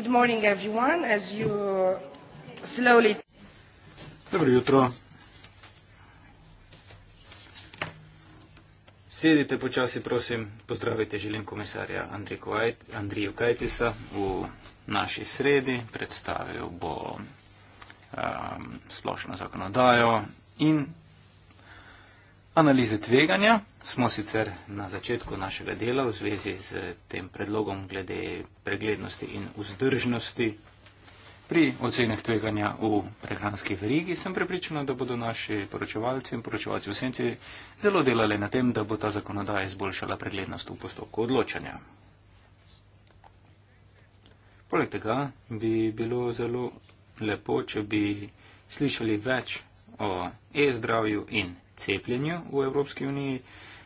Good morning, everyone, as you slowly... Dobro jutro. Sedite počasi, prosim, pozdravite želim komisarja Andriju Kajtisa v naši sredi, predstavil bo ehm, splošno zakonodajo in analize tveganja. Smo sicer na začetku našega dela v zvezi z tem predlogom glede preglednosti in vzdržnosti pri ocenah tveganja v prehranski verigi. Sem prepričana, da bodo naši poročevalci in poročevalci v senci zelo delali na tem, da bo ta zakonodaja izboljšala preglednost v postopku odločanja. Poleg tega bi bilo zelo lepo, če bi slišali več o e-zdravju in cepljenju v Evropski uniji.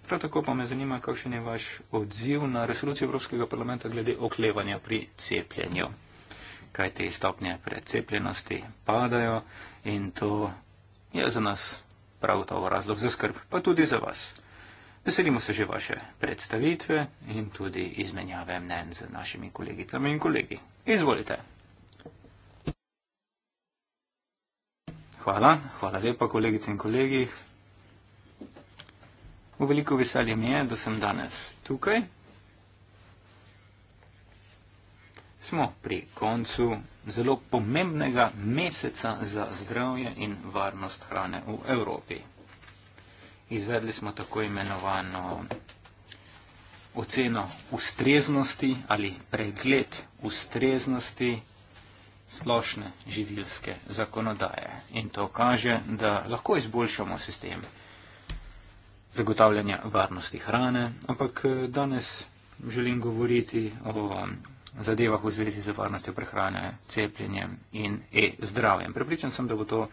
Prav tako pa me zanima, kakšen je vaš odziv na resolucijo Evropskega parlamenta glede oklevanja pri cepljenju. Kaj te stopnje precepljenosti padajo in to je za nas prav gotovo razlog za skrb, pa tudi za vas. Veselimo se že vaše predstavitve in tudi izmenjave mnen z našimi kolegicami in kolegi. Izvolite. Hvala, hvala lepa kolegice in kolegi. V veliko veselje mi je, da sem danes tukaj. Smo pri koncu zelo pomembnega meseca za zdravje in varnost hrane v Evropi. Izvedli smo tako imenovano oceno ustreznosti ali pregled ustreznosti splošne živilske zakonodaje. In to kaže, da lahko izboljšamo sistem zagotavljanja varnosti hrane, ampak eh, danes želim govoriti o um, zadevah v zvezi z varnostjo prehrane, cepljenjem in e-zdravjem. Prepričan sem, da bo to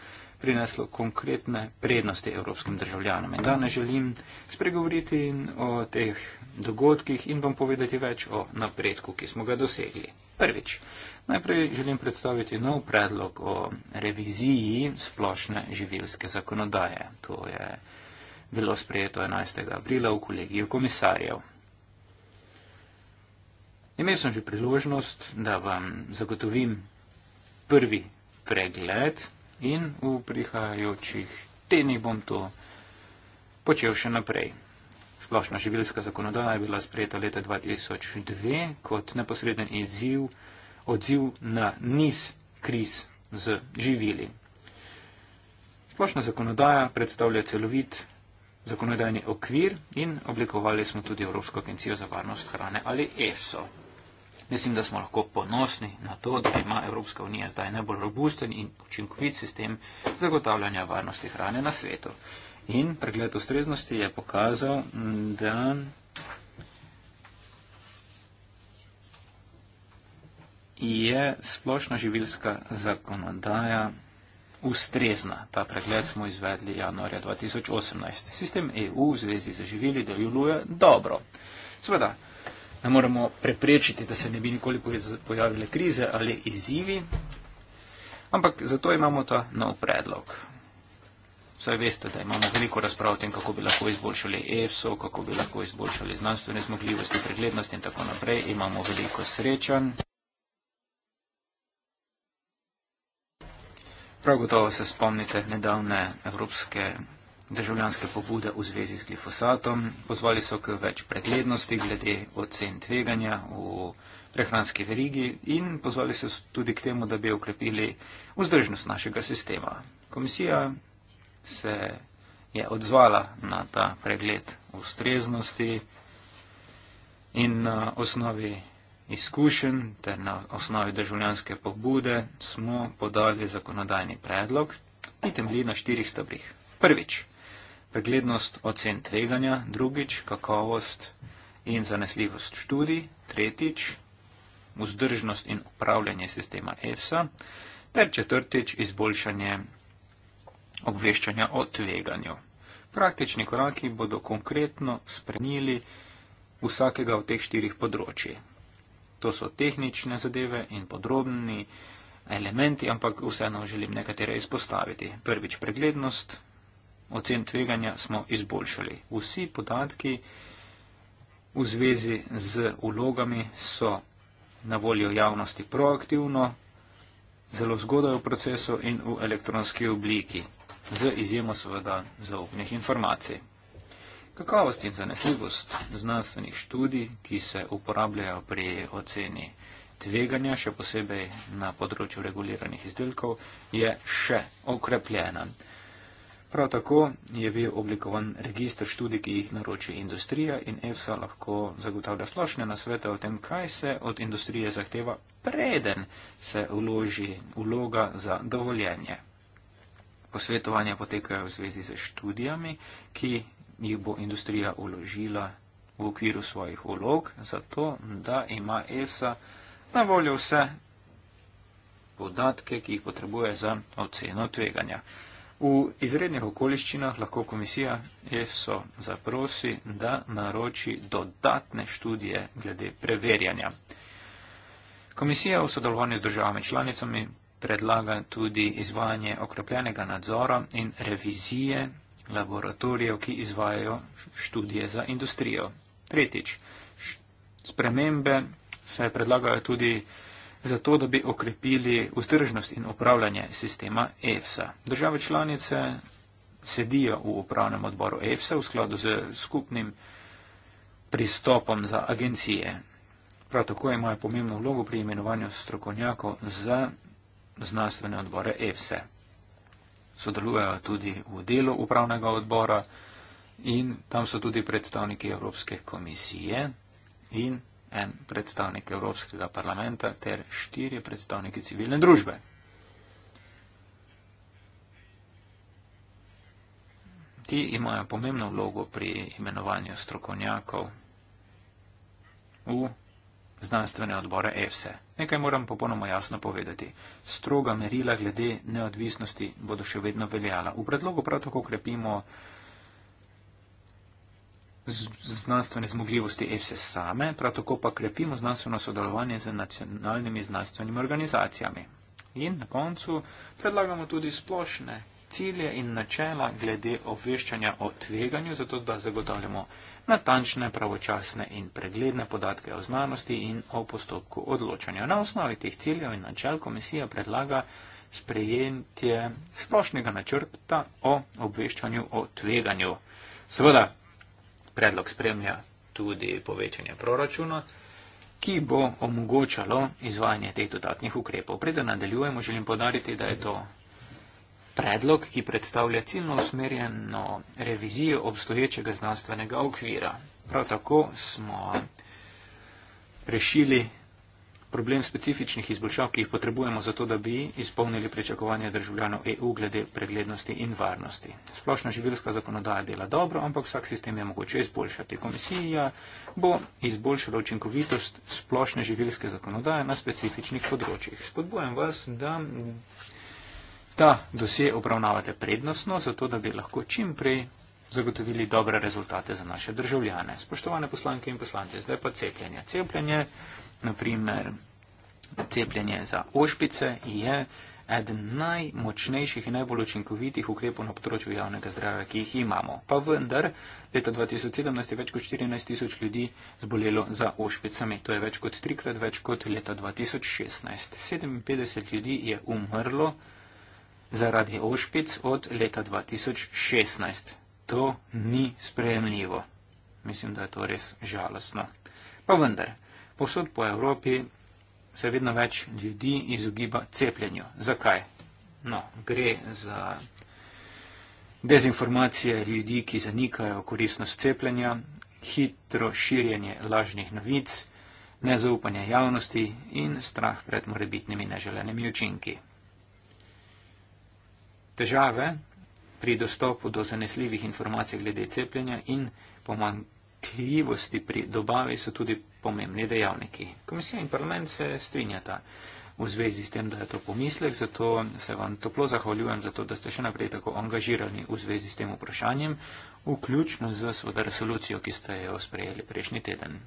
prineslo konkretne prednosti evropskim državljanom. In danes želim spregovoriti o teh dogodkih in vam povedati več o napredku, ki smo ga dosegli. Prvič, najprej želim predstaviti nov predlog o reviziji splošne živilske zakonodaje. To je bilo sprejeto 11. aprila v kolegiju komisarjev. Imel sem že priložnost, da vam zagotovim prvi pregled in v prihajajočih tednih bom to počel še naprej. Splošna živilska zakonodaja je bila sprejeta leta 2002 kot neposreden izziv, odziv na niz kriz z živili. Splošna zakonodaja predstavlja celovit zakonodajni okvir in oblikovali smo tudi Evropsko agencijo za varnost hrane ali ESO. Mislim, da smo lahko ponosni na to, da ima Evropska unija zdaj najbolj robusten in učinkovit sistem zagotavljanja varnosti hrane na svetu. In pregled ustreznosti je pokazal, da. je splošna živilska zakonodaja ustrezna. Ta pregled smo izvedli januarja 2018. Sistem EU v zvezi za živili deluje dobro. Sveda, ne moremo preprečiti, da se ne bi nikoli pojavile krize ali izzivi, ampak zato imamo ta nov predlog. Vsaj veste, da imamo veliko razprav o tem, kako bi lahko izboljšali EFSO, kako bi lahko izboljšali znanstvene zmogljivosti, preglednost in tako naprej. Imamo veliko srečanj. Prav gotovo se spomnite nedavne evropske državljanske pobude v zvezi s glifosatom. Pozvali so k več preglednosti glede ocen tveganja v prehranski verigi in pozvali so tudi k temu, da bi okrepili vzdržnost našega sistema. Komisija se je odzvala na ta pregled ustreznosti in na uh, osnovi izkušenj ter na osnovi državljanske pobude smo podali zakonodajni predlog, ki temelji na štirih stebrih. Prvič, preglednost ocen tveganja, drugič, kakovost in zanesljivost študij, tretjič, vzdržnost in upravljanje sistema EFSA ter četrtič, izboljšanje obveščanja o tveganju. Praktični koraki bodo konkretno spremenili vsakega od teh štirih področji to so tehnične zadeve in podrobni elementi, ampak vseeno želim nekatere izpostaviti. Prvič, preglednost ocen tveganja smo izboljšali. Vsi podatki v zvezi z ulogami so na voljo javnosti proaktivno, zelo zgodaj v procesu in v elektronski obliki, z izjemo seveda zaupnih informacij kakovost in zanesljivost znanstvenih študij, ki se uporabljajo pri oceni tveganja, še posebej na področju reguliranih izdelkov, je še okrepljena. Prav tako je bil oblikovan registr študij, ki jih naroči industrija in EFSA lahko zagotavlja splošne nasvete o tem, kaj se od industrije zahteva, preden se vloži vloga za dovoljenje. Posvetovanja potekajo v zvezi z študijami, ki jih bo industrija uložila v okviru svojih vlog, zato da ima EFSA na voljo vse podatke, ki jih potrebuje za oceno tveganja. V izrednih okoliščinah lahko komisija EFSO zaprosi, da naroči dodatne študije glede preverjanja. Komisija v sodelovanju z državami članicami predlaga tudi izvajanje okrepljenega nadzora in revizije laboratorijev, ki izvajajo študije za industrijo. Tretjič, spremembe se predlagajo tudi zato, da bi okrepili vzdržnost in upravljanje sistema EFSA. Države članice sedijo v upravnem odboru EFSA v skladu z skupnim pristopom za agencije. Prav tako imajo pomembno vlogo pri imenovanju strokovnjakov za znanstvene odbore EFSA sodelujejo tudi v delu upravnega odbora in tam so tudi predstavniki Evropske komisije in en predstavnik Evropskega parlamenta ter štirje predstavniki civilne družbe. Ti imajo pomembno vlogo pri imenovanju strokovnjakov v znanstvene odbore EFSE. Nekaj moram popolnoma jasno povedati. Stroga merila glede neodvisnosti bodo še vedno veljala. V predlogu prav tako krepimo znanstvene zmogljivosti EFSE same, prav tako pa krepimo znanstveno sodelovanje z nacionalnimi znanstvenimi organizacijami. In na koncu predlagamo tudi splošne cilje in načela glede obveščanja o tveganju, zato da zagotavljamo natančne, pravočasne in pregledne podatke o znanosti in o postopku odločanja. Na osnovi teh ciljev in načel komisija predlaga sprejetje splošnega načrta o obveščanju o tveganju. Seveda, predlog spremlja tudi povečanje proračuna ki bo omogočalo izvajanje teh dodatnih ukrepov. Preden nadaljujemo, želim podariti, da je to predlog, ki predstavlja ciljno usmerjeno revizijo obstoječega znanstvenega okvira. Prav tako smo rešili problem specifičnih izboljšav, ki jih potrebujemo za to, da bi izpolnili pričakovanje državljanov EU glede preglednosti in varnosti. Splošna živilska zakonodaja dela dobro, ampak vsak sistem je mogoče izboljšati. Komisija bo izboljšala učinkovitost splošne živilske zakonodaje na specifičnih področjih. Spodbujam vas, da Ta dosje obravnavate prednostno, zato da bi lahko čim prej zagotovili dobre rezultate za naše državljane. Spoštovane poslanke in poslanci, zdaj pa cepljenje. Cepljenje, naprimer cepljenje za ošpice, je eden najmočnejših in najbolj učinkovitih ukrepov na področju javnega zdravja, ki jih imamo. Pa vendar, leta 2017 je več kot 14 tisoč ljudi zbolelo za ošpicami. To je več kot trikrat več kot leta 2016. 57 ljudi je umrlo zaradi ošpic od leta 2016. To ni sprejemljivo. Mislim, da je to res žalostno. Pa vendar, posod po Evropi se vedno več ljudi izogiba cepljenju. Zakaj? No, gre za dezinformacije ljudi, ki zanikajo koristnost cepljenja, hitro širjenje lažnih novic, nezaupanje javnosti in strah pred morebitnimi neželenimi učinki težave pri dostopu do zanesljivih informacij glede cepljenja in pomankljivosti pri dobavi so tudi pomembni dejavniki. Komisija in parlament se strinjata v zvezi s tem, da je to pomislek, zato se vam toplo zahvaljujem za to, da ste še naprej tako angažirani v zvezi s tem vprašanjem, vključno z svojo resolucijo, ki ste jo sprejeli prejšnji teden.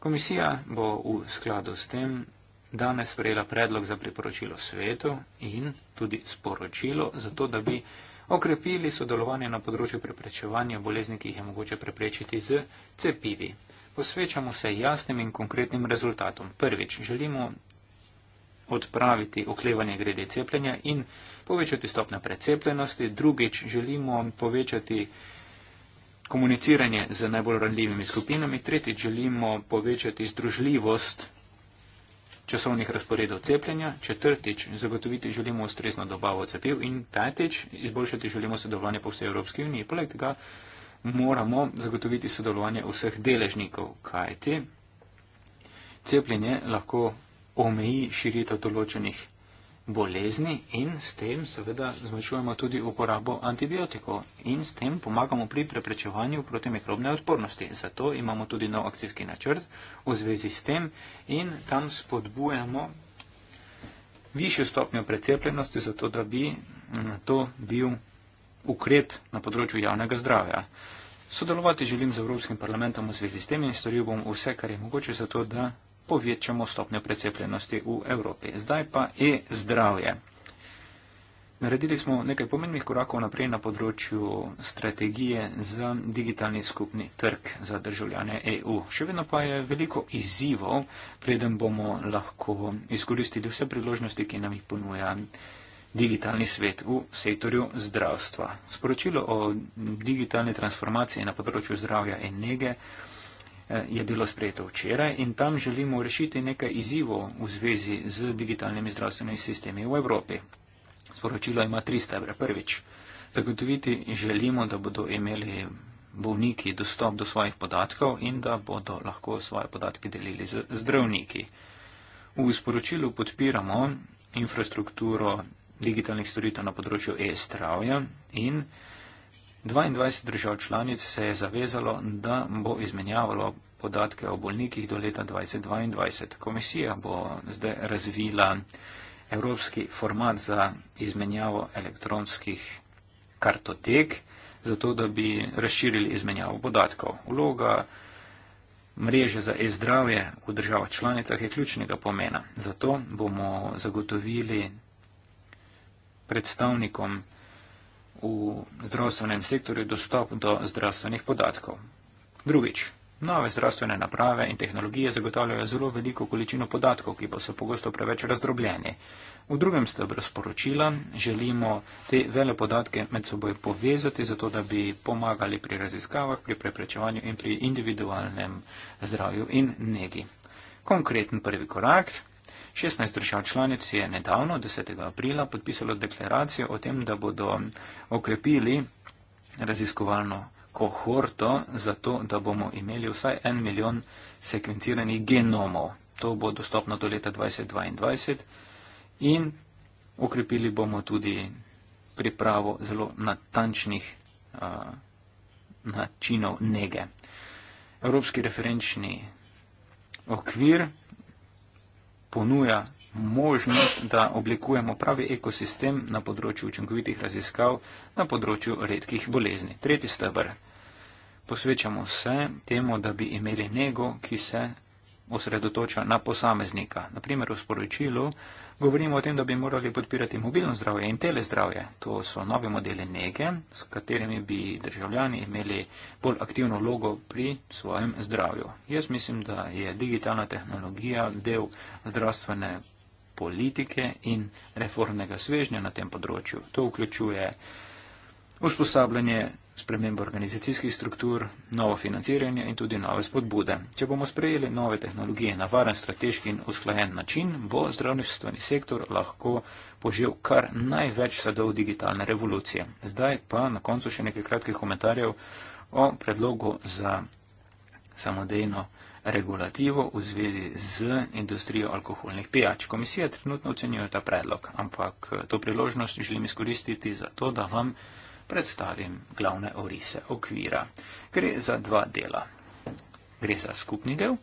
Komisija bo v skladu s tem danes sprejela predlog za priporočilo svetu in tudi sporočilo za to, da bi okrepili sodelovanje na področju preprečevanja bolezni, ki jih je mogoče preprečiti z cepivi. Posvečamo se jasnim in konkretnim rezultatom. Prvič, želimo odpraviti oklevanje grede cepljenja in povečati stopne precepljenosti. Drugič, želimo povečati komuniciranje z najbolj ranljivimi skupinami. Tretjič, želimo povečati združljivost časovnih razporedov cepljenja, četrtič, zagotoviti želimo ustrezno dobavo cepiv in petič, izboljšati želimo sodelovanje po vsej Evropski uniji. Poleg tega moramo zagotoviti sodelovanje vseh deležnikov, kajti cepljenje lahko omeji širitev določenih bolezni in s tem seveda zmanjšujemo tudi uporabo antibiotikov in s tem pomagamo pri preprečevanju protimikrobne odpornosti. Zato imamo tudi nov akcijski načrt v zvezi s tem in tam spodbujamo višjo stopnjo precepljenosti, zato da bi na to bil ukrep na področju javnega zdravja. Sodelovati želim z Evropskim parlamentom v zvezi s tem in storil bom vse, kar je mogoče, zato da povečamo stopnjo precepljenosti v Evropi. Zdaj pa je zdravje. Naredili smo nekaj pomembnih korakov naprej na področju strategije za digitalni skupni trg za državljane EU. Še vedno pa je veliko izzivov, preden bomo lahko izkoristili vse priložnosti, ki nam jih ponuja digitalni svet v sektorju zdravstva. Sporočilo o digitalni transformaciji na področju zdravja in nege Eh, je bilo sprejeto včeraj in tam želimo rešiti nekaj izzivov v zvezi z digitalnimi zdravstvenimi sistemi v Evropi. Sporočilo ima tri stebre. Prvič, zagotoviti želimo, da bodo imeli bolniki dostop do svojih podatkov in da bodo lahko svoje podatke delili z zdravniki. V sporočilu podpiramo infrastrukturo digitalnih storitev na področju e-zdravja in 22 držav članic se je zavezalo, da bo izmenjavalo podatke o bolnikih do leta 2022. Komisija bo zdaj razvila evropski format za izmenjavo elektronskih kartotek, zato da bi razširili izmenjavo podatkov. Vloga mreže za e-zdravje v državah članicah je ključnega pomena. Zato bomo zagotovili predstavnikom v zdravstvenem sektorju dostop do zdravstvenih podatkov. Drugič, nove zdravstvene naprave in tehnologije zagotavljajo zelo veliko količino podatkov, ki pa so pogosto preveč razdrobljeni. V drugem stebru sporočila želimo te vele podatke med seboj povezati, zato da bi pomagali pri raziskavah, pri preprečevanju in pri individualnem zdravju in negi. Konkreten prvi korak 16 držav članic je nedavno, 10. aprila, podpisalo deklaracijo o tem, da bodo okrepili raziskovalno kohorto za to, da bomo imeli vsaj en milijon sekvenciranih genomov. To bo dostopno do leta 2022 in okrepili bomo tudi pripravo zelo natančnih uh, načinov nege. Evropski referenčni okvir ponuja možnost, da oblikujemo pravi ekosistem na področju učinkovitih raziskav na področju redkih bolezni. Tretji stebr. Posvečamo se temu, da bi imeli nego, ki se osredotoča na posameznika. Naprimer, v sporočilu Govorimo o tem, da bi morali podpirati mobilno zdravje in telezdravje. To so nove modele nege, s katerimi bi državljani imeli bolj aktivno vlogo pri svojem zdravju. Jaz mislim, da je digitalna tehnologija del zdravstvene politike in reformnega svežnja na tem področju. To vključuje usposabljanje spremembo organizacijskih struktur, novo financiranje in tudi nove spodbude. Če bomo sprejeli nove tehnologije na varen, strateški in usklajen način, bo zdravništveni sektor lahko požil kar največ sadov digitalne revolucije. Zdaj pa na koncu še nekaj kratkih komentarjev o predlogu za samodejno regulativo v zvezi z industrijo alkoholnih pijač. Komisija trenutno ocenjuje ta predlog, ampak eh, to priložnost želim izkoristiti za to, da vam predstavim glavne orise okvira. Gre za dva dela. Gre za skupni del,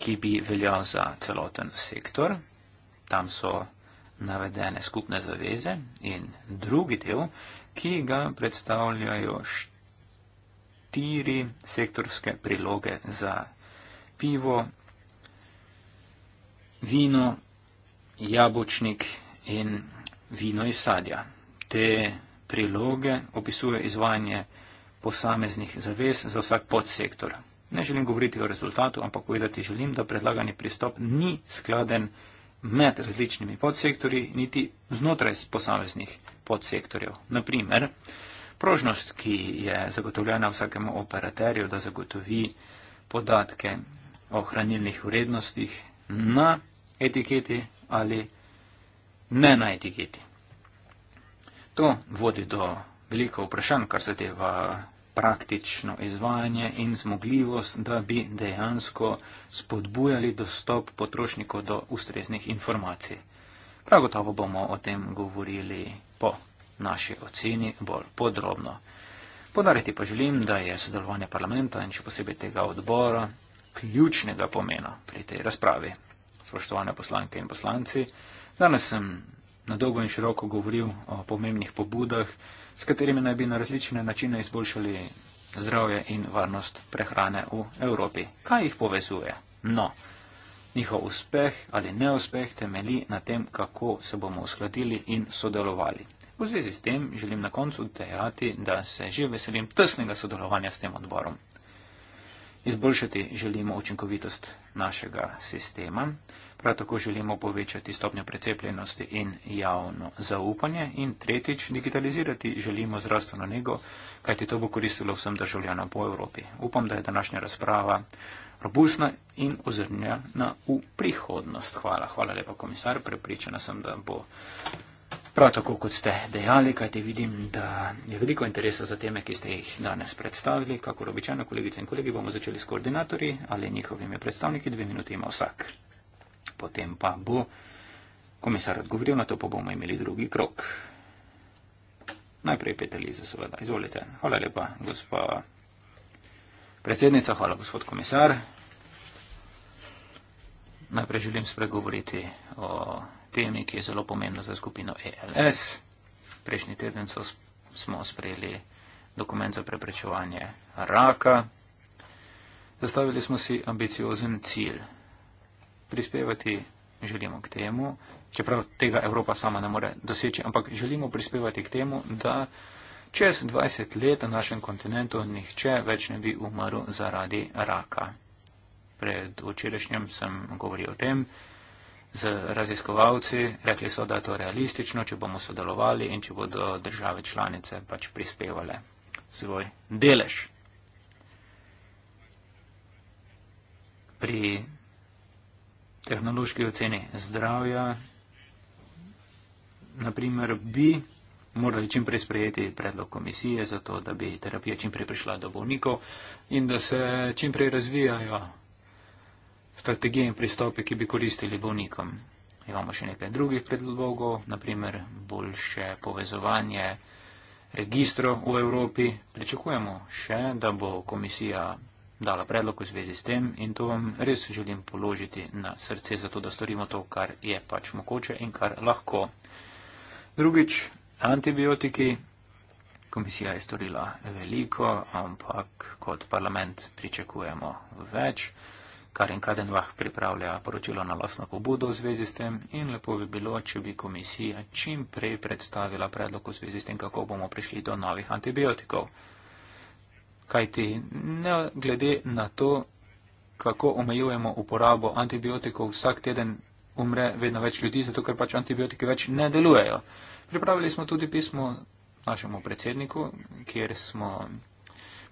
ki bi veljal za celoten sektor, tam so navedene skupne zaveze, in drugi del, ki ga predstavljajo štiri sektorske priloge za pivo, vino, jabočnik in vino iz sadja. Te priloge opisuje izvajanje posameznih zavez za vsak podsektor. Ne želim govoriti o rezultatu, ampak povedati želim, da predlagani pristop ni skladen med različnimi podsektori, niti znotraj posameznih podsektorjev. Naprimer, prožnost, ki je zagotovljena vsakemu operaterju, da zagotovi podatke o hranilnih vrednostih na etiketi ali ne na etiketi to vodi do veliko vprašanj, kar zadeva praktično izvajanje in zmogljivost, da bi dejansko spodbujali dostop potrošnikov do ustreznih informacij. Prav gotovo bomo o tem govorili po naši oceni bolj podrobno. Podariti pa želim, da je sodelovanje parlamenta in še posebej tega odbora ključnega pomena pri tej razpravi. Spoštovane poslanke in poslanci, danes sem na dolgo in široko govoril o pomembnih pobudah, s katerimi naj bi na različne načine izboljšali zdravje in varnost prehrane v Evropi. Kaj jih povezuje? No, njihov uspeh ali neuspeh temeli na tem, kako se bomo uskladili in sodelovali. V zvezi s tem želim na koncu dejati, da se že veselim tesnega sodelovanja s tem odborom. Izboljšati želimo učinkovitost našega sistema, prav tako želimo povečati stopnjo precepljenosti in javno zaupanje in tretjič, digitalizirati želimo zdravstveno nego, kajti to bo koristilo vsem državljanom po Evropi. Upam, da je današnja razprava robustna in ozirnjena v prihodnost. Hvala, hvala lepa komisar, prepričana sem, da bo. Prav tako, kot ste dejali, kajti vidim, da je veliko interesa za teme, ki ste jih danes predstavili. Kako običajno, kolegice in kolegi, bomo začeli s koordinatorji ali njihovimi predstavniki, dve minuti ima vsak. Potem pa bo komisar odgovoril, na to pa bomo imeli drugi krok. Najprej Peter Liza, seveda. Izvolite. Hvala lepa, gospa predsednica. Hvala, gospod komisar. Najprej želim spregovoriti o temi, ki je zelo pomembna za skupino ELS. Prejšnji teden so, smo sprejeli dokument za preprečevanje raka. Zastavili smo si ambiciozen cilj. Prispevati želimo k temu, čeprav tega Evropa sama ne more doseči, ampak želimo prispevati k temu, da čez 20 let na našem kontinentu nihče več ne bi umrl zaradi raka. Pred včerajšnjem sem govoril o tem, z raziskovalci, rekli so, da je to realistično, če bomo sodelovali in če bodo države članice pač prispevale svoj delež. Pri tehnološki oceni zdravja, naprimer, bi morali čimprej sprejeti predlog komisije za to, da bi terapija čimprej prišla do bolnikov in da se čimprej razvijajo strategije in pristope, ki bi koristili bolnikom. Imamo še nekaj drugih predlogov, naprimer boljše povezovanje registrov v Evropi. Pričakujemo še, da bo komisija dala predlog v zvezi s tem in to vam res želim položiti na srce, zato da storimo to, kar je pač mogoče in kar lahko. Drugič, antibiotiki. Komisija je storila veliko, ampak kot parlament pričakujemo več. Karen Kadenvah pripravlja poročilo na lasno pobudo v zvezi s tem in lepo bi bilo, če bi komisija čim prej predstavila predlog v zvezi s tem, kako bomo prišli do novih antibiotikov. Kajti ne glede na to, kako omejujemo uporabo antibiotikov, vsak teden umre vedno več ljudi, zato ker pač antibiotiki več ne delujejo. Pripravili smo tudi pismo našemu predsedniku, kjer smo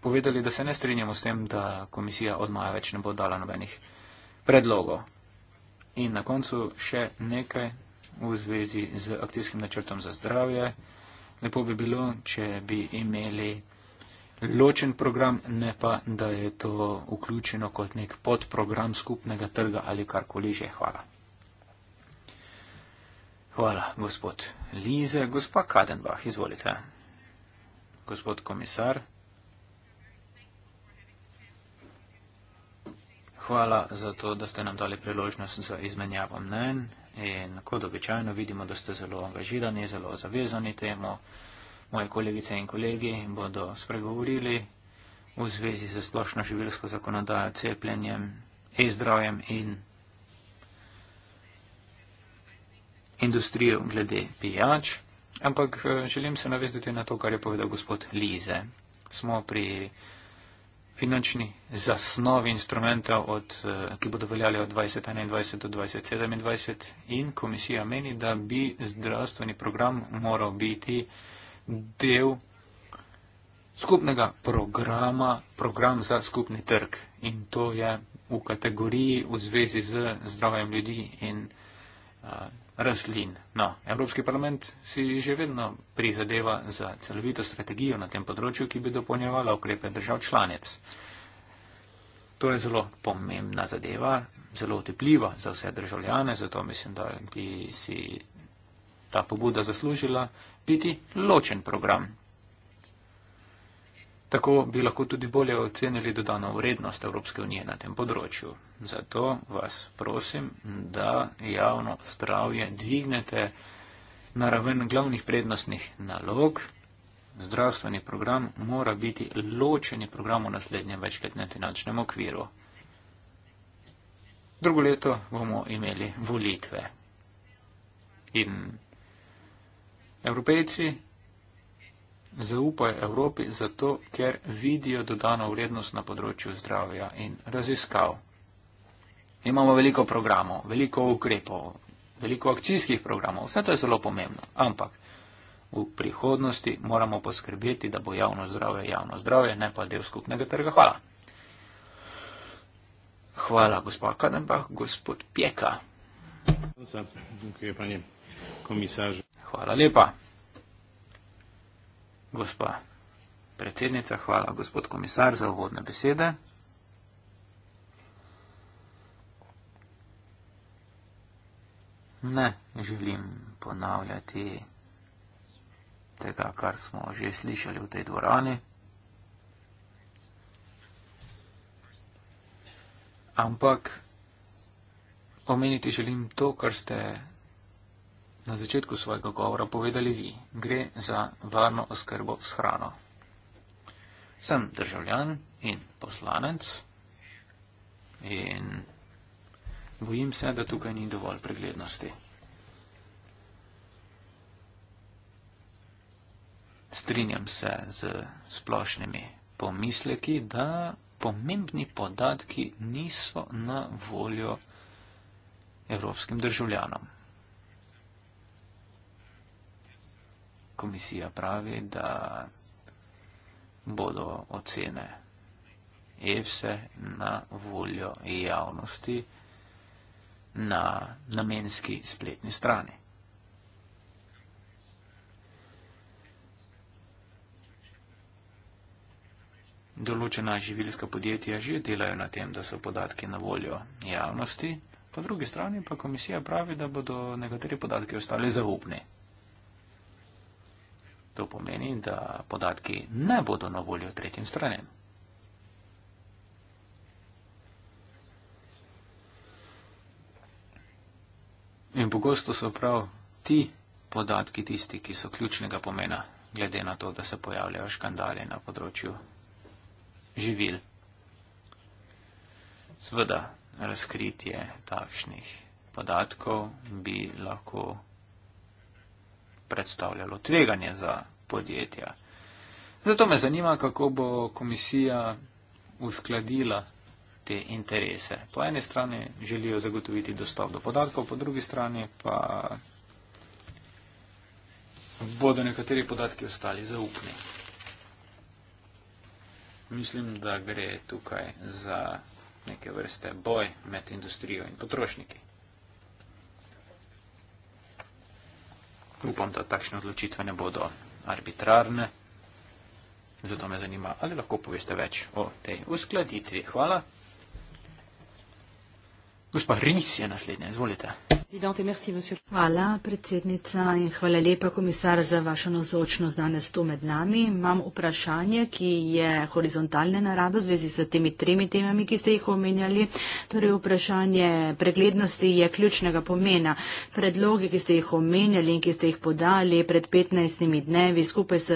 povedali, da se ne strinjamo s tem, da komisija od maja več ne bo dala nobenih predlogov. In na koncu še nekaj v zvezi z akcijskim načrtom za zdravje. Lepo bi bilo, če bi imeli ločen program, ne pa, da je to vključeno kot nek podprogram skupnega trga ali karkoli že. Hvala. Hvala, gospod Lize. Gospa Kadenbach, izvolite. Gospod komisar. hvala za to, da ste nam dali priložnost za izmenjavo mnen in kot običajno vidimo, da ste zelo angažirani, zelo zavezani temu. Moje kolegice in kolegi bodo spregovorili v zvezi z splošno živilsko zakonodajo, cepljenjem, e-zdravjem in industrijo glede pijač. Ampak eh, želim se navezati na to, kar je povedal gospod Lize. Smo pri finančni zasnovi instrumentov, od, eh, ki bodo veljali od 2021 do 2027 in komisija meni, da bi zdravstveni program moral biti del skupnega programa, program za skupni trg in to je v kategoriji v zvezi z zdravjem ljudi in uh, rastlin. No, Evropski parlament si že vedno prizadeva za celovito strategijo na tem področju, ki bi dopolnjevala ukrepe držav članic. To je zelo pomembna zadeva, zelo otepljiva za vse državljane, zato mislim, da bi si ta pobuda zaslužila biti ločen program Tako bi lahko tudi bolje ocenili dodano vrednost Evropske unije na tem področju. Zato vas prosim, da javno zdravje dvignete na raven glavnih prednostnih nalog. Zdravstveni program mora biti ločeni program v naslednjem večletnem finančnem okviru. Drugo leto bomo imeli volitve. In Evropejci zaupajo Evropi zato, ker vidijo dodano vrednost na področju zdravja in raziskav. Imamo veliko programov, veliko ukrepov, veliko akcijskih programov, vse to je zelo pomembno. Ampak v prihodnosti moramo poskrbeti, da bo javno zdravje javno zdravje, ne pa del skupnega trga. Hvala. Hvala, gospod Kadenbach, gospod Pjeka. Hvala lepa. Gospa predsednica, hvala gospod komisar za uvodne besede. Ne želim ponavljati tega, kar smo že slišali v tej dvorani. Ampak omeniti želim to, kar ste na začetku svojega govora povedali vi, gre za varno oskrbo s hrano. Sem državljan in poslanec in bojim se, da tukaj ni dovolj preglednosti. Strinjam se z splošnimi pomisleki, da pomembni podatki niso na voljo evropskim državljanom. komisija pravi, da bodo ocene EFSE na voljo javnosti na namenski spletni strani. Določena živilska podjetja že delajo na tem, da so podatki na voljo javnosti, po drugi strani pa komisija pravi, da bodo nekateri podatki ostali zaupni. To pomeni, da podatki ne bodo na voljo tretjim stranem. In pogosto so prav ti podatki tisti, ki so ključnega pomena, glede na to, da se pojavljajo škandale na področju živil. Sveda, razkritje takšnih podatkov bi lahko predstavljalo tveganje za podjetja. Zato me zanima, kako bo komisija uskladila te interese. Po eni strani želijo zagotoviti dostop do podatkov, po drugi strani pa bodo nekateri podatki ostali zaupni. Mislim, da gre tukaj za neke vrste boj med industrijo in potrošniki. Upam, da takšne odločitve ne bodo arbitrarne. Zato me zanima, ali lahko poveste več o tej uskladitvi. Hvala. Gospa Ris je naslednja, izvolite. Hvala, predsednica, in hvala lepa, komisar, za vašo nazočnost danes tu med nami. Imam vprašanje, ki je horizontalne narave v zvezi s temi tremi temami, ki ste jih omenjali. Torej, vprašanje preglednosti je ključnega pomena. Predlogi, ki ste jih omenjali in ki ste jih podali pred 15 dnevi skupaj s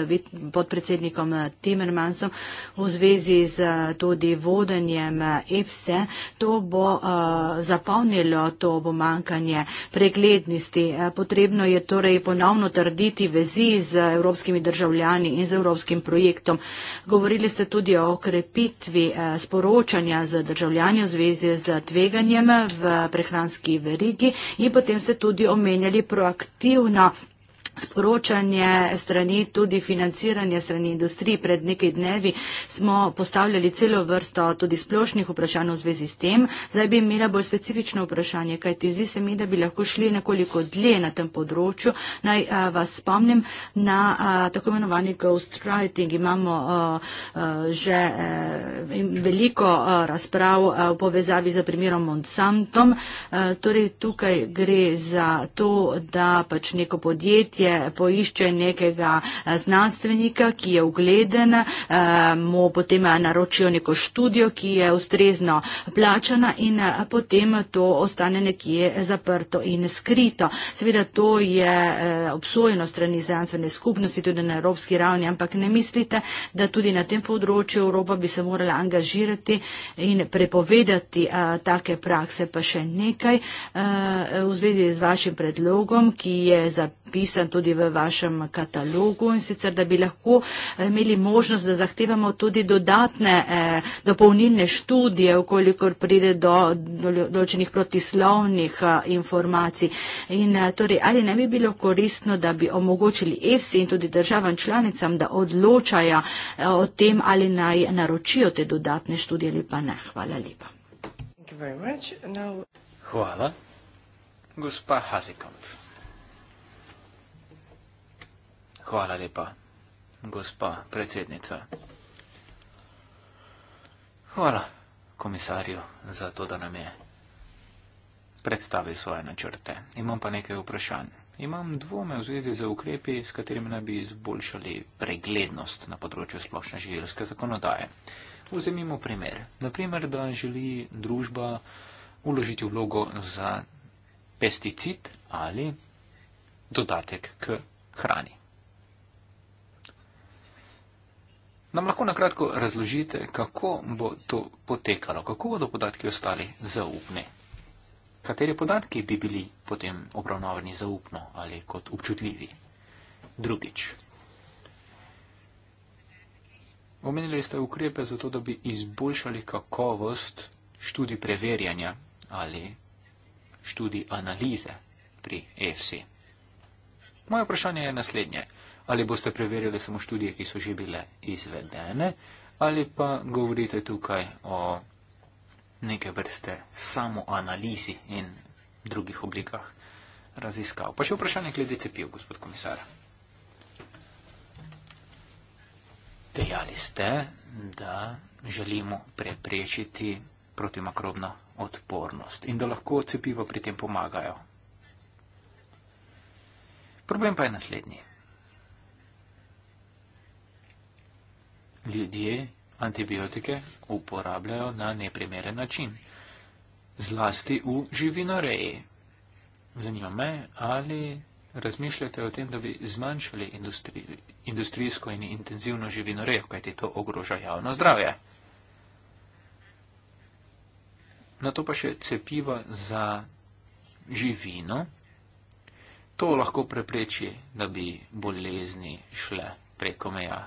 podpredsednikom Timmermansom v zvezi z tudi vodenjem EFSE, to bo uh, zapolnilo to pomankanje preglednosti. Eh, potrebno je torej ponovno trditi vezi z evropskimi državljani in z evropskim projektom. Govorili ste tudi o krepitvi eh, sporočanja z državljani v zvezi z tveganjem v prehranski verigi in potem ste tudi omenjali proaktivno sporočanje strani, tudi financiranje strani industrije. Pred nekaj dnevi smo postavljali celo vrsto tudi splošnih vprašanj v zvezi s tem. Zdaj bi imela bolj specifično vprašanje, kajti zdi se mi, da bi lahko šli nekoliko dlje na tem področju. Naj a, vas spomnim na a, tako imenovani ghostwriting. Imamo a, a, že a, e, veliko a, razprav a, v povezavi z primerom Monsantom. E, torej tukaj gre za to, da pač neko podjetje podjetje poišče nekega eh, znanstvenika, ki je ugleden, eh, mu potem eh, naročijo neko študijo, ki je ustrezno plačana in potem to ostane nekje zaprto in skrito. Seveda to je obsojeno strani znanstvene skupnosti tudi na evropski ravni, ampak ne mislite, da tudi na tem področju Evropa bi se morala angažirati in prepovedati take prakse. Pa še nekaj v zvezi z vašim predlogom, ki je zapisano zapisan tudi v vašem katalogu in sicer, da bi lahko eh, imeli možnost, da zahtevamo tudi dodatne eh, dopolnilne študije, ukolikor pride do določenih protislovnih eh, informacij. In torej, ali ne bi bilo koristno, da bi omogočili EFSI in tudi državam članicam, da odločajo o tem, ali naj naročijo te dodatne študije ali pa ne. Hvala lepa. Hvala. Gospa Hazikomp. Hvala lepa, gospa predsednica. Hvala komisarju za to, da nam je predstavil svoje načrte. Imam pa nekaj vprašanj. Imam dvome v zvezi z ukrepi, s katerimi naj bi izboljšali preglednost na področju splošne živilske zakonodaje. Vzemimo primer. Naprimer, da želi družba uložiti vlogo za pesticid ali dodatek k hrani. Nam lahko na kratko razložite, kako bo to potekalo, kako bodo podatki ostali zaupni? Kateri podatki bi bili potem obravnavani zaupno ali kot občutljivi? Drugič. Omenili ste ukrepe za to, da bi izboljšali kakovost študij preverjanja ali študij analize pri EFSI. Moje vprašanje je naslednje ali boste preverjali samo študije, ki so že bile izvedene, ali pa govorite tukaj o neke vrste samoanalizi in drugih oblikah raziskav. Pa še vprašanje glede cepiv, gospod komisar. Dejali ste, da želimo preprečiti protimakrobno odpornost in da lahko cepiva pri tem pomagajo. Problem pa je naslednji. ljudje antibiotike uporabljajo na neprimeren način, zlasti v živinoreji. Zanima me, ali razmišljate o tem, da bi zmanjšali industri, industrijsko in intenzivno živinorejo, kajti to ogroža javno zdravje. Na to pa še cepiva za živino. To lahko prepreči, da bi bolezni šle preko meja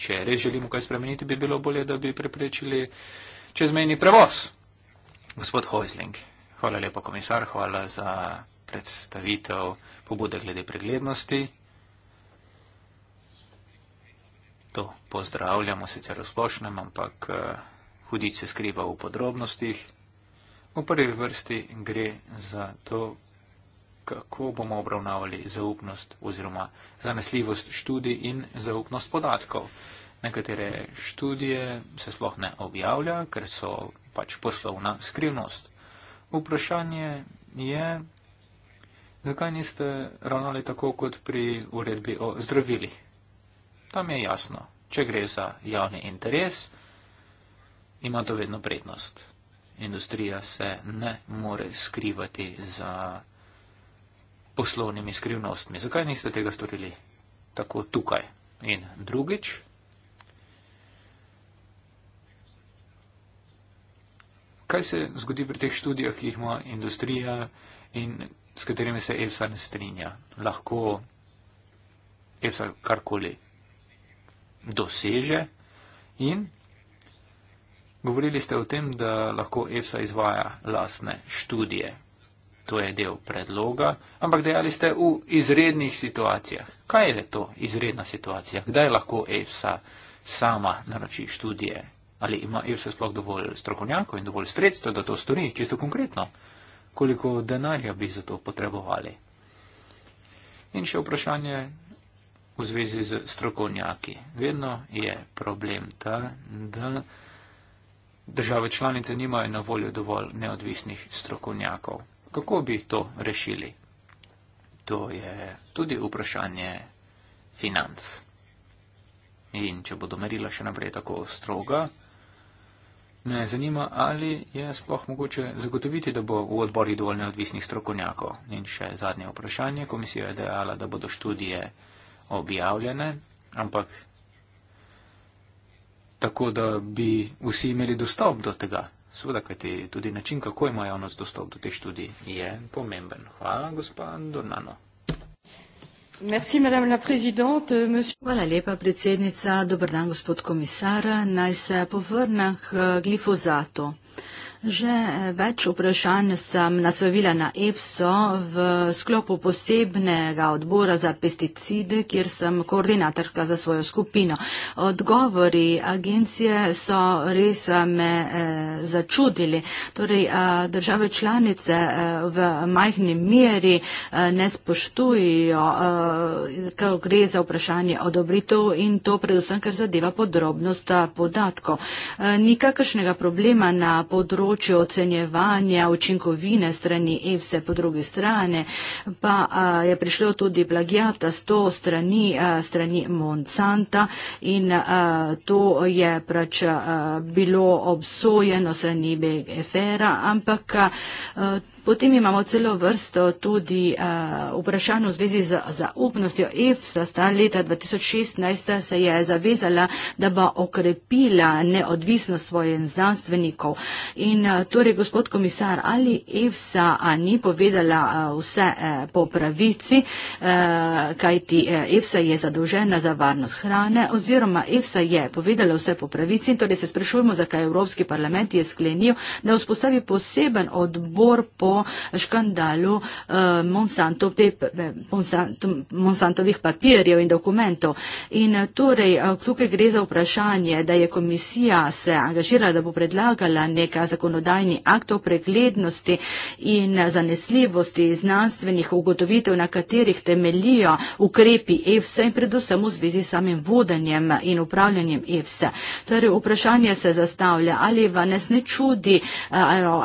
če res želimo kaj spremeniti, bi bilo bolje, da bi preprečili čezmejni prevoz. Gospod Hoisling, hvala lepa, komisar, hvala za predstavitev pobude glede preglednosti. To pozdravljamo sicer v splošnem, ampak eh, hudič se skriva v podrobnostih. V prvi vrsti gre za to, kako bomo obravnavali zaupnost oziroma zanesljivost študij in zaupnost podatkov. Nekatere študije se sploh ne objavlja, ker so pač poslovna skrivnost. Vprašanje je, zakaj niste ravnali tako kot pri uredbi o zdravili. Tam je jasno, če gre za javni interes, ima to vedno prednost. Industrija se ne more skrivati za poslovnimi skrivnostmi. Zakaj niste tega storili tako tukaj? In drugič, kaj se zgodi pri teh študijah, ki jih ima industrija in s katerimi se EFSA ne strinja? Lahko EFSA karkoli doseže in govorili ste o tem, da lahko EFSA izvaja lasne študije to je del predloga, ampak dejali ste v izrednih situacijah. Kaj je to izredna situacija? Kdaj lahko EFSA sama naroči študije? Ali ima EFSA sploh dovolj strokovnjakov in dovolj sredstva, da to stori, čisto konkretno? Koliko denarja bi za to potrebovali? In še vprašanje v zvezi z strokovnjaki. Vedno je problem ta, da države članice nimajo na voljo dovolj neodvisnih strokovnjakov kako bi to rešili? To je tudi vprašanje financ. In če bodo merila še naprej tako stroga, me zanima, ali je sploh mogoče zagotoviti, da bo v odborih dovolj neodvisnih strokovnjakov. In še zadnje vprašanje. Komisija je dejala, da bodo študije objavljene, ampak tako, da bi vsi imeli dostop do tega Sveda, kajti tudi način, kako ima javnost dostop do te študije, je pomemben. Hvala, gospa Donano. Merci, Hvala lepa, predsednica. Dobar dan, gospod komisar. Naj se povrnem k glifozatu. Že eh, več vprašanj sem naslovila na EFSO v sklopu posebnega odbora za pesticide, kjer sem koordinatorka za svojo skupino. Odgovori agencije so res eh, me eh, začudili. Torej, države članice v majhni meri ne spoštujejo, ko gre za vprašanje odobritev in to predvsem, ker zadeva podrobnost podatkov. Nikakršnega problema na področju področju ocenjevanja učinkovine strani EFSE, po drugi strani pa je prišlo tudi plagijata s to strani, strani Monsanta in to je prač bilo obsojeno strani BFR-a, ampak Potem imamo celo vrsto tudi uh, vprašanj v zvezi z zaupnostjo EFSA. Sta leta 2016 se je zavezala, da bo okrepila neodvisnost svojih znanstvenikov. In uh, torej, gospod komisar, ali EFSA ni povedala uh, vse uh, po pravici, uh, kajti uh, EFSA je zadolžena za varnost hrane oziroma EFSA je povedala vse po pravici. Torej, se sprašujemo, zakaj Evropski parlament je sklenil, da vzpostavi poseben odbor po škandalu uh, Monsanto pep, Monsanto, Monsantovih papirjev in dokumentov. In eh, torej, eh, tukaj gre za vprašanje, da je komisija se angažirala, da bo predlagala neka zakonodajni akt o preglednosti in zanesljivosti znanstvenih ugotovitev, na katerih temelijo ukrepi EFSA in predvsem v zvezi s samim vodenjem in upravljanjem EFSA. Torej, vprašanje se zastavlja, ali vas ne čudi uh,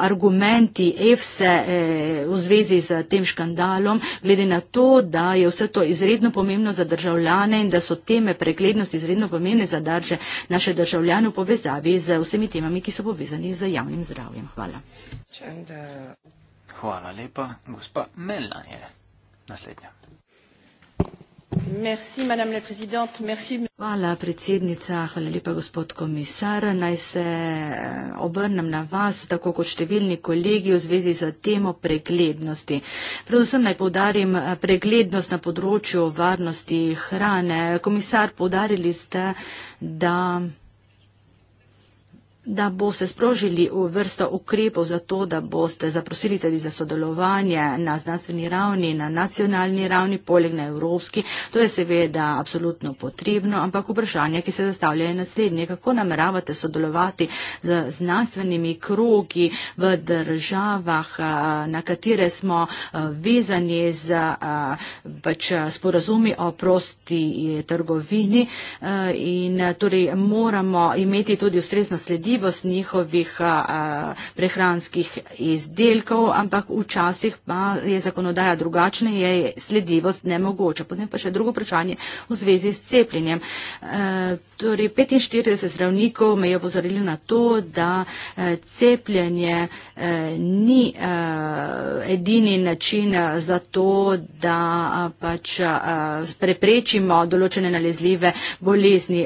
argumenti EFSA Eh, v zvezi z tem škandalom, glede na to, da je vse to izredno pomembno za državljane in da so teme preglednosti izredno pomembne za darže naše državljane v povezavi z vsemi temami, ki so povezani z javnim zdravjem. Hvala. Hvala lepa. Gospa Melna je naslednja. Hvala, predsednica, hvala lepa, gospod komisar. Naj se eh, obrnem na vas, tako kot številni kolegi, v zvezi z temo preglednosti. Predvsem naj povdarim eh, preglednost na področju varnosti hrane. Komisar, povdarili ste, da da boste sprožili vrsto ukrepov za to, da boste zaprosili tudi za sodelovanje na znanstveni ravni, na nacionalni ravni, poleg na evropski. To je seveda absolutno potrebno, ampak vprašanje, ki se zastavlja je naslednje. Kako nameravate sodelovati z znanstvenimi krogi v državah, na katere smo vezani z pač, sporazumi o prosti e, trgovini in torej moramo imeti tudi ustrezno sledi, sledljivost njihovih prehranskih izdelkov, ampak včasih pa je zakonodaja drugačna, je sledljivost nemogoča. Potem pa še drugo vprašanje v zvezi s cepljenjem. Torej, 45 zdravnikov me je opozorili na to, da cepljenje ni edini način za to, da pač preprečimo določene nalezljive bolezni.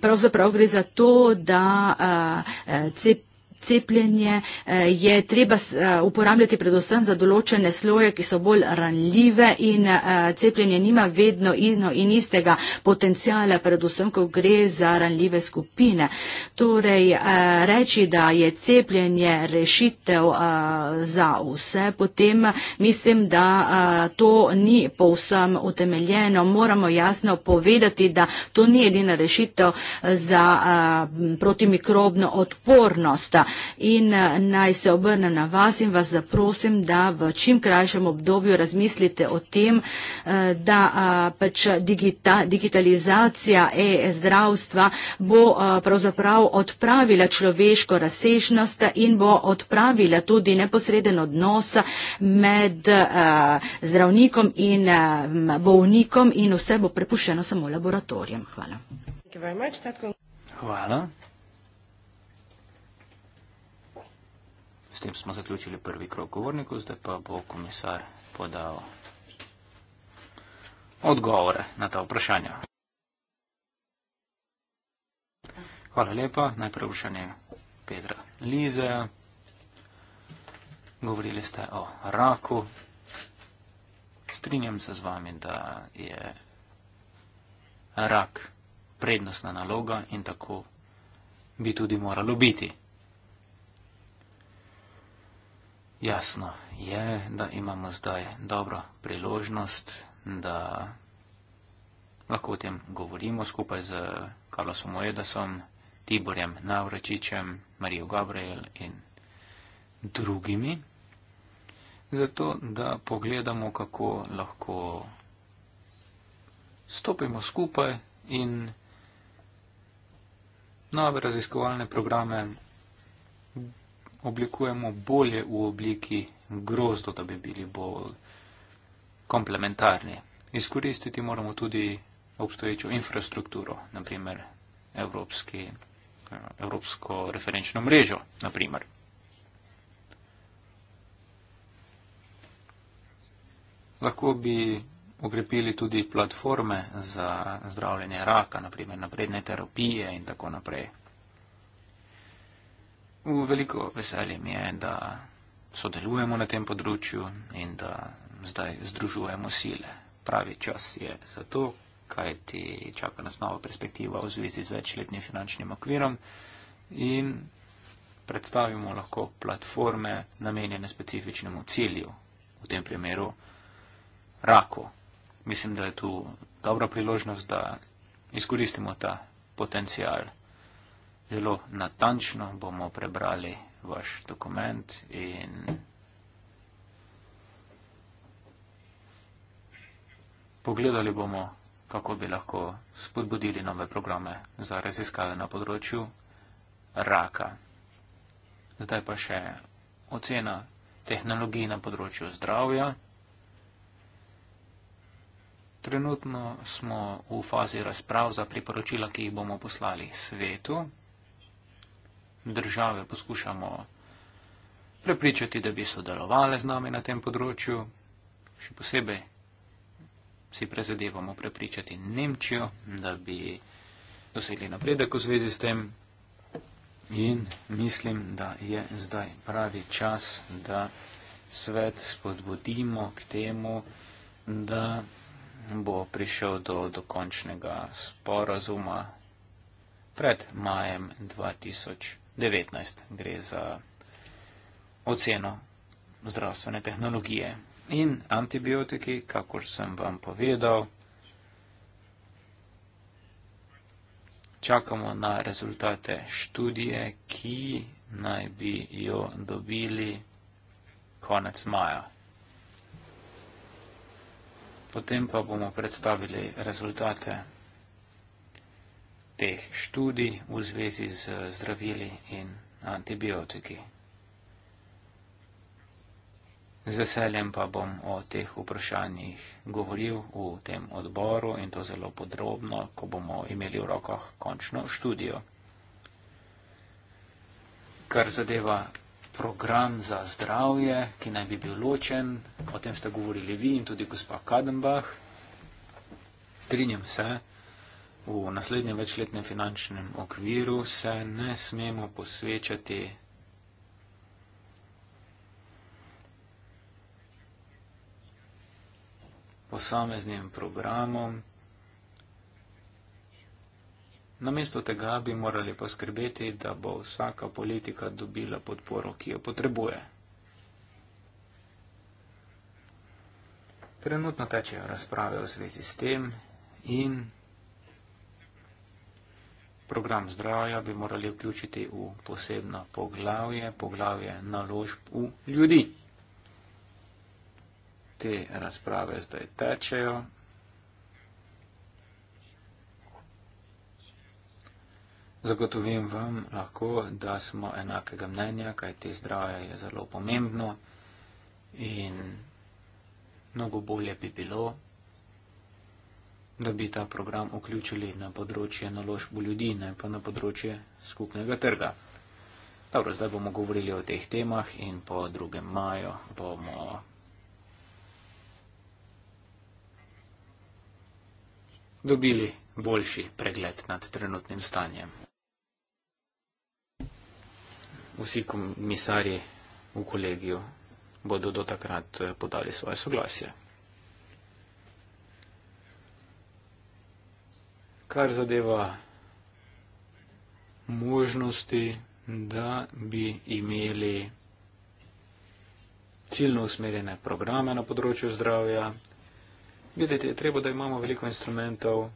Pravzaprav gre za to, da 呃呃这 eh, eh, cepljenje eh, je treba eh, uporabljati predvsem za določene sloje, ki so bolj ranljive in eh, cepljenje nima vedno in istega potencijala, predvsem, ko gre za ranljive skupine. Torej, reči, da je cepljenje rešitev za vse, potem mislim, da to ni povsem utemeljeno. Moramo jasno povedati, da to ni edina rešitev za protimikrobno odpornost in eh, naj se obrnem na vas in vas zaprosim, da v čim krajšem obdobju razmislite o tem, eh, da eh, pač digita, digitalizacija e-zdravstva bo pravzaprav odpravila človeško razsežnost in bo odpravila tudi neposreden odnos med zdravnikom in bolnikom in vse bo prepuščeno samo laboratorijem. Hvala. Hvala. S tem smo zaključili prvi krok govornikov, zdaj pa bo komisar podal odgovore na ta vprašanja. Hvala lepa. Najprej vprašanje Petra Lize. Govorili ste o raku. Strinjam se z vami, da je rak prednostna naloga in tako bi tudi moralo biti. Jasno je, da imamo zdaj dobro priložnost, da lahko o tem govorimo skupaj z Karlosom Oedasom, Tiborjem Navračičem, Marijo Gabriel in drugimi, zato da pogledamo, kako lahko stopimo skupaj in nove raziskovalne programe oblikujemo bolje v obliki grozdo, da bi bili bolj komplementarni. Izkoristiti moramo tudi obstoječo infrastrukturo, naprimer evropski, evropsko referenčno mrežo. Naprimer. Lahko bi okrepili tudi platforme za zdravljenje raka, naprimer napredne terapije in tako naprej. V veliko veselje mi je, da sodelujemo na tem področju in da zdaj združujemo sile. Pravi čas je za to, kaj ti čaka nas nova perspektiva v zvezi z večletnim finančnim okvirom in predstavimo lahko platforme namenjene specifičnemu cilju, v tem primeru raku. Mislim, da je tu dobra priložnost, da izkoristimo ta potencial zelo natančno bomo prebrali vaš dokument in pogledali bomo, kako bi lahko spodbudili nove programe za raziskave na področju raka. Zdaj pa še ocena tehnologij na področju zdravja. Trenutno smo v fazi razprav za priporočila, ki jih bomo poslali svetu države poskušamo prepričati, da bi sodelovali z nami na tem področju. Še posebej si prezadevamo prepričati Nemčijo, da bi dosegli napredek v zvezi s tem. In mislim, da je zdaj pravi čas, da svet spodbudimo k temu, da bo prišel do dokončnega sporazuma pred majem 2020. 19. Gre za oceno zdravstvene tehnologije. In antibiotiki, kakor sem vam povedal, čakamo na rezultate študije, ki naj bi jo dobili konec maja. Potem pa bomo predstavili rezultate teh študij v zvezi z eh, zdravili in antibiotiki. Z veseljem pa bom o teh vprašanjih govoril v tem odboru in to zelo podrobno, ko bomo imeli v rokah končno študijo. Kar zadeva program za zdravje, ki naj bi bil ločen, o tem ste govorili vi in tudi gospa Kadenbach. Strinjam se. V naslednjem večletnem finančnem okviru se ne smemo posvečati posameznim programom. Namesto tega bi morali poskrbeti, da bo vsaka politika dobila podporo, ki jo potrebuje. Trenutno tečejo razprave v zvezi s tem in program zdravja bi morali vključiti v posebno poglavje, poglavje naložb v ljudi. Te razprave zdaj tečejo. Zagotovim vam lahko, da smo enakega mnenja, kaj te zdravje je zelo pomembno in mnogo bolje bi bilo, da bi ta program vključili na področje naložb ljudi, ne pa na področje skupnega trga. Dobro, zdaj bomo govorili o teh temah in po 2. maju bomo. dobili boljši pregled nad trenutnim stanjem. Vsi komisarji v kolegiju bodo do takrat podali svoje soglasje. kar zadeva možnosti, da bi imeli ciljno usmerjene programe na področju zdravja. Videti je treba, da imamo veliko instrumentov,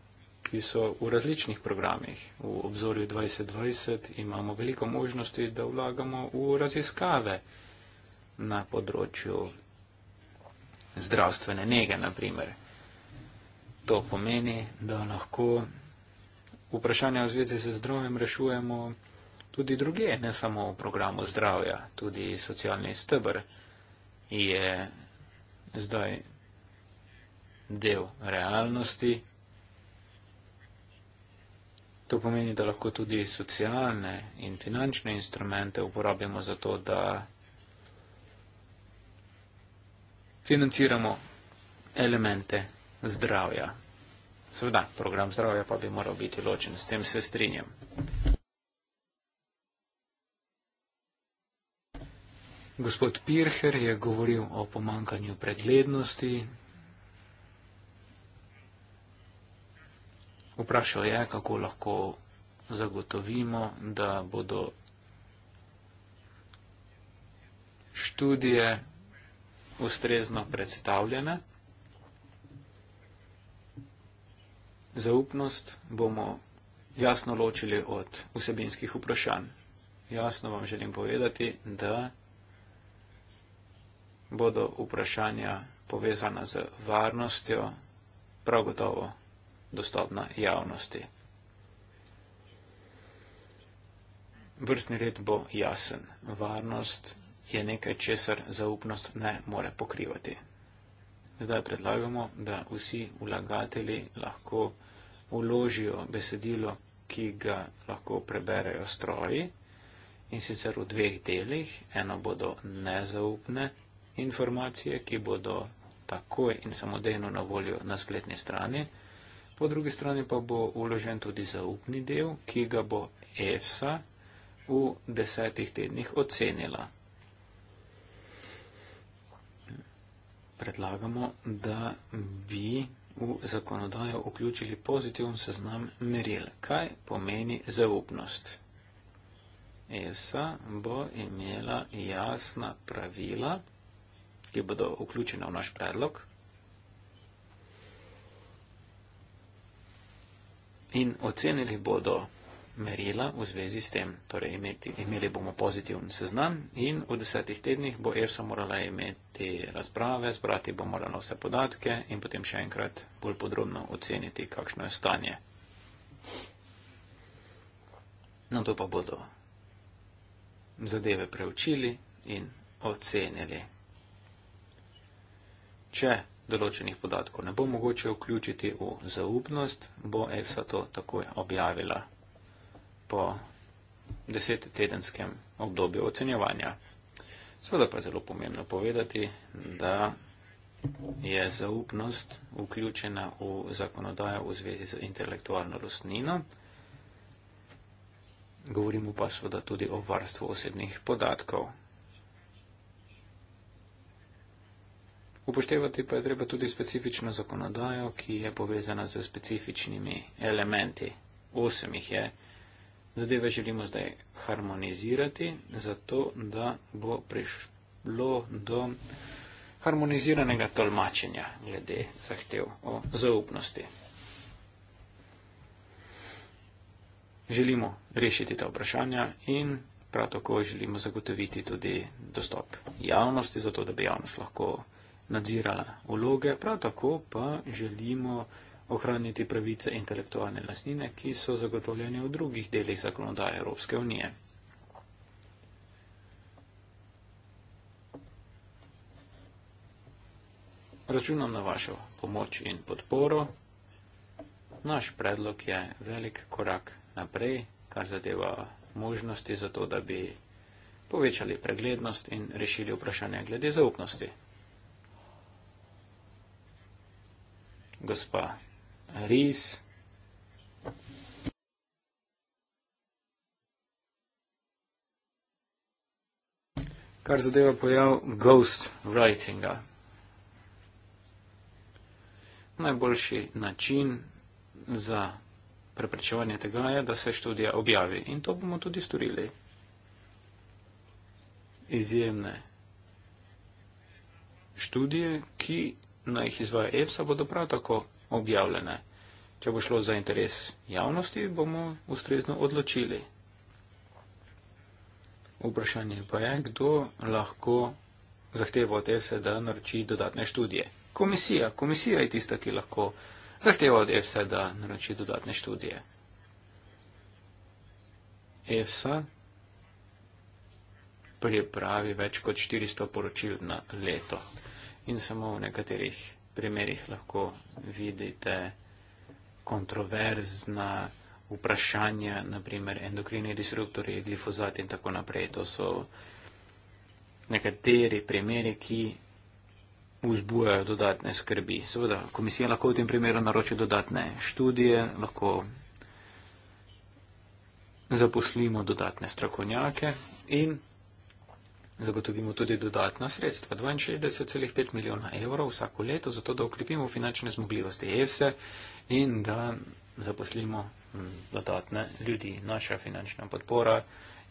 ki so v različnih programih. V obzorju 2020 imamo veliko možnosti, da vlagamo v raziskave na področju zdravstvene nege, na primer. To pomeni, da lahko vprašanja v zvezi z zdravjem rešujemo tudi druge, ne samo v programu zdravja, tudi socialni stebr je zdaj del realnosti. To pomeni, da lahko tudi socialne in finančne instrumente uporabimo za to, da financiramo elemente zdravja. Sveda, program zdravja pa bi moral biti ločen, s tem se strinjam. Gospod Pirher je govoril o pomankanju preglednosti. Vprašal je, kako lahko zagotovimo, da bodo študije ustrezno predstavljene. zaupnost bomo jasno ločili od vsebinskih vprašanj. Jasno vam želim povedati, da bodo vprašanja povezana z varnostjo prav gotovo dostopna javnosti. Vrstni red bo jasen. Varnost je nekaj, česar zaupnost ne more pokrivati. Zdaj predlagamo, da vsi vlagatelji lahko uložijo besedilo, ki ga lahko preberejo stroji in sicer v dveh delih. Eno bodo nezaupne informacije, ki bodo takoj in samodejno na voljo na spletni strani, po drugi strani pa bo uložen tudi zaupni del, ki ga bo EFSA v desetih tednih ocenila. Predlagamo, da bi v zakonodajo vključili pozitiven seznam meril. Kaj pomeni zaupnost? ESA bo imela jasna pravila, ki bodo vključena v naš predlog. In ocenili bodo merila v zvezi s tem. Torej imeti, imeli bomo pozitivni seznam in v desetih tednih bo ERSA morala imeti razprave, zbrati bo morala vse podatke in potem še enkrat bolj podrobno oceniti, kakšno je stanje. Na to pa bodo zadeve preučili in ocenili. Če določenih podatkov ne bo mogoče vključiti v zaupnost, bo EFSA to takoj objavila po desettedenskem obdobju ocenjevanja. Sveda pa je zelo pomembno povedati, da je zaupnost vključena v zakonodajo v zvezi z intelektualno lastnino. Govorimo pa seveda tudi o varstvu osebnih podatkov. Upoštevati pa je treba tudi specifično zakonodajo, ki je povezana z specifičnimi elementi. Osem jih je zadeve želimo zdaj harmonizirati, zato da bo prišlo do harmoniziranega tolmačenja glede zahtev o zaupnosti. Želimo rešiti ta vprašanja in prav tako želimo zagotoviti tudi dostop javnosti, zato da bi javnost lahko nadzirala vloge, prav tako pa želimo ohraniti pravice intelektualne lasnine, ki so zagotovljene v drugih delih zakonodaje Evropske unije. Računam na vašo pomoč in podporo. Naš predlog je velik korak naprej, kar zadeva možnosti za to, da bi povečali preglednost in rešili vprašanje glede zaupnosti. Gospa Riz. Kar zadeva pojav ghost writinga. Najboljši način za preprečevanje tega je, da se študija objavi. In to bomo tudi storili. Izjemne študije, ki naj jih izvaja EFSA, bodo prav tako objavljene. Če bo šlo za interes javnosti, bomo ustrezno odločili. Vprašanje pa je, kdo lahko zahteva od EFSA, da naroči dodatne študije. Komisija. Komisija je tista, ki lahko zahteva od EFSA, da naroči dodatne študije. EFSA pripravi več kot 400 poročil na leto in samo v nekaterih primerih lahko vidite kontroverzna vprašanja, naprimer endokrini disruptori, glifozat in tako naprej. To so nekateri primeri, ki vzbujajo dodatne skrbi. Seveda, komisija lahko v tem primeru naroči dodatne študije, lahko zaposlimo dodatne strakonjake in Zagotovimo tudi dodatna sredstva, 62,5 milijona evrov vsako leto, zato da okrepimo finančne zmogljivosti EFSE in da zaposlimo mm, dodatne ljudi. Naša finančna podpora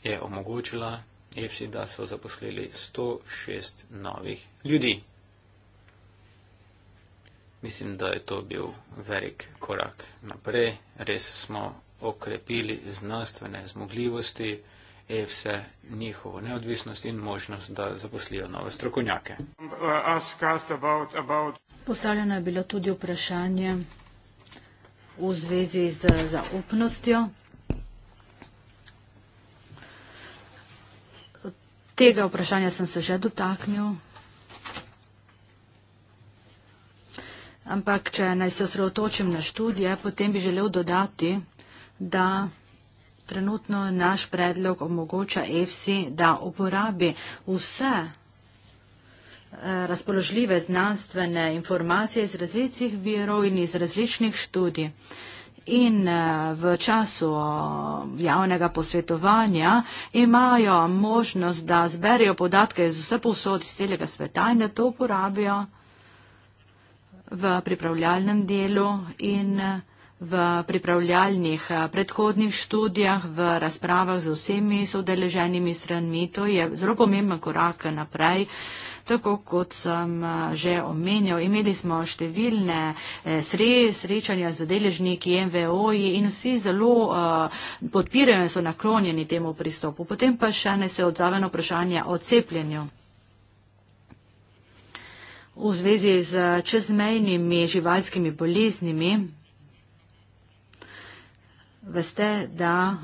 je omogočila EFSE, da so zaposlili 106 novih ljudi. Mislim, da je to bil velik korak naprej. Res smo okrepili znanstvene zmogljivosti je vse njihovo neodvisnost in možnost, da zaposlijo nove strokovnjake. Postavljeno je bilo tudi vprašanje v zvezi z zaupnostjo. Tega vprašanja sem se že dotaknil. Ampak, če naj se osredotočim na študije, potem bi želel dodati, da Trenutno naš predlog omogoča EFSI, da uporabi vse eh, razpoložljive znanstvene informacije iz različnih virov in iz različnih študij. In eh, v času javnega posvetovanja imajo možnost, da zberijo podatke iz vse posod iz celega sveta in da to uporabijo v pripravljalnem delu in v eh, v pripravljalnih eh, predhodnih študijah, v razpravah z vsemi sodeleženimi stranmi. To je zelo pomemben korak naprej. Tako kot sem eh, že omenjal, imeli smo številne eh, sre, srečanja z deležniki MVO-ji in vsi zelo uh, podpirajo in so naklonjeni temu pristopu. Potem pa še ne se odzaveno vprašanje o cepljenju. V zvezi z čezmejnimi živalskimi boleznimi veste, da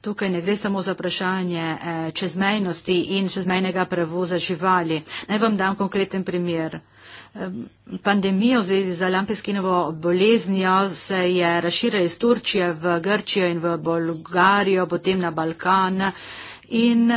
tukaj ne gre samo za vprašanje eh, čezmejnosti in čezmejnega prevoza živali. Naj vam dam konkreten primer. Pandemija v zvezi z lampeskinovo boleznijo se je razširila iz Turčije v Grčijo in v Bolgarijo, potem na Balkan in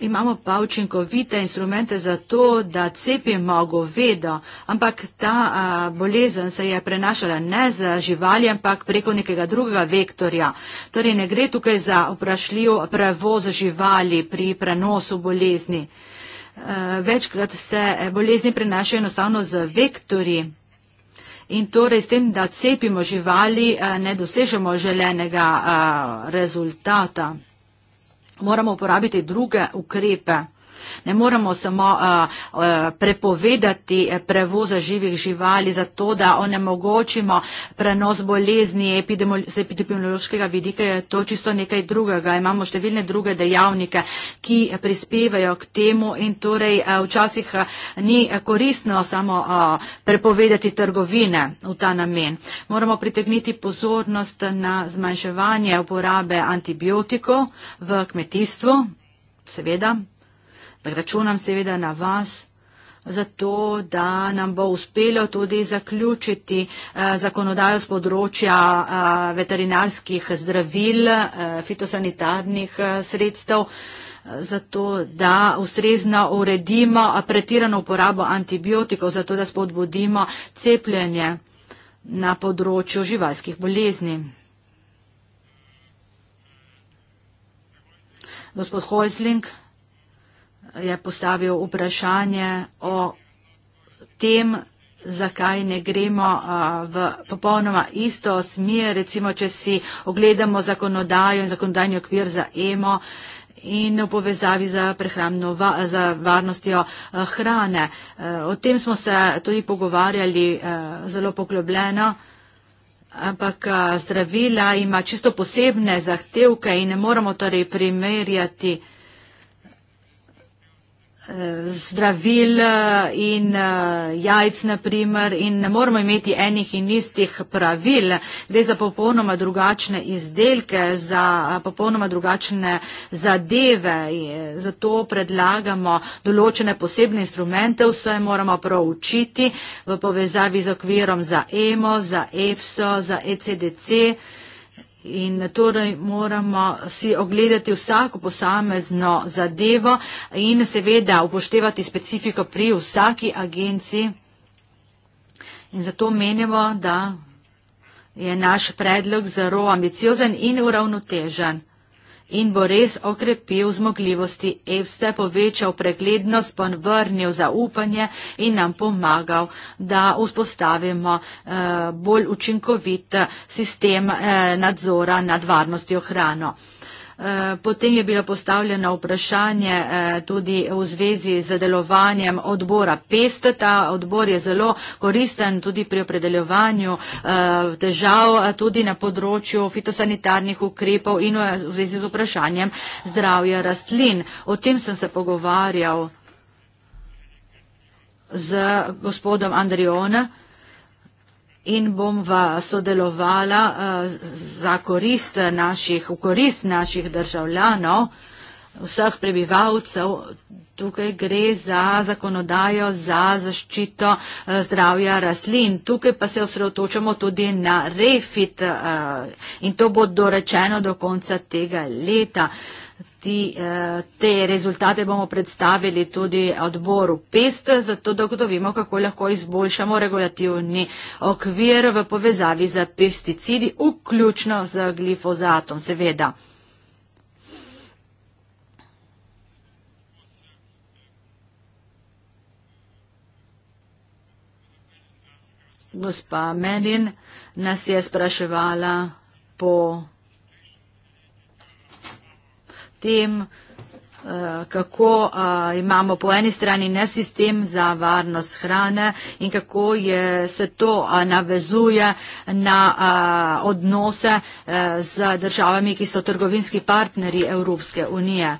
Imamo pa učinkovite instrumente za to, da cepimo govedo, ampak ta a, bolezen se je prenašala ne z živali, ampak preko nekega drugega vektorja. Torej ne gre tukaj za vprašljiv prevoz živali pri prenosu bolezni. E, večkrat se e, bolezni prenašajo enostavno z vektorji. In torej s tem, da cepimo živali, e, ne dosežemo želenega rezultata moramo uporabiti druge ukrepe. Ne moremo samo uh, uh, prepovedati eh, prevoza živih živali za to, da onemogočimo prenos bolezni z epidemiološkega vidika. Je to čisto nekaj drugega. Imamo številne druge dejavnike, ki prispevajo k temu in torej uh, včasih uh, ni koristno samo uh, prepovedati trgovine v ta namen. Moramo pritegniti pozornost na zmanjševanje uporabe antibiotikov v kmetijstvu, seveda. Računam seveda na vas, zato da nam bo uspelo tudi zaključiti eh, zakonodajo z področja eh, veterinarskih zdravil, eh, fitosanitarnih sredstev, zato da ustrezno uredimo pretirano uporabo antibiotikov, zato da spodbudimo cepljenje na področju živalskih bolezni. Gospod Hojsling je postavil vprašanje o tem, zakaj ne gremo v popolnoma isto smer, recimo, če si ogledamo zakonodajo in zakonodajni okvir za EMO in v povezavi za prehrambno va, varnostjo hrane. O tem smo se tudi pogovarjali zelo poglobljeno, ampak zdravila ima čisto posebne zahtevke in ne moramo torej primerjati zdravil eh, in eh, jajc naprimer in ne moramo imeti enih in istih pravil. Gre za popolnoma drugačne izdelke, za eh, popolnoma drugačne zadeve. Zato predlagamo določene posebne instrumente, vse moramo proučiti v povezavi z okvirom za EMO, za EFSO, za ECDC. In torej moramo si ogledati vsako posamezno zadevo in seveda upoštevati specifiko pri vsaki agenciji. In zato menimo, da je naš predlog zelo ambiciozen in uravnotežen in bo res okrepil zmogljivosti EFSTE, povečal preglednost, pa vrnil zaupanje in nam pomagal, da vzpostavimo eh, bolj učinkovit eh, sistem eh, nadzora nad varnostjo hrano. Eh, potem je bilo postavljeno vprašanje eh, tudi v zvezi z delovanjem odbora PESTA. Ta odbor je zelo koristen tudi pri opredeljevanju eh, težav tudi na področju fitosanitarnih ukrepov in v zvezi z vprašanjem zdravja rastlin. O tem sem se pogovarjal z gospodom Andrijonem in bomva sodelovala eh, za korist naših, v korist naših državljanov, vseh prebivalcev. Tukaj gre za zakonodajo za zaščito eh, zdravja rastlin. Tukaj pa se osredotočamo tudi na refit eh, in to bo dorečeno do konca tega leta ti, eh, te rezultate bomo predstavili tudi odboru PEST, zato da ugotovimo, kako lahko izboljšamo regulativni okvir v povezavi z pesticidi, vključno z glifozatom, seveda. Gospa Menin nas je spraševala po tem, eh, kako eh, imamo po eni strani ne sistem za varnost hrane in kako je, se to eh, navezuje na odnose z državami, ki so trgovinski partneri Evropske unije.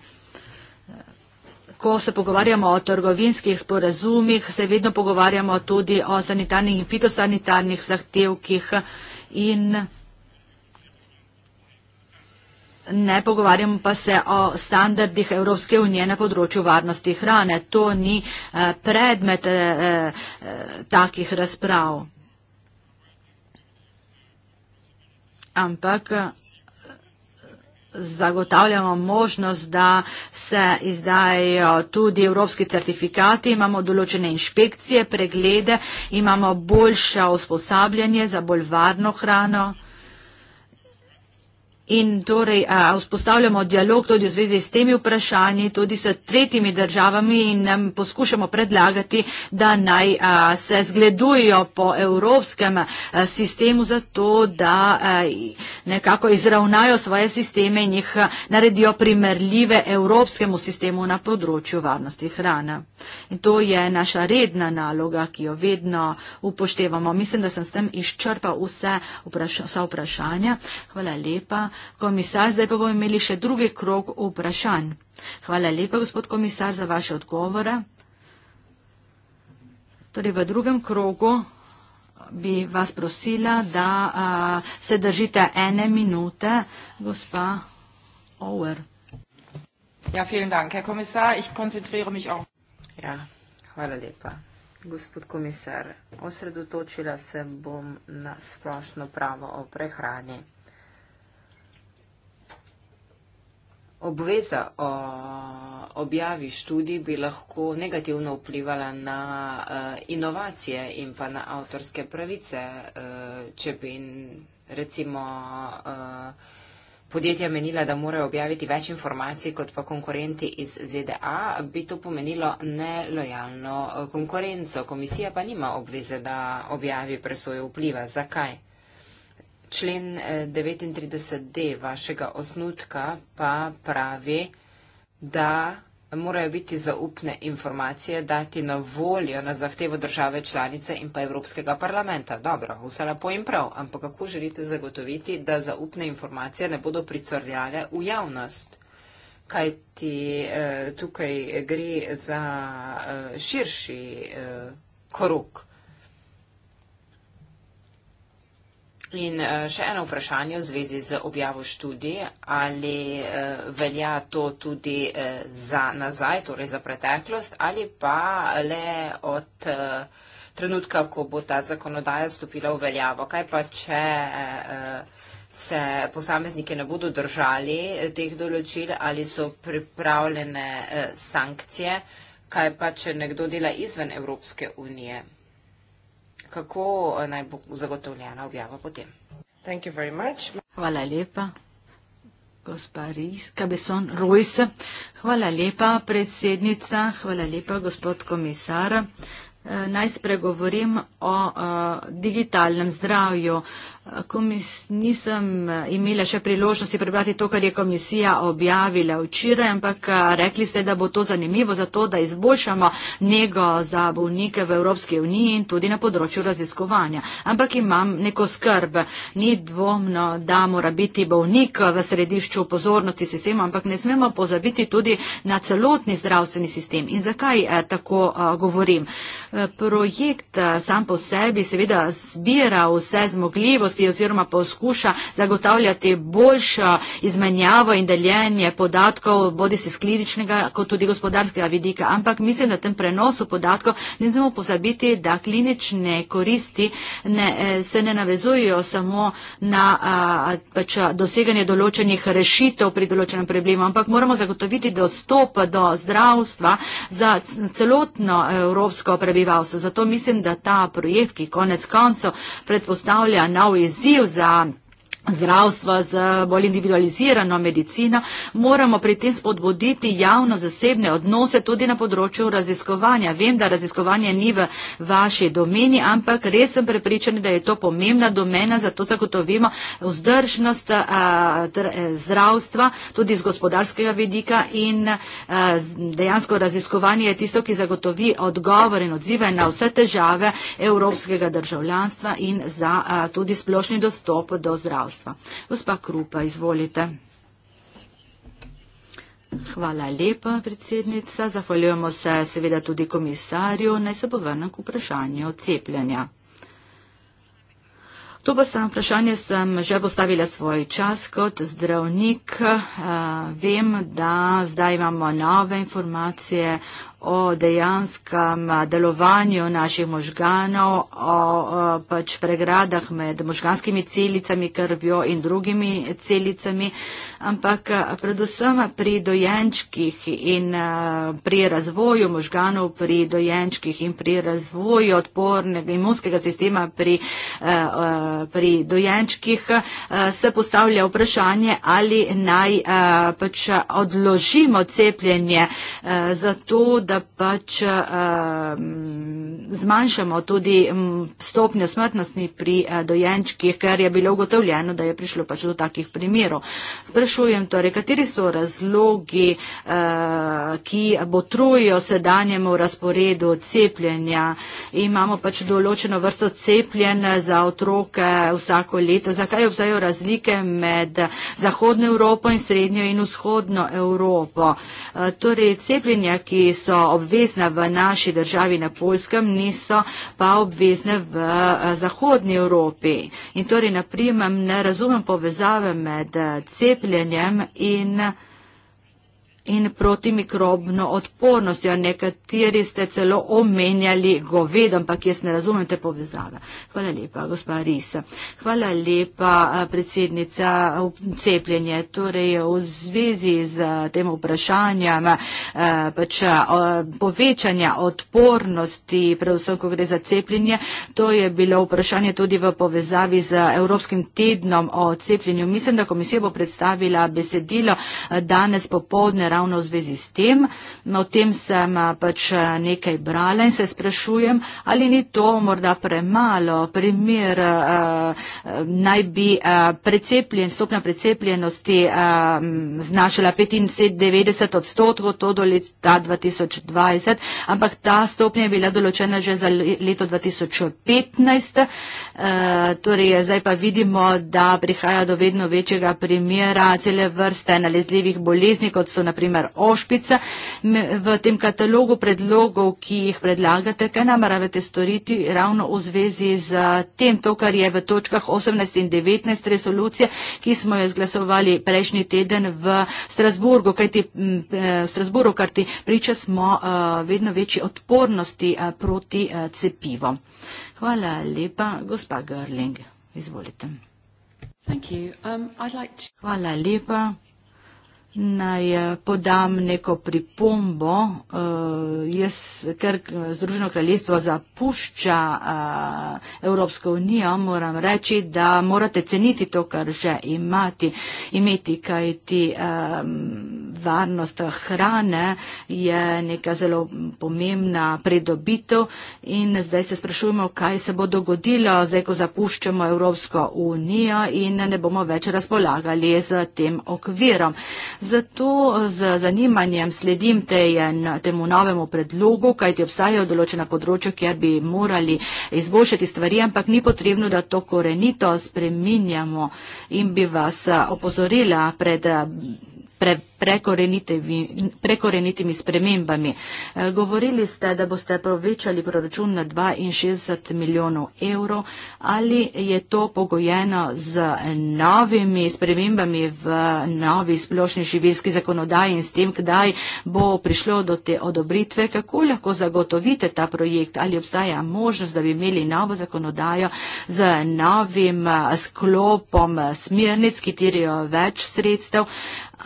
Ko se pogovarjamo o trgovinskih sporazumih, se vedno pogovarjamo tudi o sanitarnih in fitosanitarnih zahtevkih in zahtevkih ne pogovarjamo pa se o standardih Evropske unije na področju varnosti hrane. To ni eh, predmet eh, eh, takih razprav. Ampak zagotavljamo možnost, da se izdajajo tudi evropski certifikati, imamo določene inšpekcije, preglede, imamo boljše usposabljanje za bolj varno hrano. In torej a, vzpostavljamo dialog tudi v zvezi s temi vprašanji, tudi s tretjimi državami in nam poskušamo predlagati, da naj a, se zgledujo po evropskem a, sistemu za to, da a, nekako izravnajo svoje sisteme in jih a, naredijo primerljive evropskemu sistemu na področju varnosti hrana. In to je naša redna naloga, ki jo vedno upoštevamo. Mislim, da sem s tem izčrpal vse vpraš vprašanja. Hvala lepa. Uh, komisar, zdaj pa bomo imeli še drugi krok vprašanj. Hvala lepa, gospod komisar, za vaše odgovore. Torej, v drugem krogu bi vas prosila, da a, se držite ene minute, gospa Ower. Ja, dank, herr komisar, ich mich auch. ja hvala lepa, gospod komisar. Osredotočila se bom na splošno pravo o prehrani. obveza o objavi študij bi lahko negativno vplivala na uh, inovacije in pa na avtorske pravice, uh, če bi recimo uh, podjetja menila, da morajo objaviti več informacij kot pa konkurenti iz ZDA, bi to pomenilo nelojalno konkurenco. Komisija pa nima obveze, da objavi presojo vpliva. Zakaj? člen 39d eh, vašega osnutka pa pravi, da morajo biti zaupne informacije dati na voljo na zahtevo države članice in pa Evropskega parlamenta. Dobro, vse lepo in prav, ampak kako želite zagotoviti, da zaupne informacije ne bodo pricrljale v javnost? Kaj ti eh, tukaj gre za eh, širši korok? In eh, še eno vprašanje v zvezi z objavo študij, ali eh, velja to tudi eh, za nazaj, torej za preteklost, ali pa le od trenutka, ko bo ta zakonodaja stopila v veljavo. Kaj pa, če se posamezniki ne bodo držali teh določil, ali so pripravljene sankcije, kaj pa, če nekdo dela izven Evropske unije? kako eh, naj bo zagotovljena objava potem. Hvala lepa. Gospa Riz, Kabeson, Rujs, hvala lepa predsednica, hvala lepa gospod komisar. Eh, naj spregovorim o uh, digitalnem zdravju. Uh, komis, nisem eh, imela še priložnosti prebrati to, kar je komisija objavila včeraj, ampak eh, rekli ste, da bo to zanimivo za to, da izboljšamo njego za bolnike v Evropski uniji in tudi na področju raziskovanja. Ampak imam neko skrb. Ni dvomno, da mora biti bolnik v središču pozornosti sistema, ampak ne smemo pozabiti tudi na celotni zdravstveni sistem. In zakaj eh, tako govorim? Projekt sam po sebi seveda zbira vse zmogljivosti, skupnosti oziroma poskuša zagotavljati boljšo izmenjavo in deljenje podatkov, bodi si z kliničnega kot tudi gospodarskega vidika. Ampak mislim, da tem prenosu podatkov ne smemo pozabiti, da klinične koristi ne, eh, se ne navezujejo samo na a, pač doseganje določenih rešitev pri določenem problemu, ampak moramo zagotoviti dostop do zdravstva za celotno evropsko prebivalstvo. Zato mislim, da ta projekt, ki konec koncev predpostavlja nov izgled, izziv za zdravstva, z bolj individualizirano medicino, moramo pri tem spodbuditi javno-zasebne odnose tudi na področju raziskovanja. Vem, da raziskovanje ni v vaši domeni, ampak res sem prepričan, da je to pomembna domena, zato zagotovimo vzdržnost a, tr, e, zdravstva tudi z gospodarskega vidika in a, dejansko raziskovanje je tisto, ki zagotovi odgovor in odzive na vse težave evropskega državljanstva in za a, tudi splošni dostop do zdravstva gospodarstva. Gospa Krupa, izvolite. Hvala lepa, predsednica. Zahvaljujemo se seveda tudi komisarju. Naj se povrnem k vprašanju cepljenja. To pa sem vprašanje, sem že postavila svoj čas kot zdravnik. Eh, vem, da zdaj imamo nove informacije o dejanskem delovanju naših možganov, o, o pač pregradah med možganskimi celicami, krvjo in drugimi celicami, ampak predvsem pri dojenčkih in pri razvoju možganov pri dojenčkih in pri razvoju odpornega imunskega sistema pri, eh, eh, pri dojenčkih eh, se postavlja vprašanje, ali naj pač odložimo cepljenje za to, da pač uh, zmanjšamo tudi stopnjo smrtnosti pri uh, dojenčkih, ker je bilo ugotovljeno, da je prišlo pač do takih primerov. Sprašujem torej, kateri so razlogi, uh, ki botrujo sedanjemu razporedu cepljenja. Imamo pač določeno vrsto cepljen za otroke vsako leto. Zakaj obzajo razlike med Zahodno Evropo in Srednjo in Vzhodno Evropo? Uh, torej, cepljenja, ki so obvezna v naši državi na Polskem, niso pa obvezne v eh, Zahodnji Evropi. In torej, naprimer, ne razumem povezave med eh, cepljenjem in in protimikrobno odpornostjo. Nekateri ste celo omenjali govedo, ampak jaz ne razumem te povezave. Hvala lepa, gospa Risa. Hvala lepa, eh, predsednica, cepljenje. Torej, v zvezi z eh, tem vprašanjem eh, pač, povečanja odpornosti, predvsem, ko gre za cepljenje, to je bilo vprašanje tudi v povezavi z Evropskim tednom o cepljenju. Mislim, da komisija bo predstavila besedilo danes popovdne ravno v zvezi s tem. O tem sem eh, pač eh, nekaj brala in se sprašujem, ali ni to morda premalo. Primer eh, naj bi precepljen, stopna precepljenosti znašala 95 odstotkov, to do leta 2020, ampak ta stopnja je bila določena že za leto 2015. Torej, zdaj pa vidimo, da prihaja do vedno večjega primera cele vrste nalezljivih bolezni, kot so naprimer primer ošpica. V tem katalogu predlogov, ki jih predlagate, kaj nameravate storiti ravno v zvezi z tem, to, kar je v točkah 18 in 19 resolucije, ki smo jo izglasovali prejšnji teden v Strasburgu, kajti eh, v Strasburgu, kar ti priča smo eh, vedno večji odpornosti eh, proti cepivom. Hvala lepa, gospa Görling. Izvolite. Um, Hvala lepa naj eh, podam neko pripombo. Eh, jaz, ker eh, Združeno kraljestvo zapušča Evropsko unijo, moram reči, da morate ceniti to, kar že imati, imeti, kaj ti ehm, varnost hrane je neka zelo pomembna predobitev in zdaj se sprašujemo, kaj se bo dogodilo, zdaj, ko zapuščamo Evropsko unijo in ne bomo več razpolagali z tem okvirom. Zato eh, z zanimanjem sledim tejen, eh, temu novemu predlogu, kajti obstajajo določena področja, kjer bi morali izboljšati stvari, ampak ni potrebno, da to korenito spreminjamo in bi vas eh, opozorila pred pre, prekorenitimi, prekorenitimi spremembami. E, govorili ste, da boste povečali proračun na 62 milijonov evrov. Ali je to pogojeno z novimi spremembami v novi splošni živilski zakonodaji in s tem, kdaj bo prišlo do te odobritve? Kako lahko zagotovite ta projekt? Ali obstaja možnost, da bi imeli novo zakonodajo z novim sklopom smernic, ki tirijo več sredstev?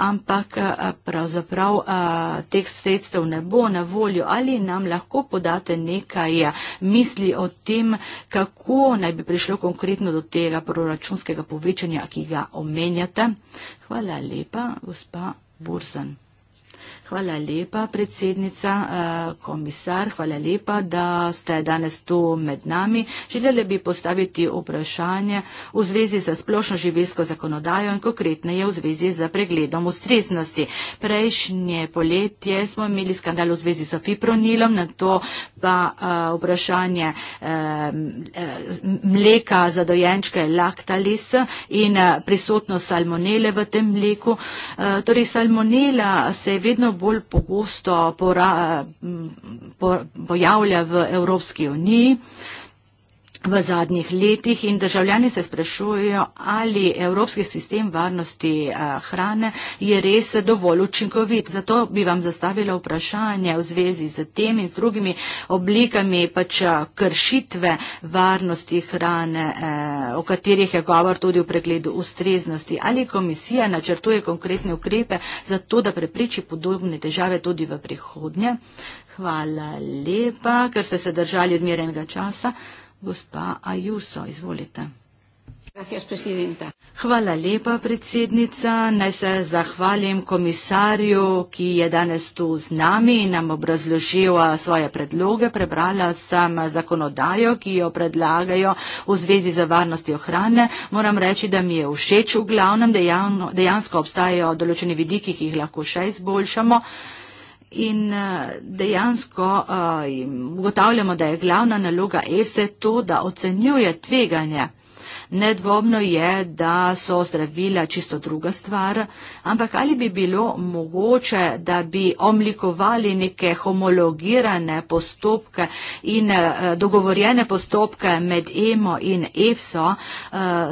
ampak eh, pravzaprav eh, teh sredstev ne bo na voljo. Ali nam lahko podate nekaj eh, misli o tem, kako naj bi prišlo konkretno do tega proračunskega povečanja, ki ga omenjate? Hvala lepa, gospa Burzan. Hvala lepa, predsednica, eh, komisar, hvala lepa, da ste danes tu med nami. Želeli bi postaviti vprašanje v zvezi z splošno živilsko zakonodajo in konkretno je v zvezi z pregledom ustreznosti. Prejšnje poletje smo imeli skandal v zvezi s fipronilom, na to pa eh, vprašanje eh, mleka za dojenčke laktalis in prisotnost salmonele v tem mleku. Torej, bolj pogosto pora, po, pojavlja v Evropski uniji. Uh, v zadnjih letih in državljani se sprašujejo, ali evropski sistem varnosti eh, hrane je res dovolj učinkovit. Zato bi vam zastavila vprašanje v zvezi z tem in z drugimi oblikami pač eh, kršitve varnosti hrane, eh, o katerih je govor tudi v pregledu ustreznosti. Ali komisija načrtuje konkretne ukrepe za to, da prepriči podobne težave tudi v prihodnje? Hvala lepa, ker ste se držali odmerenega časa. Gospa Ajuso, izvolite. Hvala lepa, predsednica. Naj se zahvalim komisarju, ki je danes tu z nami in nam obrazložil svoje predloge. Prebrala sem zakonodajo, ki jo predlagajo v zvezi za varnosti ohrane. Moram reči, da mi je všeč v glavnem. Dejansko obstajajo določeni vidiki, ki jih lahko še izboljšamo in eh, dejansko eh, ugotavljamo, da je glavna naloga EFSE to, da ocenjuje tveganja. Nedvomno je, da so zdravila čisto druga stvar, ampak ali bi bilo mogoče, da bi omlikovali neke homologirane postopke in eh, dogovorjene postopke med EMO in EFSO,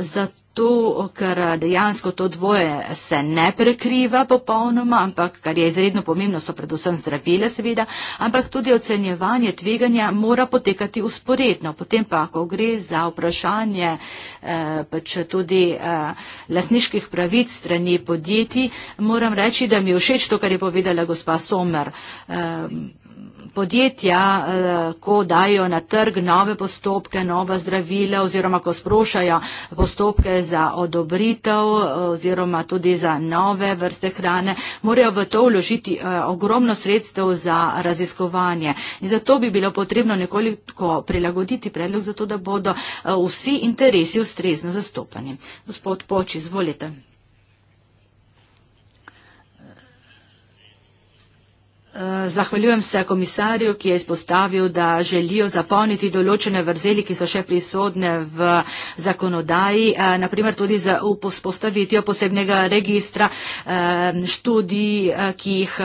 zato tu, ker dejansko to dvoje se ne prekriva popolnoma, ampak kar je izredno pomembno, so predvsem zdravile seveda, ampak tudi ocenjevanje tveganja mora potekati usporedno. Potem pa, ko gre za vprašanje eh, pač tudi eh, lasniških pravic strani podjetij, moram reči, da mi je všeč to, kar je povedala gospa Somer. Eh, podjetja, eh, ko dajo na trg nove postopke, nova zdravila oziroma ko sprošajo postopke za odobritev eh, oziroma tudi za nove vrste hrane, morajo v to vložiti eh, ogromno sredstev za raziskovanje. In zato bi bilo potrebno nekoliko prilagoditi predlog, zato da bodo vsi interesi ustrezno zastopani. Gospod Poč, izvolite. Zahvaljujem se komisarju, ki je izpostavil, da želijo zapolniti določene vrzeli, ki so še prisodne v zakonodaji, eh, naprimer tudi za vzpostavitijo posebnega registra eh, študij, eh, ki jih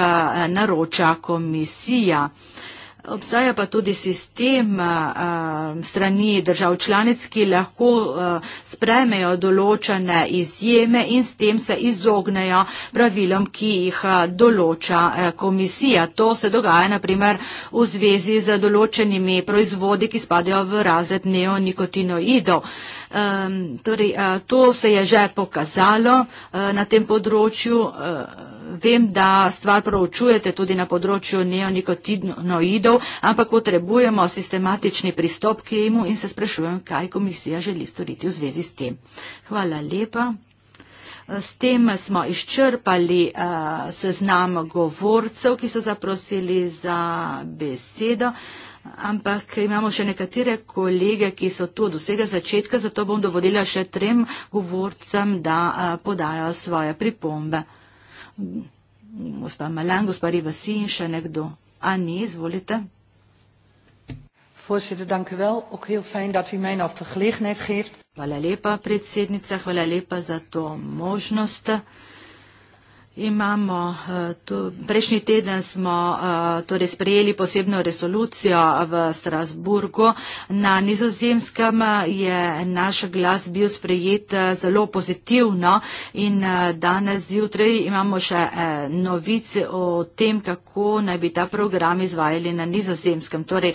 naroča komisija. Obstaja pa tudi sistem strani držav članic, ki lahko spremejo določene izjeme in s tem se izognejo pravilom, ki jih določa komisija. To se dogaja naprimer v zvezi z določenimi proizvodi, ki spadajo v razred neonikotinoidov. Torej, to se je že pokazalo na tem področju vem, da stvar proučujete tudi na področju neonikotinoidov, ampak potrebujemo sistematični pristop k temu in se sprašujem, kaj komisija želi storiti v zvezi s tem. Hvala lepa. S tem smo izčrpali uh, seznam govorcev, ki so zaprosili za besedo, ampak imamo še nekatere kolege, ki so to od vsega začetka, zato bom dovodila še trem govorcem, da uh, podajo svoje pripombe gospa Malan, gospa Riva Sin, še nekdo. A ni, izvolite. Voorzitter, dank u wel. Ook heel fijn dat u mij nog de gelegenheid geeft. Hvala lepa, predsednica, hvala lepa za to možnost. Imamo, eh, to, prejšnji teden smo eh, torej sprejeli posebno resolucijo v Strasburgu. Na nizozemskem eh, je naš glas bil sprejet zelo pozitivno in danes zjutraj imamo še novice o tem, kako naj bi ta program izvajali na nizozemskem. Torej,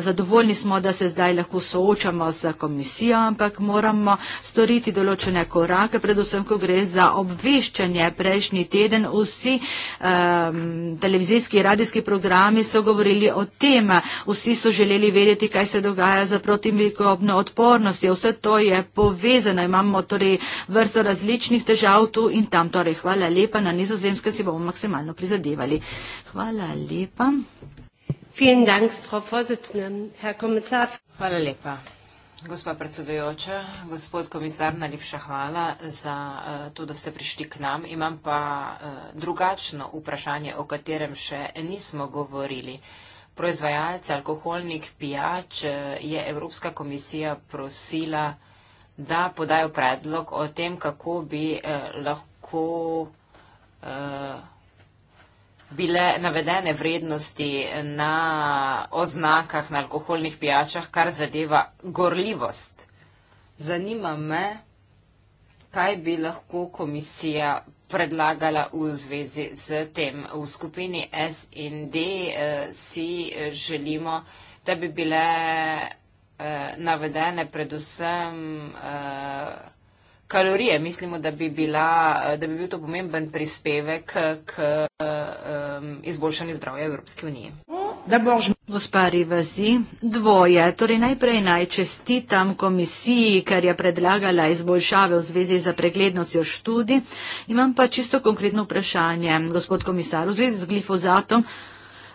zadovoljni smo, da se zdaj lahko soočamo z komisijo, ampak moramo storiti določene korake, predvsem, ko gre za obveščanje prejšnji prejšnji teden vsi um, televizijski radijski programi so govorili o tem. Vsi so želeli vedeti, kaj se dogaja za protimikrobno odpornost. Ja, vse to je povezano. Imamo torej vrsto različnih težav tu in tam. Torej, hvala lepa. Na nizozemske si bomo maksimalno prizadevali. Hvala lepa. Hvala lepa. Gospa predsedujoča, gospod komisar, najlepša hvala za eh, to, da ste prišli k nam. Imam pa eh, drugačno vprašanje, o katerem še nismo govorili. Proizvajalce alkoholnih pijač eh, je Evropska komisija prosila, da podajo predlog o tem, kako bi lahko bile navedene vrednosti na oznakah na alkoholnih pijačah, kar zadeva gorljivost. Zanima me, kaj bi lahko komisija predlagala v zvezi z tem. V skupini SND eh, si eh, želimo, da bi bile eh, navedene predvsem kalorije. Mislimo, da bi, bila, da bi bil to pomemben prispevek k, k um, izboljšanju zdravja Evropske unije. Gospa Rivazi, dvoje. Torej najprej naj čestitam komisiji, ker je predlagala izboljšave v zvezi za preglednostjo študij. Imam pa čisto konkretno vprašanje, gospod komisar, v zvezi z glifozatom.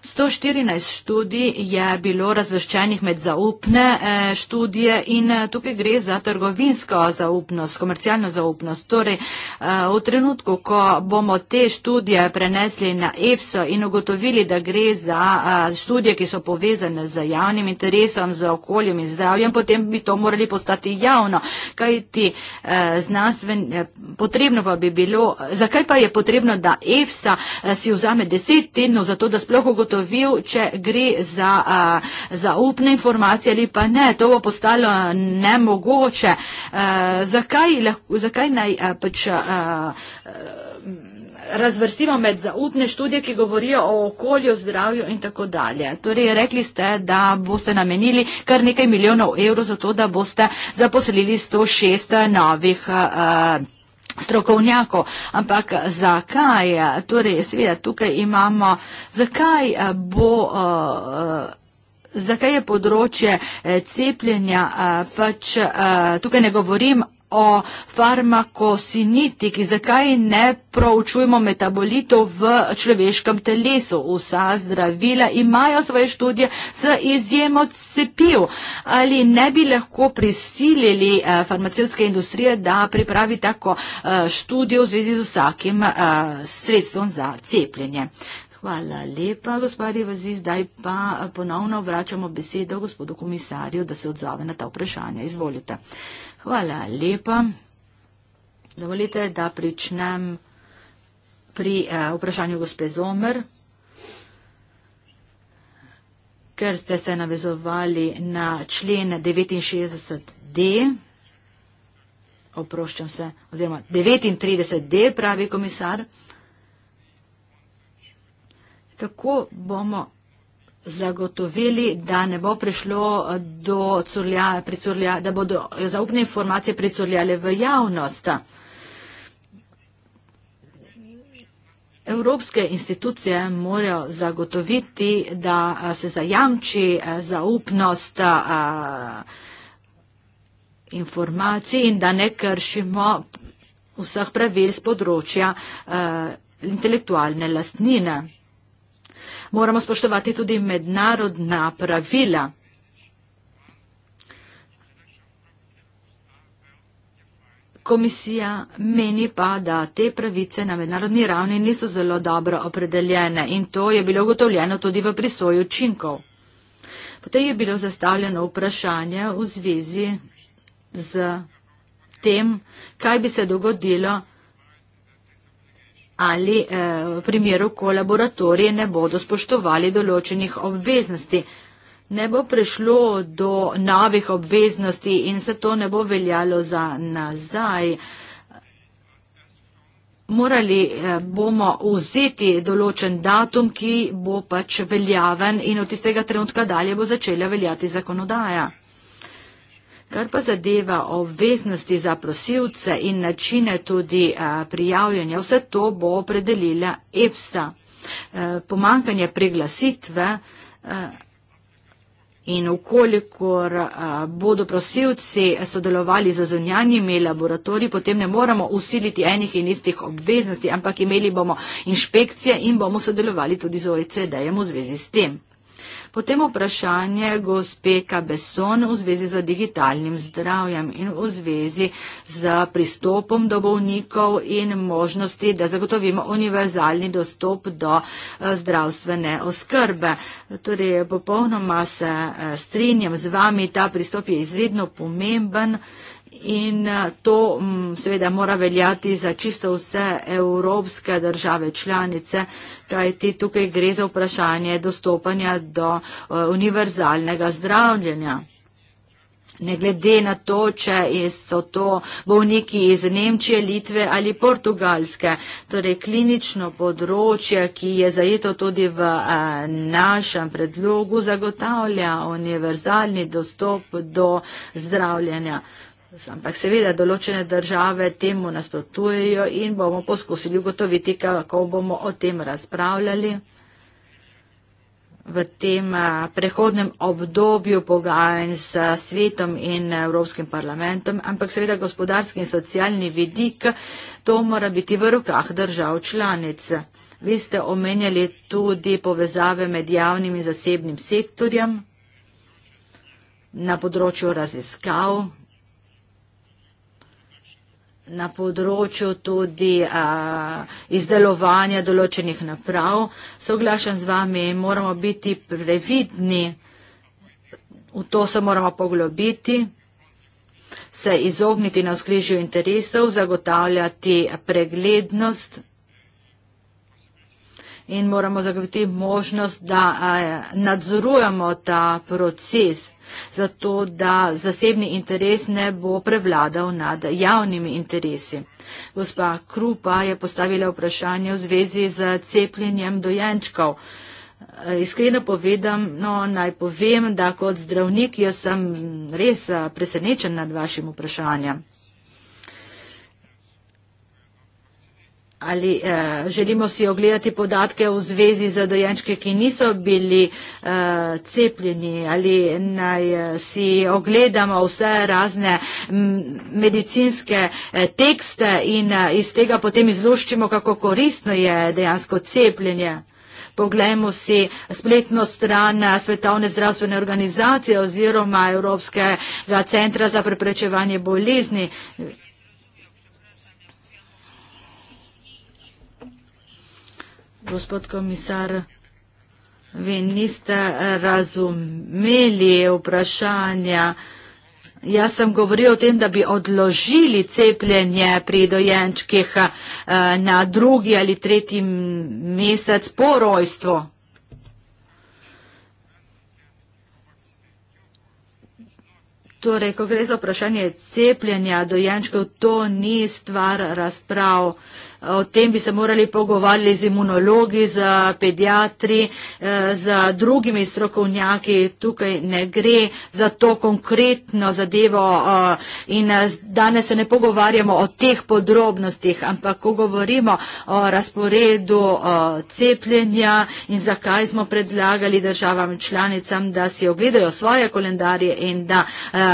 114 študij je bilo razvrščenih med zaupne eh, študije in eh, tukaj gre za trgovinsko zaupnost, komercialno zaupnost. Torej, eh, v trenutku, ko bomo te študije prenesli na EFSO in ugotovili, da gre za študije, ki so povezane z javnim interesom, z okoljem in zdravjem, potem bi to morali postati javno. Znanstven, bi bilo, zakaj pa je potrebno, da EFSA si vzame 10 tednov za to, da sploh ugotovi, ugotovil, če gre za zaupne informacije ali pa ne. To bo postalo nemogoče. Zakaj, zakaj naj pač razvrstimo med zaupne študije, ki govorijo o okolju, zdravju in tako dalje. Torej, rekli ste, da boste namenili kar nekaj milijonov evrov za to, da boste zaposlili 106 novih. Uh, strokovnjakov. Ampak zakaj? Torej, seveda, tukaj imamo, zakaj eh, bo. Uh, Zakaj je področje eh, cepljenja pač tukaj ne govorim o farmakosinitiki, zakaj ne proučujemo metabolitov v človeškem telesu. Vsa zdravila imajo svoje študije z izjemo cepiv. Ali ne bi lahko prisilili eh, farmacevske industrije, da pripravi tako eh, študijo v zvezi z vsakim eh, sredstvom za cepljenje? Hvala lepa, gospodje Vazi. Zdaj pa ponovno vračamo besedo gospodu komisarju, da se odzove na ta vprašanja. Izvolite. Hvala lepa. Zavolite, da pričnem pri eh, vprašanju gospe Zomer, ker ste se navezovali na člen 69d. Oproščam se, oziroma 39d, pravi komisar. Kako bomo zagotovili, da ne bo prišlo do curljave, curlja, da bodo zaupne informacije pricurljale v javnost. Evropske institucije morajo zagotoviti, da se zajamči eh, zaupnost eh, informacij in da ne kršimo vseh pravil z področja eh, intelektualne lastnine moramo spoštovati tudi mednarodna pravila. Komisija meni pa, da te pravice na mednarodni ravni niso zelo dobro opredeljene in to je bilo ugotovljeno tudi v prisoju učinkov. Potem je bilo zastavljeno vprašanje v zvezi z tem, kaj bi se dogodilo ali eh, v primeru kolaboratorije ne bodo spoštovali določenih obveznosti. Ne bo prišlo do novih obveznosti in se to ne bo veljalo za nazaj. Morali eh, bomo vzeti določen datum, ki bo pač veljaven in od tistega trenutka dalje bo začela veljati zakonodaja. Kar pa zadeva obveznosti za prosilce in načine tudi prijavljanja, vse to bo opredelila EFSA. E, pomankanje priglasitve e, in ukolikor bodo prosilci sodelovali z zunjanjimi laboratoriji, potem ne moramo usiliti enih in istih obveznosti, ampak imeli bomo inšpekcije in bomo sodelovali tudi z OECD-jem v zvezi s tem. Potem vprašanje gospe Kabeson v zvezi z digitalnim zdravjem in v zvezi z pristopom do bolnikov in možnosti, da zagotovimo univerzalni dostop do eh, zdravstvene oskrbe. Torej, popolnoma se eh, strinjam z vami, ta pristop je izredno pomemben. In eh, to mm, seveda mora veljati za čisto vse evropske države članice, kajti tukaj gre za vprašanje dostopanja do eh, univerzalnega zdravljenja. Ne glede na to, če so to bolniki iz Nemčije, Litve ali Portugalske, torej klinično področje, ki je zajeto tudi v eh, našem predlogu, zagotavlja univerzalni dostop do zdravljenja. Ampak seveda določene države temu nasprotujejo in bomo poskusili ugotoviti, kako bomo o tem razpravljali v tem prehodnem obdobju pogajanj s svetom in Evropskim parlamentom, ampak seveda gospodarski in socialni vidik, to mora biti v rokah držav članic. Vi ste omenjali tudi povezave med javnim in zasebnim sektorjem na področju raziskav, na področju tudi a, izdelovanja določenih naprav. Soglašam z vami, moramo biti previdni, v to se moramo poglobiti, se izogniti na skrižju interesov, zagotavljati preglednost in moramo zagotoviti možnost, da nadzorujemo ta proces, zato da zasebni interes ne bo prevladal nad javnimi interesi. Gospa Krupa je postavila vprašanje v zvezi z cepljenjem dojenčkov. Iskreno povedam, no naj povem, da kot zdravnik jaz sem res presenečen nad vašim vprašanjem. ali eh, želimo si ogledati podatke v zvezi z dojenčki, ki niso bili eh, cepljeni, ali naj eh, si ogledamo vse razne medicinske eh, tekste in eh, iz tega potem izluščimo, kako koristno je dejansko cepljenje. Poglejmo si spletno stran eh, Svetovne zdravstvene organizacije oziroma Evropskega centra za preprečevanje bolezni. gospod komisar, vi niste razumeli vprašanja. Jaz sem govoril o tem, da bi odložili cepljenje pri dojenčkih eh, na drugi ali tretji mesec po rojstvu. Torej, ko gre za vprašanje cepljenja dojenčkov, to ni stvar razprav. Uh, o tem bi se morali pogovarjati z imunologi, z pediatri, eh, z drugimi strokovnjaki. Tukaj ne gre za to konkretno zadevo eh, in eh, danes se ne pogovarjamo o teh podrobnostih, ampak ko govorimo o razporedu cepljenja in zakaj smo predlagali državam članicam, da si ogledajo svoje kolendarje in da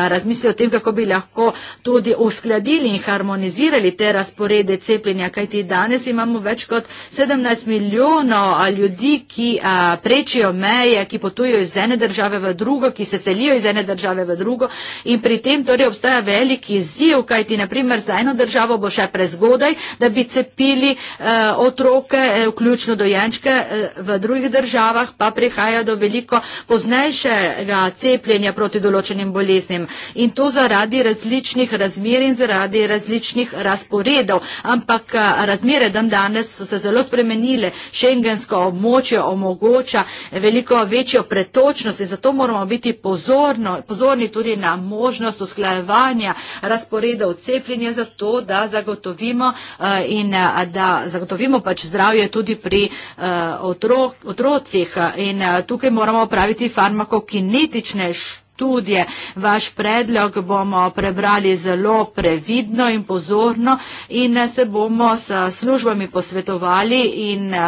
razmislijo o tem, kako bi lahko tudi uskladili in harmonizirali te razporede cepljenja, kaj videti. Danes imamo več kot 17 milijonov ljudi, ki a, prečijo meje, ki potujejo iz ene države v drugo, ki se selijo iz ene države v drugo in pri tem torej obstaja veliki ziv, kaj ti naprimer za eno državo bo še prezgodaj, da bi cepili a, otroke, a, e, vključno dojenčke a, v drugih državah, pa prihaja do veliko poznejšega cepljenja proti določenim boleznim in to zaradi različnih razmer in zaradi različnih razporedov. Ampak razmere dan danes so se zelo spremenile. Šengensko območje omogoča veliko večjo pretočnost in zato moramo biti pozorno, pozorni tudi na možnost usklajevanja razporeda odcepljenja za to, da zagotovimo, eh, in, eh, da zagotovimo pač zdravje tudi pri eh, otrok, otrocih. In tukaj moramo praviti farmakokinetične študije študije. Vaš predlog bomo prebrali zelo previdno in pozorno in eh, se bomo s službami posvetovali in eh,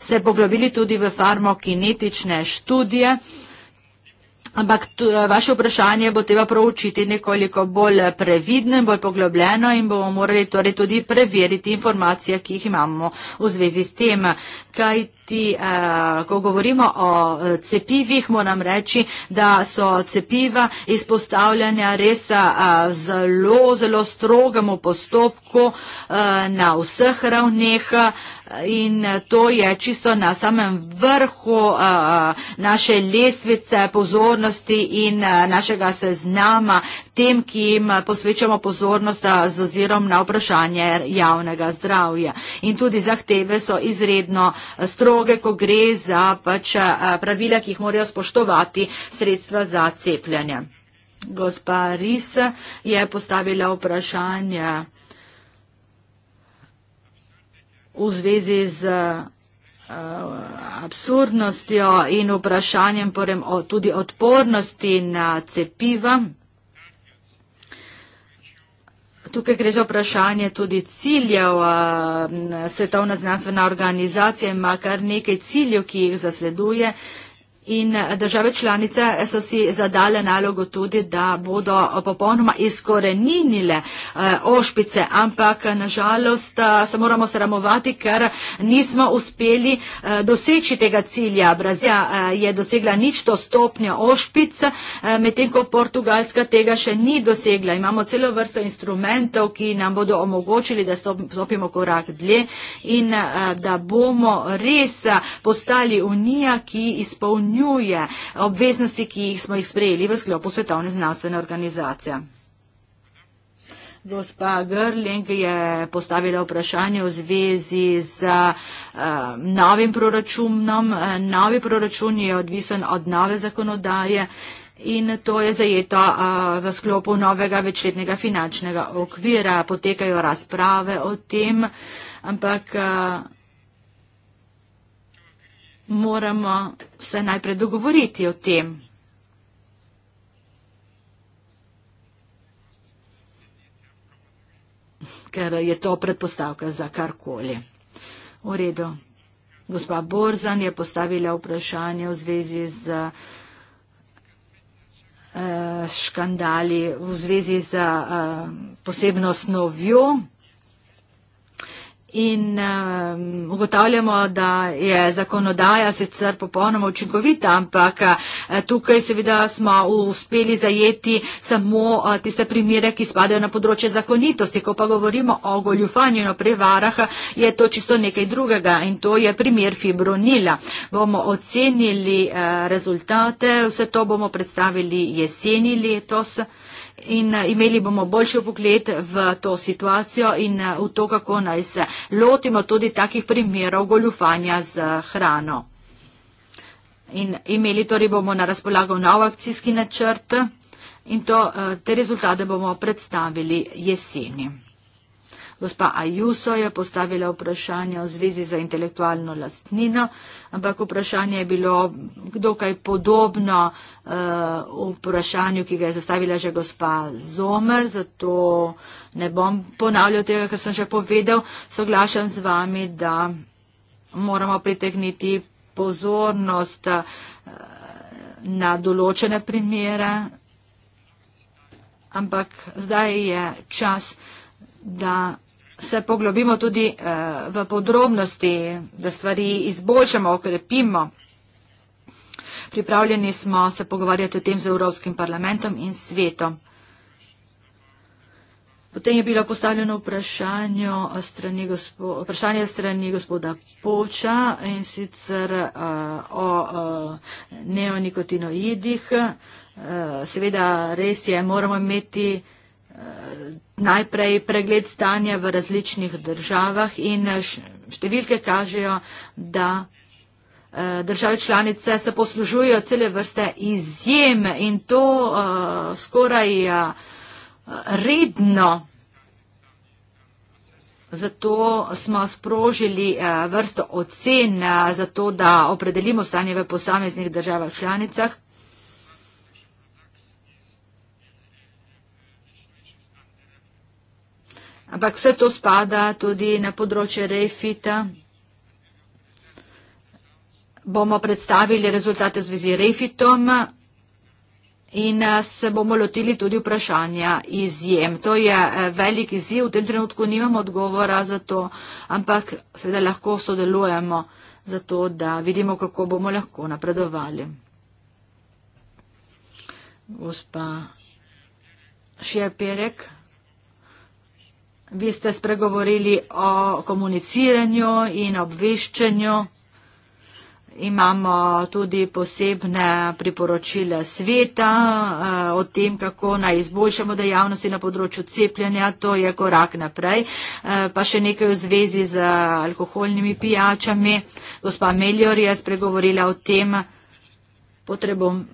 se poglobili tudi v farmokinetične študije. Ampak eh, vaše vprašanje bo treba proučiti nekoliko bolj previdno in bolj poglobljeno in bomo morali torej tudi preveriti informacije, ki jih imamo v zvezi s tem. Kaj ti, eh, ko govorimo o eh, cepivih, moram reči, da so cepiva izpostavljanja res eh, zelo, zelo strogemu postopku na vseh ravneh in to je čisto na samem vrhu naše lestvice pozornosti in našega seznama tem, ki jim eh, posvečamo pozornost eh, z ozirom na vprašanje javnega zdravja. In tudi zahteve so izredno eh, stroge, ko gre za pač pravila, ki jih morajo spoštovati sredstva za cepljanje. Gospa Ris je postavila vprašanje v zvezi z absurdnostjo in vprašanjem torej, tudi odpornosti na cepiva. Tukaj gre za vprašanje tudi ciljev. Svetovna znanstvena organizacija ima kar nekaj ciljev, ki jih zasleduje. In eh, države članice so si zadale nalogo tudi, da bodo popolnoma izkoreninile eh, ošpice, ampak eh, nažalost se moramo sramovati, ker nismo uspeli doseči tega cilja. Brazilija je dosegla ničto stopnjo ošpic, medtem ko Portugalska tega še ni dosegla. Imamo celo vrsto instrumentov, ki nam bodo omogočili, da stopimo korak dlje in da bomo res postali unija, ki izpolni izpolnjuje obveznosti, ki jih smo jih sprejeli v sklopu Svetovne znanstvene organizacije. Gospa Grling je postavila vprašanje v zvezi z uh, novim proračunom. Uh, novi proračun je odvisen od nove zakonodaje in to je zajeto uh, v sklopu novega večletnega finančnega okvira. Potekajo razprave o tem, ampak. Uh, moramo se najprej dogovoriti o tem. Ker je to predpostavka za karkoli. V redu. Gospa Borzan je postavila vprašanje v zvezi z eh, škandali, v zvezi z eh, posebno snovjo. In um, ugotavljamo, da je zakonodaja sicer popolnoma učinkovita, ampak eh, tukaj seveda smo uspeli zajeti samo eh, tiste primere, ki spadajo na področje zakonitosti. Ko pa govorimo o goljufanju in o prevarah, je to čisto nekaj drugega in to je primer fibronila. Bomo ocenili uh, rezultate, vse to bomo predstavili jeseni letos in eh, imeli bomo boljši pogled v to situacijo in eh, v to, kako naj se lotimo tudi takih primerov goljufanja z eh, hrano. In imeli torej bomo na razpolago nov akcijski načrt in to, te rezultate bomo predstavili jeseni. Gospa Ajuso je postavila vprašanje v zvezi za intelektualno lastnino, ampak vprašanje je bilo dokaj podobno uh, vprašanju, ki ga je zastavila že gospa Zomer, zato ne bom ponavljal tega, kar sem že povedal. Soglašam z vami, da moramo pritegniti pozornost eh, na določene primere, ampak zdaj je čas, da se poglobimo tudi eh, v podrobnosti, da stvari izboljšamo, okrepimo. Pripravljeni smo se pogovarjati o tem z Evropskim parlamentom in svetom. Potem je bilo postavljeno vprašanje strani, gospo, vprašanje strani gospoda Poča in sicer uh, o uh, neonikotinoidih. Uh, seveda res je, moramo imeti. Uh, najprej pregled stanja v različnih državah in eh, številke kažejo, da eh, države članice se poslužujejo cele vrste izjem in to eh, skoraj redno. Zato smo sprožili vrsto ocen za to, da opredelimo stanje v posameznih državah članicah. ampak vse to spada tudi na področje REFIT-a. Bomo predstavili rezultate v zvezi REFIT-om in eh, se bomo lotili tudi vprašanja izjem. To je eh, velik izjiv, v tem trenutku nimamo odgovora za to, ampak seveda lahko sodelujemo za to, da vidimo, kako bomo lahko napredovali. Gospa Šerperek. Vi ste spregovorili o komuniciranju in obveščanju. Imamo tudi posebne priporočile sveta eh, o tem, kako naj izboljšamo dejavnosti na področju cepljenja. To je korak naprej. Eh, pa še nekaj v zvezi z alkoholnimi pijačami. Gospa Melior je spregovorila o tem potrebom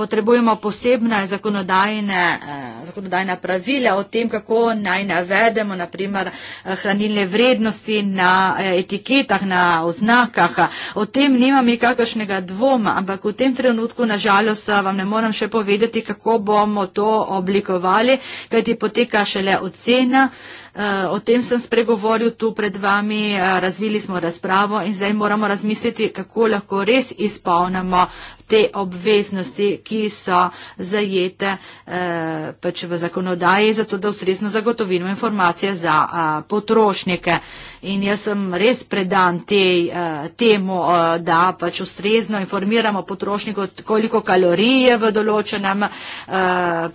potrebujemo posebne zakonodajne, eh, zakonodajne pravile o tem, kako naj navedemo naprimer eh, hranilne vrednosti na eh, etiketah, na oznakah. O tem nimam nikakršnega dvoma, ampak v tem trenutku nažalost vam ne moram še povedati, kako bomo to oblikovali, kajti poteka šele ocena. O tem sem spregovoril tu pred vami, razvili smo razpravo in zdaj moramo razmisliti, kako lahko res izpolnimo te obveznosti, ki so zajete eh, pač v zakonodaji, zato da ustrezno zagotovimo informacije za eh, potrošnike. In jaz sem res predan tej, eh, temu, eh, da pač ustrezno informiramo potrošnikov, koliko kalorij je v določenem eh,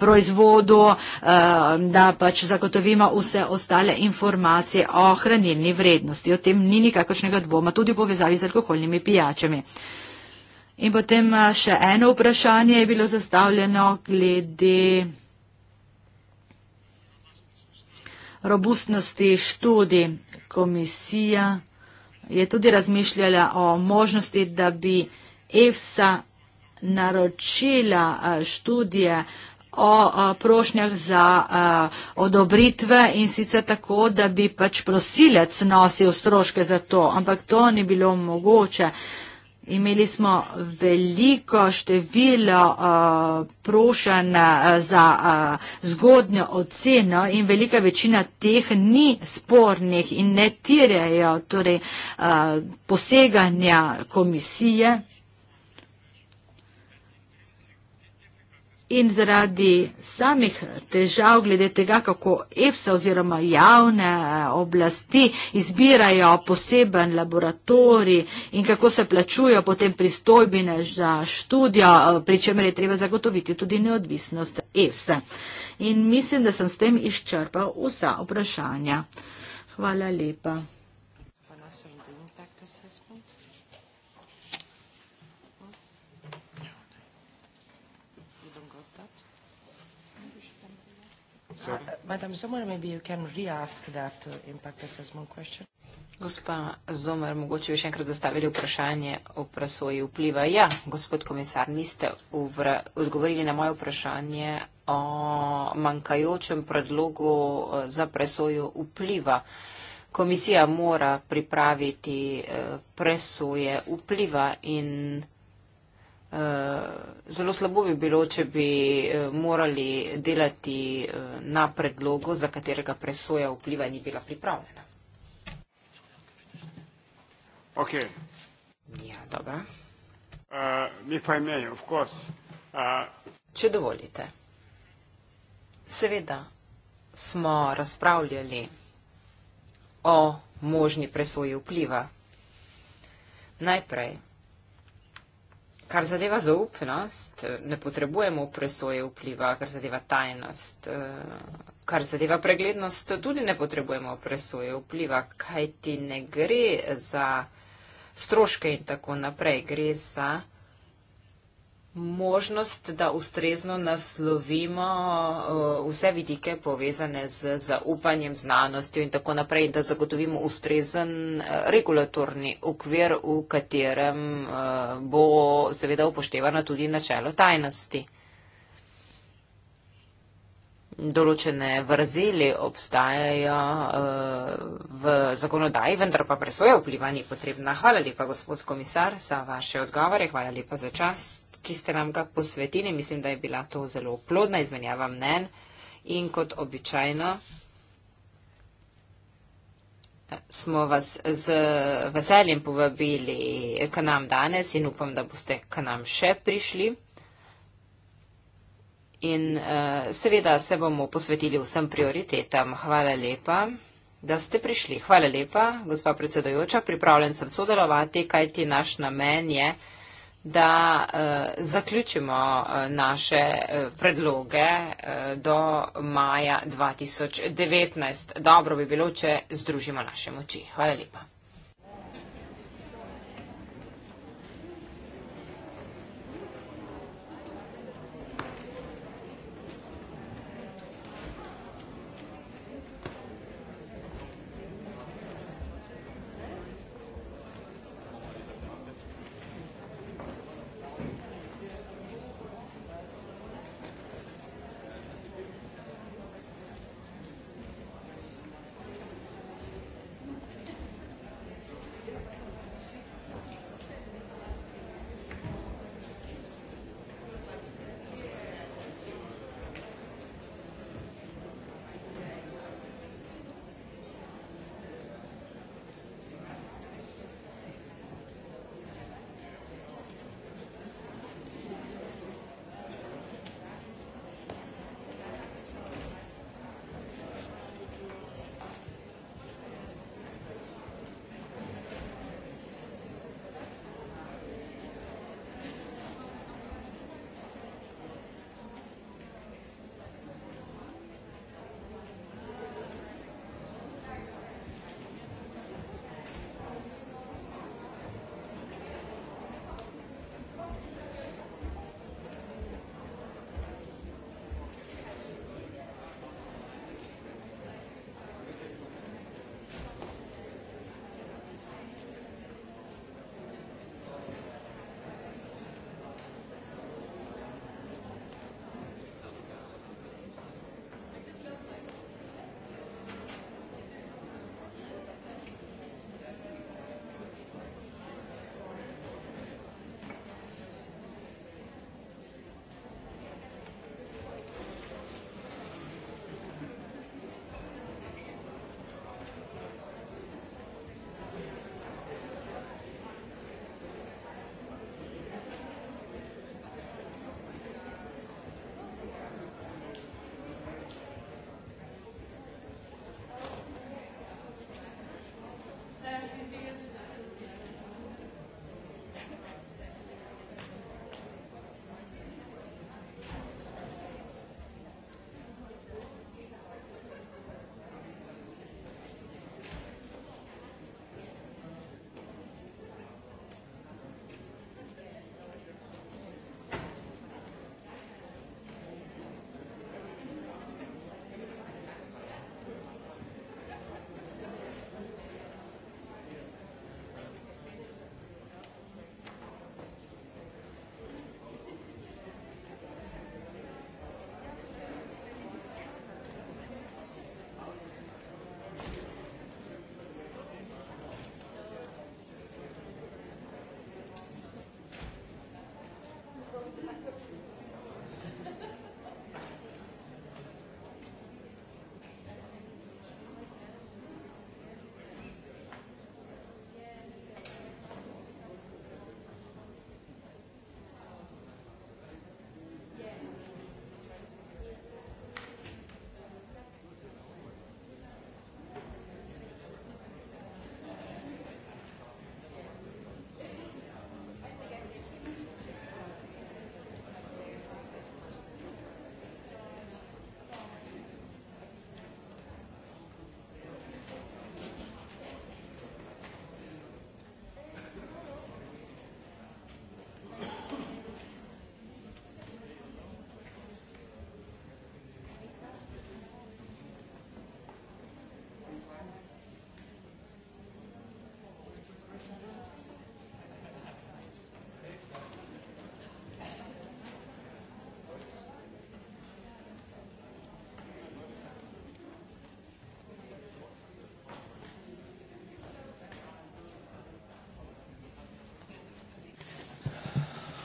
proizvodu, eh, da pač zagotovimo vse ostale informacije o hranilni vrednosti. O tem ni nikakršnega dvoma, tudi v povezavi z alkoholnimi pijačami. In potem še eno vprašanje je bilo zastavljeno glede robustnosti študij. Komisija je tudi razmišljala o možnosti, da bi EFSA naročila študije o prošnjah za odobritve in sicer tako, da bi pač prosilec nosil stroške za to, ampak to ni bilo mogoče. Imeli smo veliko število uh, eh, prošen eh, za uh, zgodnjo oceno in velika večina teh ni spornih in ne tirejo torej, uh, poseganja komisije. in zaradi samih težav glede tega, kako EFSA oziroma javne oblasti izbirajo poseben laboratorij in kako se plačujo potem pristojbine za študijo, pri čemer je treba zagotoviti tudi neodvisnost EFSA. In mislim, da sem s tem izčrpal vsa vprašanja. Hvala lepa. So. Uh, Madam Zomer, maybe you can re-ask that uh, impact assessment question. Gospa Zomer, mogoče bi še enkrat zastavili vprašanje o presoji vpliva. Ja, gospod komisar, niste uvra, odgovorili na moje vprašanje o manjkajočem predlogu uh, za presojo vpliva. Komisija mora pripraviti uh, presoje vpliva in zelo slabo bi bilo, če bi eh, morali delati eh, na predlogu, za katerega presoja vpliva ni bila pripravljena. Ok. Ja, dobro. Uh, eh, if I may, of course. Uh... Če dovolite. Seveda smo razpravljali o možni presoji vpliva. Najprej kar zadeva zaupnost, ne potrebujemo presoje vpliva, kar zadeva tajnost, eh, kar zadeva preglednost, tudi ne potrebujemo presoje vpliva, kajti ne gre za stroške in tako naprej, gre za možnost, da ustrezno naslovimo uh, vse vidike povezane z zaupanjem, znanostjo in tako naprej, da zagotovimo ustrezen uh, regulatorni ukvir, v katerem uh, bo seveda upoštevano tudi načelo tajnosti. Določene vrzeli obstajajo v zakonodaji, vendar pa presoja vpliva ni potrebna. Hvala lepa, gospod komisar, za vaše odgovore. Hvala lepa za čast ki ste nam ga posvetili. Mislim, da je bila to zelo plodna izmenjava mnen in kot običajno eh, smo vas z veseljem povabili k nam danes in upam, da boste k nam še prišli. In uh, seveda se bomo posvetili vsem prioritetam. Hvala lepa, da ste prišli. Hvala lepa, gospa predsedojoča. Pripravljen sem sodelovati, kajti naš namen je uh, da uh, zaključimo uh, naše uh, predloge uh, do maja 2019. Dobro bi bilo, če združimo naše moči. Hvala lepa.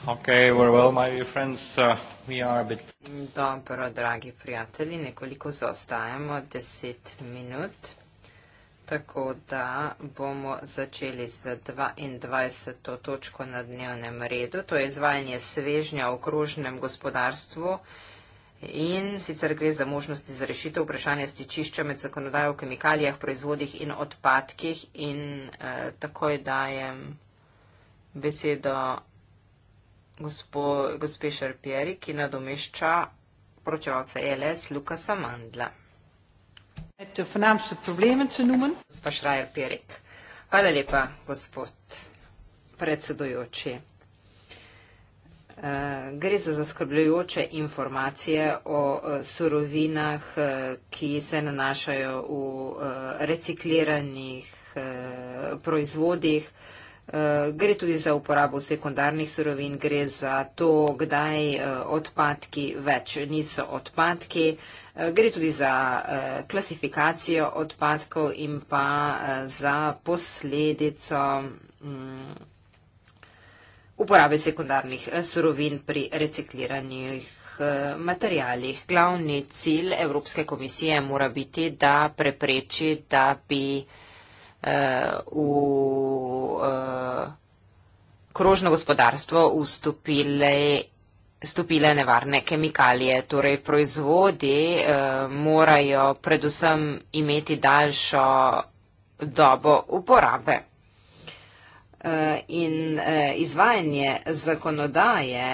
Okay, we're well, my friends, uh, we are a bit... Dobro, dragi prijatelji, nekoliko zaostajamo, deset minut. Tako da bomo začeli z 22. točko na dnevnem redu, to je izvajanje svežnja v okrožnem gospodarstvu. In sicer gre za možnosti za rešitev vprašanja stičišča med zakonodajo o kemikalijah, proizvodih in odpadkih. In eh, takoj dajem besedo gospo, gospe Šarpieri, ki nadomešča poročevalca ELS Lukasa Mandla. Gospa Šrajer-Pierik, hvala lepa, gospod predsedujoči. Eh, gre za zaskrbljujoče informacije o eh, surovinah, eh, ki se nanašajo v recikliranih proizvodih. Eh, gre tudi za uporabo sekundarnih surovin, gre za to, kdaj eh, odpadki več niso odpadki, eh, gre tudi za klasifikacijo odpadkov in pa za posledico mm, uporabe sekundarnih surovin pri recikliranjih materijalih. Glavni cilj Evropske komisije mora biti, da prepreči, da bi uh, v eh, krožno gospodarstvo vstopile nevarne kemikalije. Torej, proizvodi eh, morajo predvsem imeti daljšo dobo uporabe. Eh, in izvajanje zakonodaje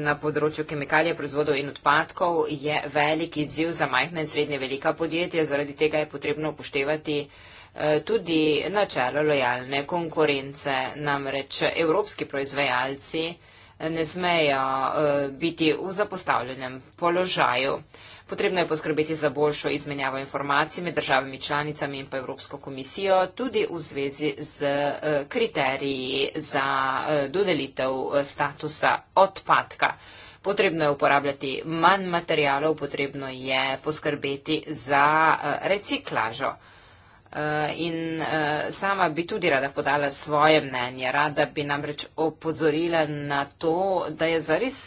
na področju kemikalije, proizvodov in odpadkov je velik izziv za majhna in srednje velika podjetja, zaradi tega je potrebno upoštevati uh, Eh, tudi načelo lojalne konkurence. Namreč evropski proizvajalci ne smejo eh, biti v zapostavljenem položaju. Potrebno je poskrbeti za boljšo izmenjavo informacij med državami članicami in pa Evropsko komisijo, tudi v zvezi z eh, kriteriji za dodelitev statusa odpadka. Potrebno je uporabljati manj materijalov, potrebno je poskrbeti za reciklažo. Eh, in eh, sama bi tudi rada podala svoje mnenje, rada bi namreč opozorila na to, da je zares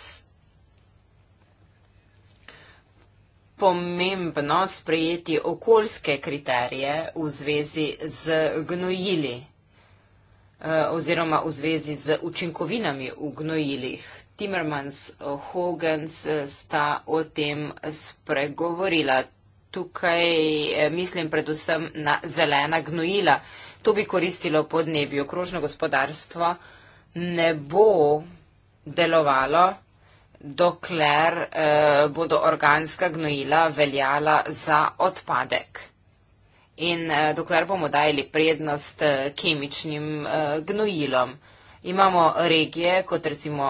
pomembno sprejeti okoljske kriterije v zvezi z gnojili eh, oziroma v zvezi z učinkovinami v gnojilih. Timmermans, Hogans sta o tem spregovorila. Tukaj eh, mislim predvsem na zelena gnojila. To bi koristilo podnebju. Krožno gospodarstvo ne bo delovalo, dokler eh, bodo organska gnojila veljala za odpadek. In eh, dokler bomo dajali prednost eh, kemičnim eh, gnojilom imamo regije, kot, recimo,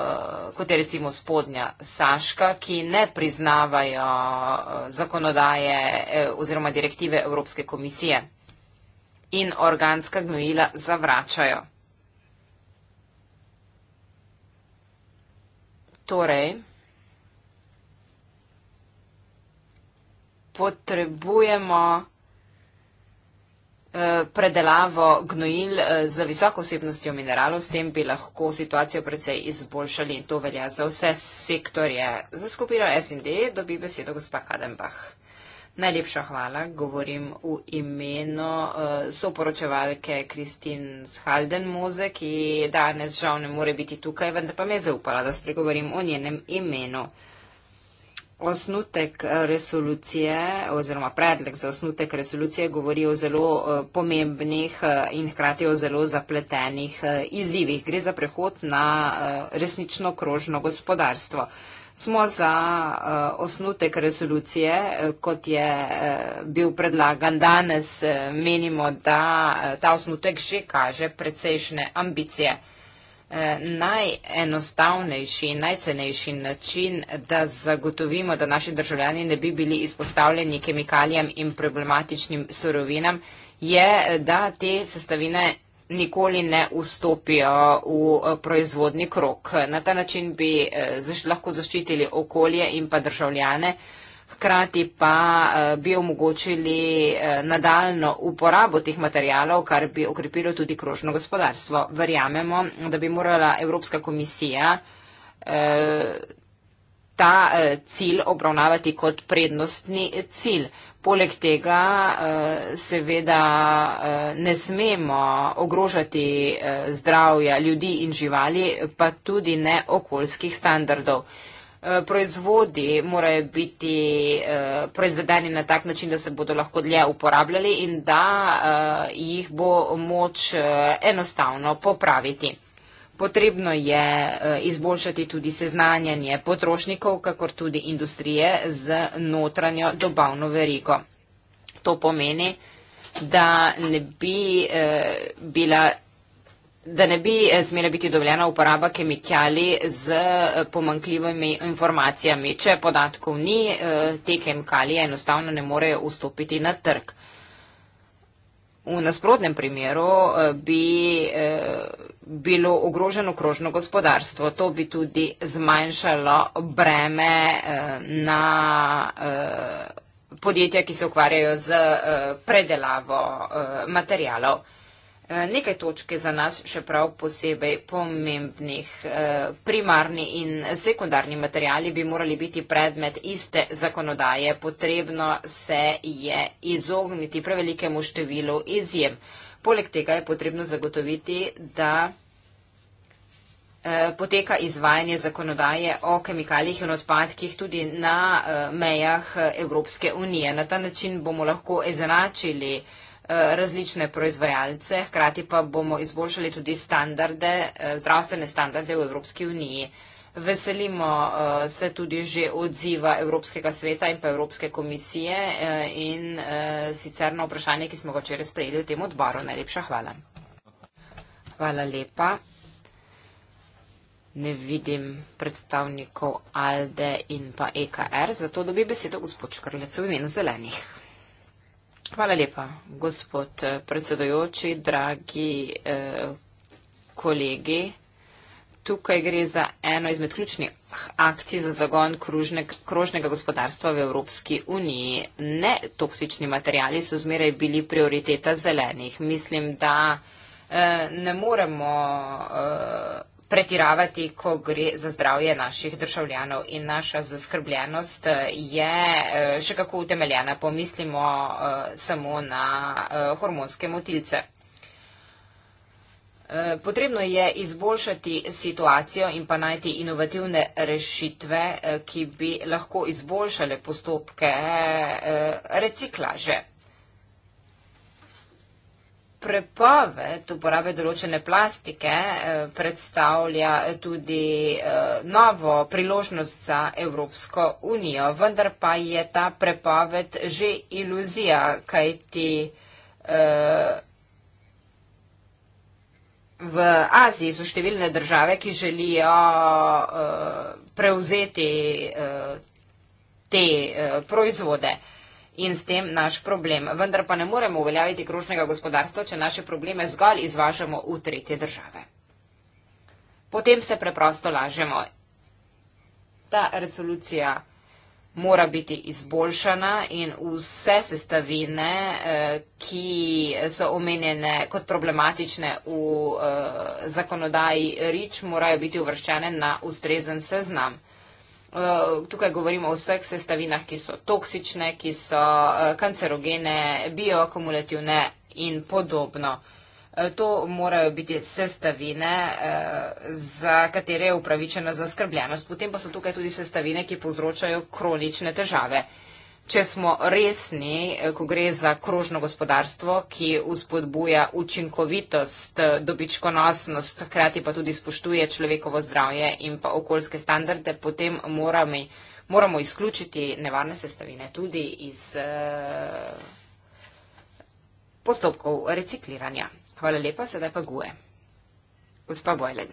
eh, kot je recimo spodnja Saška, ki ne priznavajo eh, zakonodaje eh, oziroma direktive Evropske komisije in organska gnojila zavračajo. Torej, potrebujemo Eh, predelavo gnojil eh, z visoko vsebnostjo mineralov, s tem bi lahko situacijo precej izboljšali in to velja za vse sektorje. Za skupino SND dobi besedo gospa Kadenbach. Najlepša hvala, govorim v imenu uh, soporočevalke Kristin Schaldenmoze, ki danes žal ne more biti tukaj, vendar pa me je zaupala, da spregovorim o njenem imenu. Uh, Osnutek eh, resolucije oziroma predlog za osnutek resolucije govori o zelo eh, pomembnih eh, in hkrati o zelo zapletenih izzivih. Gre za prehod na resnično krožno gospodarstvo. Smo za osnutek resolucije, kot je bil predlagan danes, menimo, da ta osnutek že kaže precejšnje ambicije. Eh, najenostavnejši in najcenejši način, da zagotovimo, da naši državljani ne bi bili izpostavljeni kemikalijam in problematičnim surovinam, je, da te sestavine nikoli ne vstopijo v eh, proizvodni krok. Na ta način bi eh, zaš lahko zaščitili okolje in pa državljane hkrati pa eh, bi omogočili eh, nadaljno uporabo teh materijalov, kar bi okrepilo tudi krožno gospodarstvo. Verjamemo, da bi morala Evropska komisija eh, ta cilj obravnavati kot prednostni cilj. Poleg tega seveda ne smemo ogrožati zdravja ljudi in živali, pa tudi ne okoljskih standardov. Eh, proizvodi morajo biti eh, proizvedeni na tak način, da se bodo lahko dlje uporabljali in da eh, jih bo moč enostavno popraviti. Potrebno je izboljšati tudi seznanjanje potrošnikov, kakor tudi industrije z notranjo dobavno veriko. To pomeni, da ne bi eh, bila da ne bi eh, smela biti dovoljena uporaba kemikalij z eh, pomankljivimi informacijami. Če podatkov ni, eh, te kemikalije enostavno ne morejo vstopiti na trg. V nasprotnem primeru bi bilo ogroženo krožno gospodarstvo. To bi tudi zmanjšalo breme na podjetja, ki se ukvarjajo z predelavo materijalov. Eh, nekaj točke za nas še prav posebej pomembnih. Eh, primarni in sekundarni materijali bi morali biti predmet iste zakonodaje. Potrebno se je izogniti prevelikemu številu izjem. Poleg tega je potrebno zagotoviti, da eh, poteka izvajanje zakonodaje o kemikalijih in odpadkih tudi na mejah Evropske unije. Na ta način bomo lahko izenačili Eh, različne proizvajalce, hkrati pa bomo izboljšali tudi standarde, eh, zdravstvene standarde v Evropski uniji. Veselimo eh, se tudi že odziva Evropskega sveta in pa Evropske komisije in sicer na vprašanje, ki smo ga včeraj sprejeli v tem odboru. Najlepša hvala. Hvala lepa. Ne vidim predstavnikov ALDE in pa EKR, zato dobi besedo gospod Škrlec v imenu zelenih. Hvala lepa, gospod eh, predsedojoči, dragi eh, kolegi. Tukaj gre za eno izmed ključnih akcij za zagon kružnega, krožnega gospodarstva v Evropski uniji. Netoksični materijali so zmeraj bili prioriteta zelenih. Mislim, da eh, ne moremo. Eh, pretiravati, ko gre za zdravje naših državljanov. In naša zaskrbljenost eh, je eh, še kako utemeljena, pomislimo eh, samo na hormonske motilce. Potrebno je izboljšati situacijo in pa najti inovativne rešitve, ki bi lahko izboljšale postopke reciklaže prepoved uporabe določene plastike eh, predstavlja tudi eh, novo priložnost za Evropsko unijo, vendar pa je ta prepoved že iluzija, kajti eh, v Aziji so številne države, ki želijo prevzeti te proizvode in s tem naš problem. Vendar pa ne moremo uveljaviti krožnega gospodarstva, če naše probleme zgolj izvažamo v tretje države. Potem se preprosto lažemo. Ta resolucija mora biti izboljšana in vse sestavine, eh, ki so omenjene kot problematične v eh, zakonodaji REACH, morajo biti uvrščene na ustrezen seznam. Eh, tukaj govorimo o vseh sestavinah, ki so toksične, ki so eh, kancerogene, bioakumulativne in podobno. Eh, to morajo biti sestavine, za katere je upravičena zaskrbljenost. Potem pa so tukaj tudi sestavine, ki povzročajo kronične težave. Če smo resni, eh, ko gre za krožno gospodarstvo, ki uspodbuja učinkovitost, eh, dobičkonosnost, hkrati pa tudi spoštuje človekovo zdravje in pa okoljske standarde, potem moramo, moramo izključiti nevarne sestavine tudi iz eh, postopkov recikliranja. Hvala lepa, sedaj pa guje. Gospa Bojlen.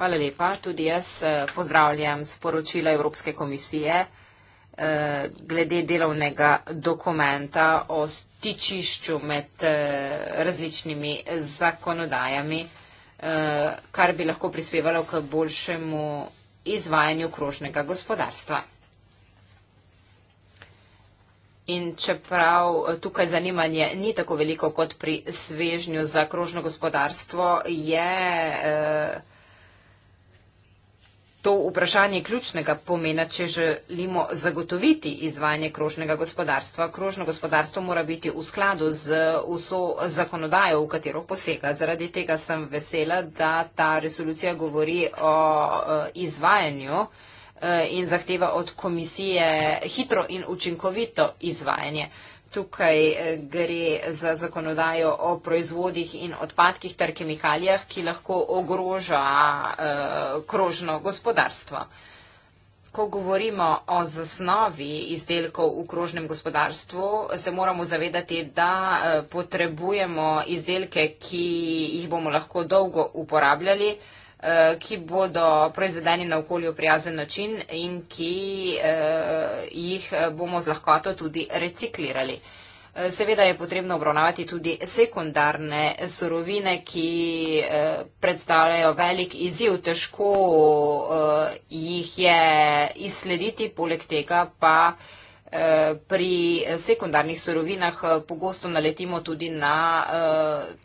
Hvala lepa, tudi jaz eh, pozdravljam sporočila Evropske komisije. Eh, glede delovnega dokumenta o stičišču med eh, različnimi zakonodajami, eh, kar bi lahko prispevalo k boljšemu izvajanju krožnega gospodarstva. In čeprav tukaj zanimanje ni tako veliko kot pri svežnju za krožno gospodarstvo, je eh, To vprašanje ključnega pomena, če želimo zagotoviti izvajanje krožnega gospodarstva. Krožno gospodarstvo mora biti v skladu z vso zakonodajo, v katero posega. Zaradi tega sem vesela, da ta resolucija govori o e, izvajanju e, in zahteva od komisije hitro in učinkovito izvajanje. Tukaj eh, gre za zakonodajo o proizvodih in odpadkih ter kemikalijah, ki lahko ogroža eh, krožno gospodarstvo. Ko govorimo o zasnovi izdelkov v krožnem gospodarstvu, se moramo zavedati, da eh, potrebujemo izdelke, ki jih bomo lahko dolgo uporabljali. Eh, ki bodo proizvedeni na okolju prijazen način in ki eh, jih eh, bomo z lahkoto tudi reciklirali. Seveda je potrebno obravnavati tudi sekundarne surovine, ki predstavljajo velik izziv, težko jih je izslediti, poleg tega pa pri sekundarnih surovinah pogosto naletimo tudi na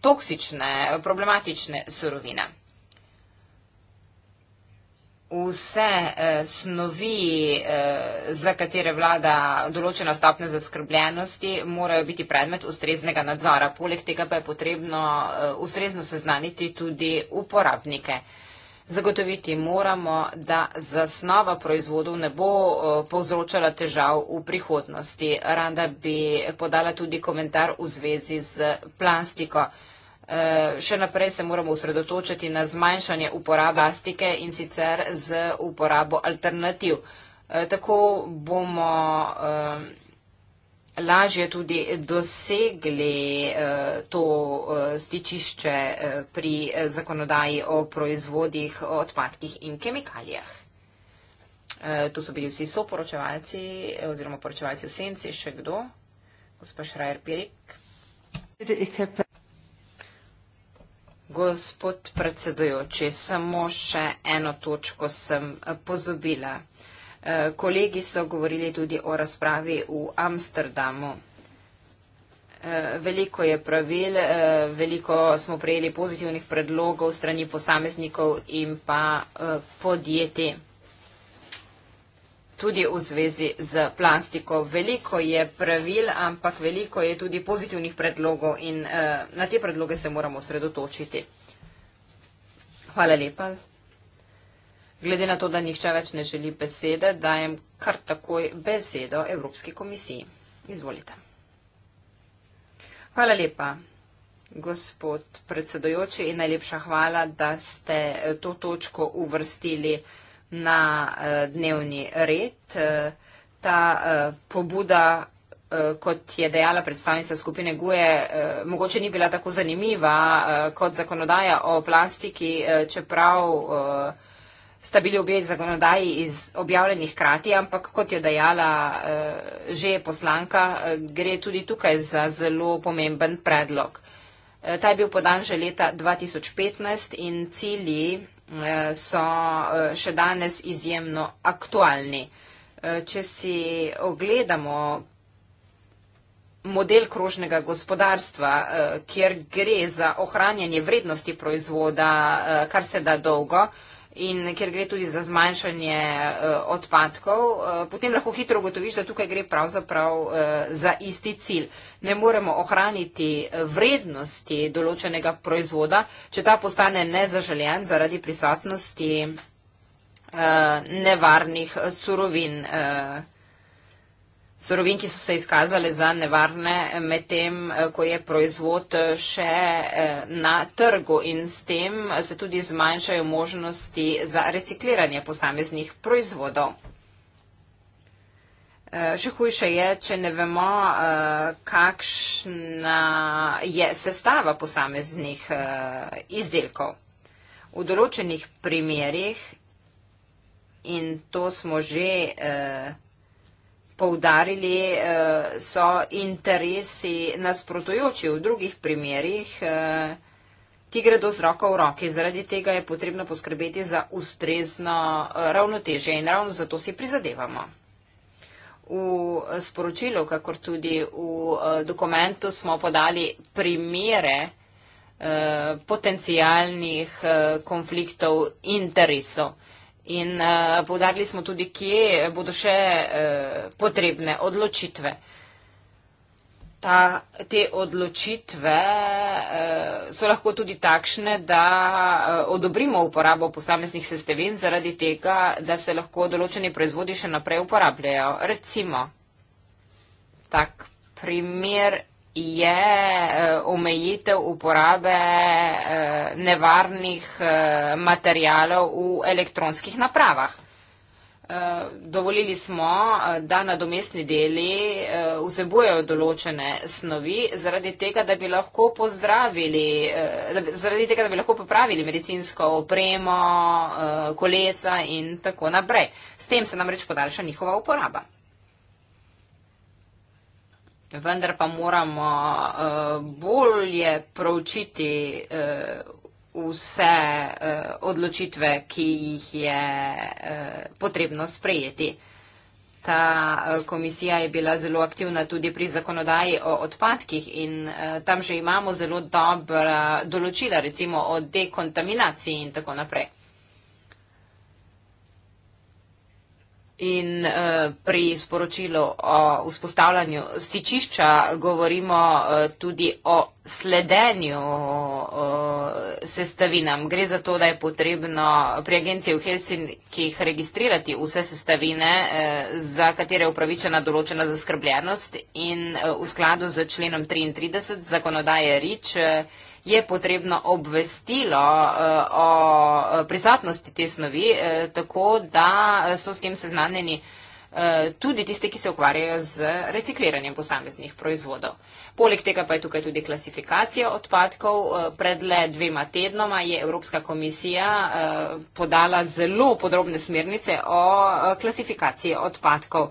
toksične, problematične surovine vse eh, snovi, eh, za katere vlada določena stopna zaskrbljenosti, morajo biti predmet ustreznega nadzora. Poleg tega pa je potrebno eh, ustrezno seznaniti tudi uporabnike. Zagotoviti moramo, da zasnova proizvodov ne bo eh, povzročala težav v prihodnosti. Rada bi podala tudi komentar v zvezi z plastiko. Eh, še naprej se moramo usredotočiti na zmanjšanje uporabe plastike in sicer z uporabo alternativ. Eh, tako bomo eh, lažje tudi dosegli to stičišče pri zakonodaji o proizvodih, o odpadkih in kemikalijah. Tu so bili vsi soporočevalci oziroma poročevalci v senci, še kdo? Gospa Šrajer Pirik. Gospod predsedujoči, samo še eno točko sem eh, pozobila. Eh, kolegi so govorili tudi o razpravi v Amsterdamu. Eh, veliko je pravil, veliko smo prejeli pozitivnih predlogov strani posameznikov in pa podjetij tudi v zvezi z plastiko. Veliko je pravil, ampak veliko je tudi pozitivnih predlogov in uh, na te predloge se moramo sredotočiti. Hvala lepa. Glede na to, da nihče več ne želi besede, dajem kar takoj besedo Evropski komisiji. Izvolite. Hvala lepa, gospod predsedojoči, in najlepša hvala, da ste eh, to točko uvrstili na eh, dnevni red. Eh, ta eh, pobuda, kot je dejala predstavnica skupine GUE, mogoče ni bila tako zanimiva kot zakonodaja o plastiki, čeprav sta bili obe zakonodaji iz objavljenih krati, ampak kot je dejala že poslanka, gre tudi tukaj za zelo pomemben predlog. Ta je bil podan že leta 2015 in cilji so e, še danes izjemno aktualni. E, če si ogledamo model krožnega gospodarstva, e, kjer gre za ohranjanje vrednosti proizvoda kar se da dolgo, in ker gre tudi za zmanjšanje uh, odpadkov, uh, potem lahko hitro ugotoviš, da tukaj gre pravzaprav uh, za isti cilj. Ne moremo ohraniti vrednosti določenega proizvoda, če ta postane nezaželjen zaradi prisotnosti uh, nevarnih surovin. Uh, Surovin, ki so se izkazale za nevarne, medtem eh, ko je proizvod eh, še eh, na trgu in s tem se tudi zmanjšajo možnosti za recikliranje posameznih proizvodov. Še hujše je, če ne vemo, kakšna je sestava posameznih izdelkov. V določenih primerjih, in to smo že poudarili, eh, so interesi nasprotujoči v drugih primerjih. Ti eh, gredo z roko v roki. Zaradi tega je potrebno poskrbeti za ustrezno eh, ravnoteže in ravno zato si prizadevamo. V sporočilu, kakor tudi v dokumentu, smo podali primere potencijalnih konfliktov interesov. In uh, eh, povdarili smo tudi, kje bodo še uh, potrebne odločitve. Ta, te odločitve uh, so lahko tudi takšne, da uh, odobrimo uporabo posameznih sestevin zaradi tega, da se lahko določeni proizvodi še naprej uporabljajo. Recimo, tak primer je eh, omejitev uporabe eh, nevarnih eh, materijalov v elektronskih napravah. Dovolili smo, da nadomestni deli vsebujejo določene snovi zaradi tega, da bi lahko pozdravili, zaradi tega, da bi lahko popravili medicinsko opremo, kolesa in tako naprej. S tem se namreč podaljša njihova uporaba vendar pa moramo uh, bolje proučiti uh, vse uh, odločitve, ki jih je uh, potrebno sprejeti. Ta komisija je bila zelo aktivna tudi pri zakonodaji o odpadkih in tam že imamo zelo dobra določila, recimo o dekontaminaciji in tako naprej. in eh, pri sporočilu o vzpostavljanju stičišča govorimo eh, tudi o sledenju eh, sestavinam. Gre za to, da je potrebno pri agenciji v Helsinkih registrirati vse sestavine, za katere je upravičena določena zaskrbljenost in v skladu z členom 33 zakonodaje RIČ je potrebno obvestilo eh, o eh, prisotnosti te snovi, eh, tako da so s tem seznanjeni tudi tiste, ki se ukvarjajo z recikliranjem posameznih proizvodov. Poleg tega pa je tukaj tudi klasifikacija odpadkov. Pred le dvema tednoma je Evropska komisija podala zelo podrobne smernice o klasifikaciji odpadkov.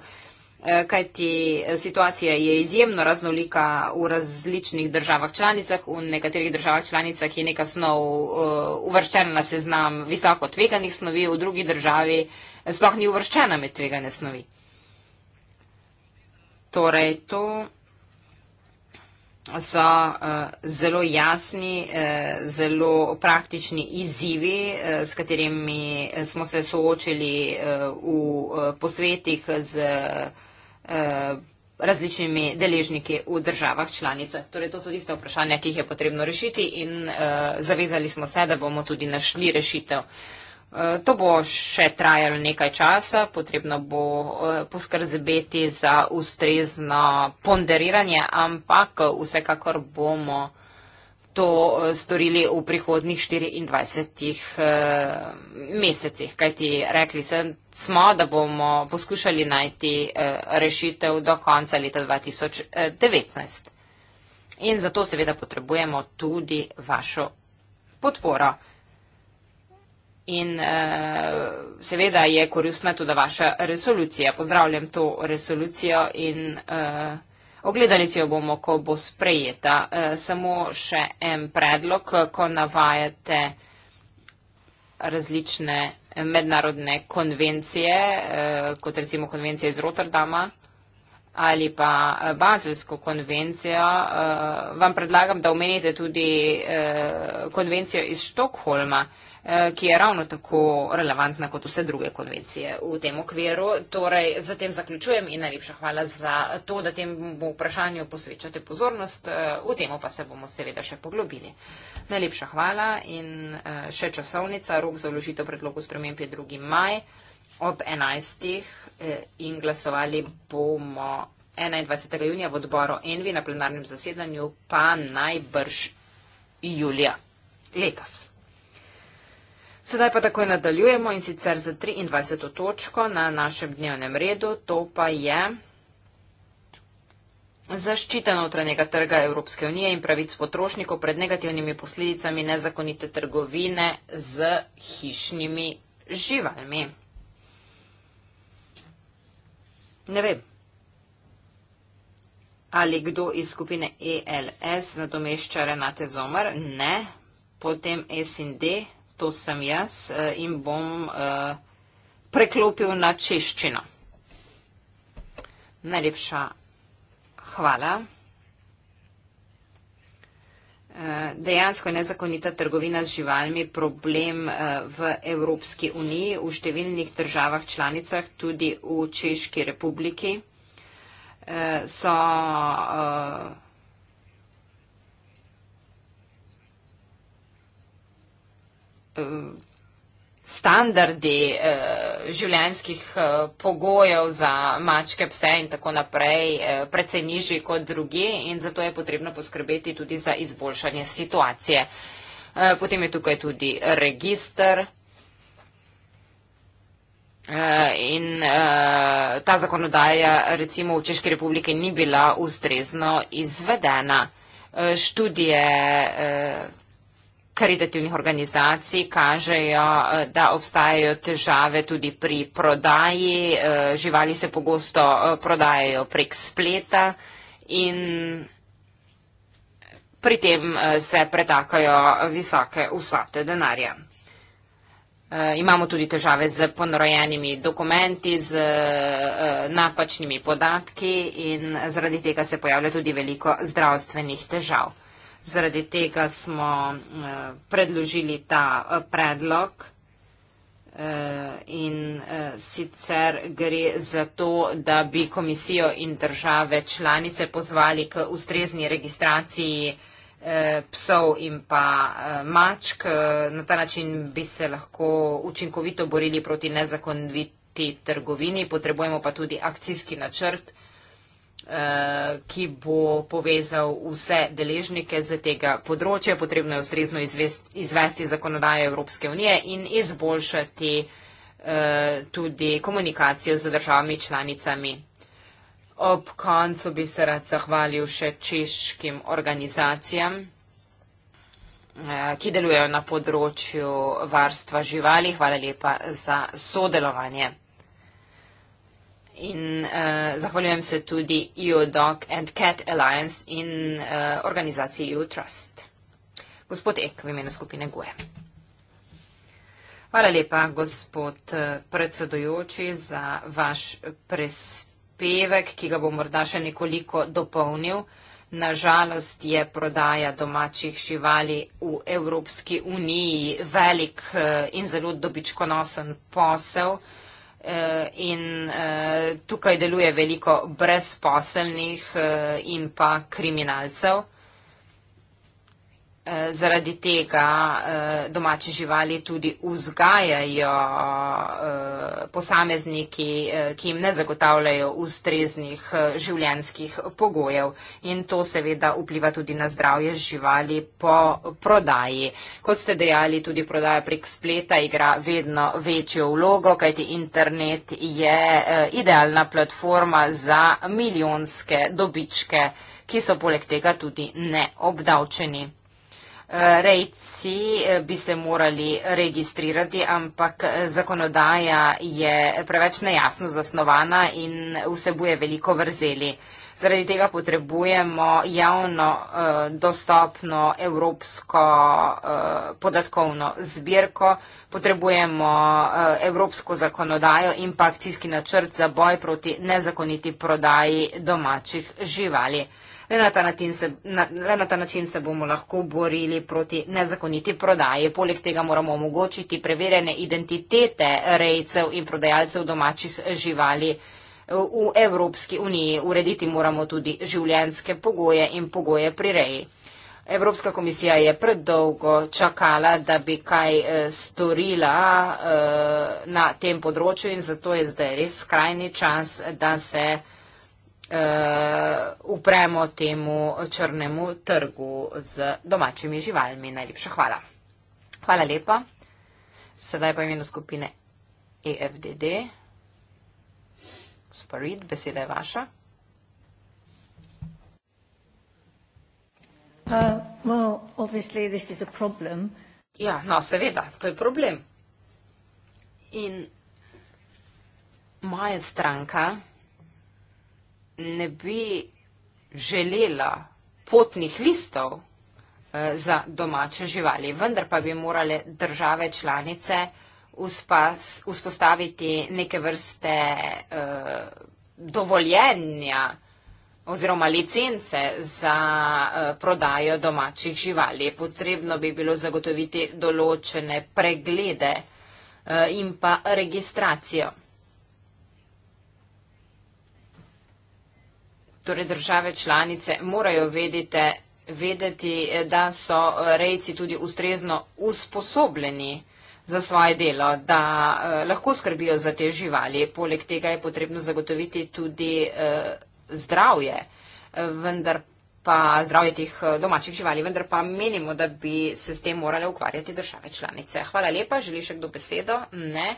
Eh, kajti eh, situacija je izjemno raznolika v različnih državah članicah. V nekaterih državah članicah je neka snov eh, uvrščena na seznam visoko tveganih snovi, v drugi državi sploh ni uvrščena med tvegane snovi. Torej, to so uh, zelo jasni, uh, zelo praktični izzivi, uh, s katerimi smo se soočili uh, v uh, posvetih z uh, Eh, različnimi deležniki v državah članicah. Torej, to so tiste vprašanja, ki jih je potrebno rešiti in uh, zavezali smo se, da bomo tudi našli rešitev. Uh, to bo še trajalo nekaj časa, potrebno bo uh, poskrbeti za ustrezno ponderiranje, ampak vsekakor bomo uh, to eh, storili v prihodnih 24 uh, mesecih. Kaj ti rekli se, smo, da bomo poskušali najti uh, rešitev do konca leta 2019. In zato seveda potrebujemo tudi vašo podporo. In uh, seveda je koristna tudi vaša resolucija. Pozdravljam to resolucijo in. Uh, Ogledali si jo bomo, ko bo sprejeta. E, samo še en predlog, ko navajate različne mednarodne konvencije, e, kot recimo konvencija iz Rotterdama ali pa Bazelsko konvencijo, e, vam predlagam, da omenite tudi konvencijo iz Štokholma. Eh, ki je ravno tako relevantna kot vse druge konvencije v tem okviru. Torej, zatem zaključujem in najlepša hvala za to, da temu vprašanju posvečate pozornost. V eh, temo pa se bomo seveda še poglobili. Najlepša hvala in eh, še časovnica. Rok za vložitev predlogu sprememb je 2. maj ob 11. in glasovali bomo 21. junija v odboru Envi na plenarnem zasedanju, pa najbrž julija letos. Sedaj pa takoj nadaljujemo in sicer za 23. točko na našem dnevnem redu, to pa je zaščita notranjega trga Evropske unije in pravic potrošnikov pred negativnimi posledicami nezakonite trgovine z hišnimi živalmi. Ne vem, ali kdo iz skupine ELS nadomešča Renate Zomer? Ne, potem S in D to sem jaz eh, in bom eh, preklopil na češčino. Najlepša hvala. Eh, dejansko je nezakonita trgovina z živalmi problem v Evropski uniji, v številnih državah članicah, tudi v Češki republiki. So, Eh, standardi eh, življenjskih eh, pogojev za mačke, pse in tako naprej precej nižji kot drugi in zato je potrebno poskrbeti tudi za izboljšanje situacije. Potem je tukaj tudi registr. In ta zakonodaja recimo v Češki republiki ni bila ustrezno izvedena. Študije kreditivnih organizacij kažejo, eh, da obstajajo težave tudi pri prodaji. Eh, živali se pogosto eh, prodajajo prek spleta in pri tem se pretakajo visoke usate denarja. Imamo tudi težave z ponorojenimi dokumenti, z napačnimi podatki in zaradi tega se pojavlja tudi veliko zdravstvenih težav. Zaradi tega smo eh, predložili ta eh, predlog eh, in sicer gre za to, da bi komisijo in države članice pozvali k ustrezni registraciji psov in pa mačk. Na ta način bi se lahko učinkovito borili proti nezakonviti trgovini. Potrebujemo pa tudi akcijski načrt. Eh, ki bo povezal vse deležnike za tega področja. Potrebno je ustrezno izvesti zakonodajo Evropske unije in izboljšati eh, tudi komunikacijo z državami članicami. Ob koncu bi se rad zahvalil še češkim organizacijam, eh, ki delujejo na področju varstva živali. Hvala lepa za sodelovanje in uh, zahvaljujem se tudi EU-Doc and Cat Alliance in uh, organizaciji EU-Trust. Gospod Ek, v imenu skupine GUE. Hvala lepa, gospod eh, predsedujoči, za vaš prespevek, ki ga bom morda še nekoliko dopolnil. Nažalost je prodaja domačih živali v Evropski uniji velik in zelo dobičkonosen posel. Eh, in eh, tukaj deluje veliko brezposelnih eh, in pa kriminalcev. Eh, zaradi tega eh, domače živali tudi vzgajajo eh, posamezniki, ki jim ne zagotavljajo ustreznih življenskih pogojev in to seveda vpliva tudi na zdravje živali po prodaji. Kot ste dejali, tudi prodaja prek spleta igra vedno večjo vlogo, kajti internet je idealna platforma za milijonske dobičke, ki so poleg tega tudi neobdavčeni rejci eh, bi se morali registrirati, ampak eh, zakonodaja je preveč nejasno zasnovana in vsebuje veliko vrzeli. Zaradi tega potrebujemo javno eh, dostopno evropsko podatkovno zbirko, potrebujemo evropsko zakonodajo in pa akcijski načrt za boj proti nezakoniti prodaji domačih živali. Le na, se, na, le na ta način se bomo lahko borili proti nezakoniti prodaji. Poleg tega moramo omogočiti preverjene identitete rejcev in prodajalcev domačih živali eh, v Evropski uniji. Urediti moramo tudi življenske pogoje in pogoje pri reji. Evropska komisija je predolgo čakala, da bi kaj eh, storila eh, na tem področju in zato je zdaj res skrajni čas, da se uh, upremo temu črnemu trgu z domačimi živalmi. Najlepša hvala. Hvala lepa. Sedaj pa imeno skupine EFDD. Sparid, beseda je vaša. Uh, well, obviously this is a problem. Ja, no, seveda, to je problem. In moja stranka ne bi želela potnih listov eh, za domače živali, vendar pa bi morale države članice vzpostaviti neke vrste eh, dovoljenja oziroma licence za eh, prodajo domačih živali. Potrebno bi bilo zagotoviti določene preglede in pa registracijo. torej države članice morajo vedite, vedeti, da so rejci tudi ustrezno usposobljeni za svoje delo, da eh, lahko skrbijo za te živali. Poleg tega je potrebno zagotoviti tudi eh, zdravje, eh, vendar pa zdravje teh domačih živali, vendar pa menimo, da bi se s tem morale ukvarjati države članice. Hvala lepa, želi še kdo besedo? Ne.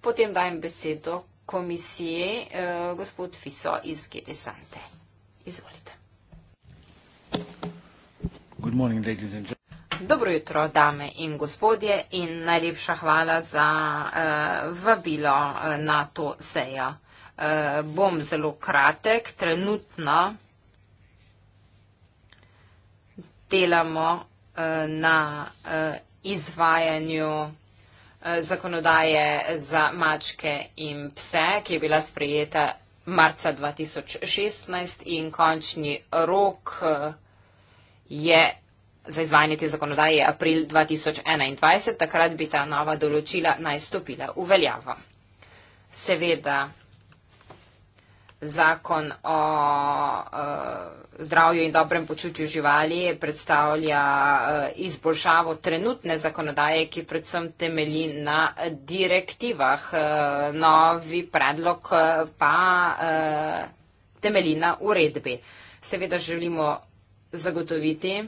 Potem dajem besedo komisiji, eh, gospod Fiso iz GD Sante. Izvolite. Dobro jutro, dame in gospodje, in najlepša hvala za uh, vabilo eh, na to sejo. Uh, bom zelo kratek. Trenutno delamo uh, na uh, izvajanju uh, zakonodaje za mačke in pse, ki je bila sprejeta marca 2016 in končni rok eh, je za izvajanje te zakonodaje je april 2021, takrat bi ta nova določila najstopila v veljavo. Seveda zakon o uh, zdravju in dobrem počutju živali predstavlja uh, izboljšavo trenutne zakonodaje, ki predvsem temelji na eh, direktivah. Uh, novi predlog pa uh, temelji na uredbi. Seveda želimo zagotoviti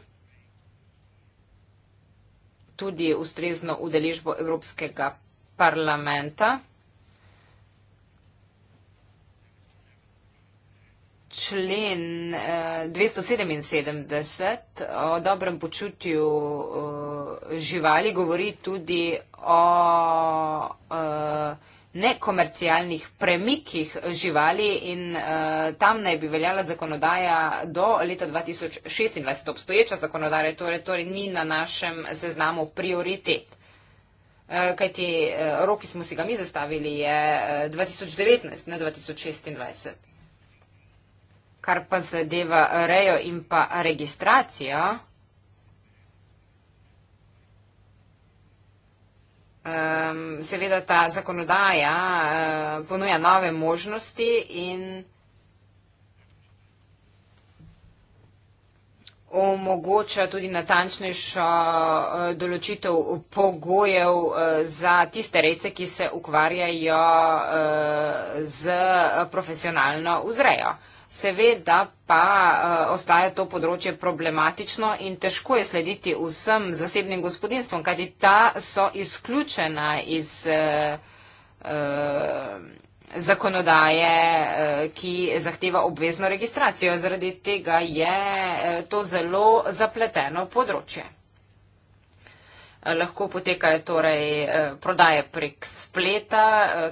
tudi ustrezno udeležbo Evropskega parlamenta člen 277 eh, o dobrem počutju eh, živali govori tudi o eh, nekomercialnih premikih živali in uh, tam naj bi veljala zakonodaja do leta 2026, obstoječa zakonodaja, torej, torej ni na našem seznamu prioritet. Uh, Kaj ti uh, roki smo si ga mi zastavili, je uh, 2019, ne 2026 kar pa zadeva rejo in pa registracijo, ehm, seveda ta zakonodaja eh, ponuja nove možnosti in omogoča tudi natančnejšo eh, določitev pogojev eh, za tiste rejce, ki se ukvarjajo z profesionalno vzrejo. Seveda pa uh, ostaja to področje problematično in težko je slediti vsem zasebnim gospodinstvom, kajti ta so izključena iz uh, uh, zakonodaje, uh, ki zahteva obvezno registracijo. Zaradi tega je uh, to zelo zapleteno področje. Lahko potekajo torej prodaje prek spleta,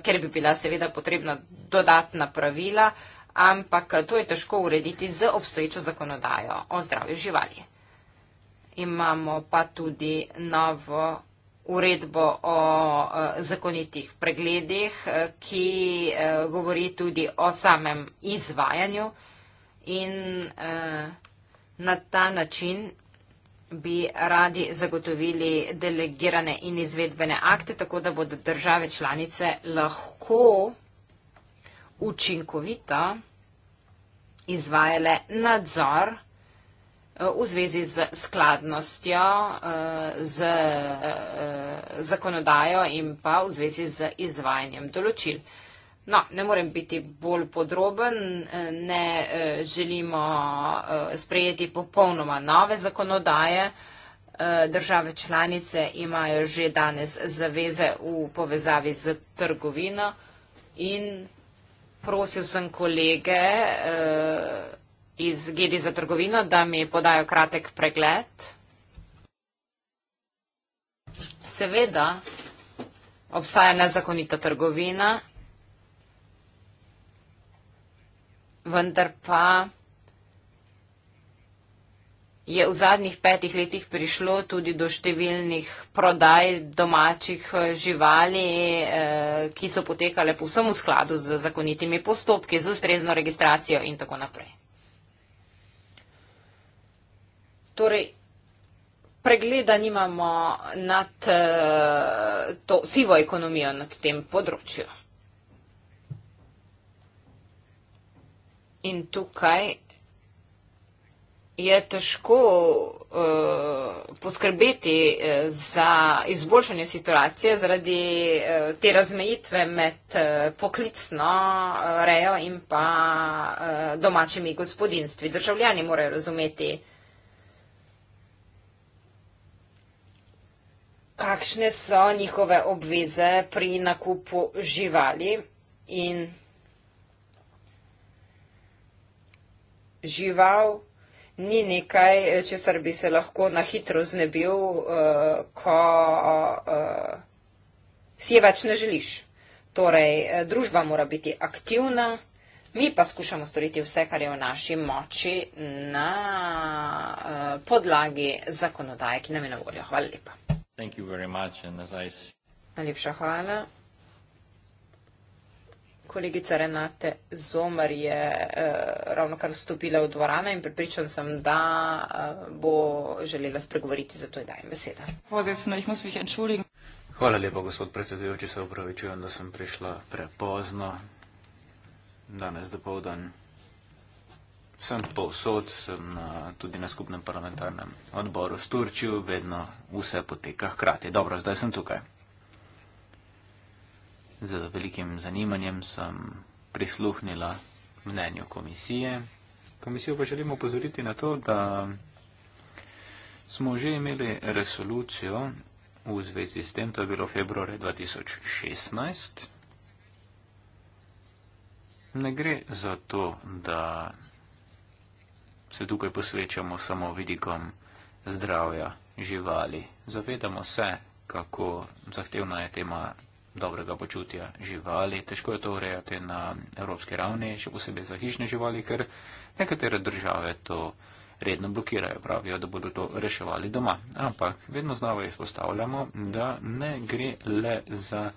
ker bi bila seveda potrebna dodatna pravila ampak to je težko urediti z obstoječo zakonodajo o zdravju živali. Imamo pa tudi novo uredbo o eh, zakonitih pregledih, eh, ki eh, govori tudi o samem izvajanju in na ta način bi radi zagotovili delegirane in izvedbene akte, tako da bodo države članice lahko učinkovito izvajale nadzor eh, v zvezi z skladnostjo, eh, z eh, zakonodajo in pa v zvezi z izvajanjem določil. No, ne morem biti bolj podroben, ne želimo sprejeti popolnoma nove zakonodaje. Države članice imajo že danes zaveze v povezavi z trgovino in prosil sem kolege uh, iz GEDI za trgovino, da mi podajo kratek pregled. Seveda obstaja nezakonita trgovina, vendar pa je v zadnjih petih letih prišlo tudi do številnih prodaj domačih eh, živali, eh, ki so potekale povsem v skladu z zakonitimi postopki, z ustrezno registracijo in tako naprej. Torej, pregleda nimamo nad eh, to sivo ekonomijo nad tem področju. In tukaj je težko uh, poskrbeti eh, za izboljšanje situacije zaradi uh, te razmejitve med uh, poklicno uh, rejo in pa uh, domačimi gospodinstvi. Državljani morajo razumeti, kakšne so njihove obveze pri nakupu živali in žival ni nekaj, česar bi se lahko na hitro znebil, uh, ko uh, si je več ne želiš. Torej, eh, družba mora biti aktivna, mi pa skušamo storiti vse, kar je v naši moči na uh, podlagi zakonodaje, ki nam je na voljo. Hvala lepa. Najlepša hvala kolegica Renate Zomar je eh, ravno kar vstopila v dvorano in pripričan sem, da eh, bo želela spregovoriti, zato je dajem beseda. Hvala lepa, gospod predsedujoči, se upravičujem, da sem prišla prepozno, danes do povdan. Sem povsod, sem na, tudi na skupnem parlamentarnem odboru s Turčijo, vedno vse poteka hkrati. Dobro, zdaj sem tukaj. Z velikim zanimanjem sem prisluhnila mnenju komisije. Komisijo pa želimo upozoriti na to, da smo že imeli resolucijo v zvezi s tem, to je bilo februarja 2016. Ne gre za to, da se tukaj posvečamo samo vidikom zdravja živali. Zavedamo se, kako zahtevna je tema dobrega počutja živali. Težko je to urejati na evropski ravni, še posebej za hišne živali, ker nekatere države to redno blokirajo, pravijo, da bodo to reševali doma. Ampak vedno znova izpostavljamo, da ne gre le za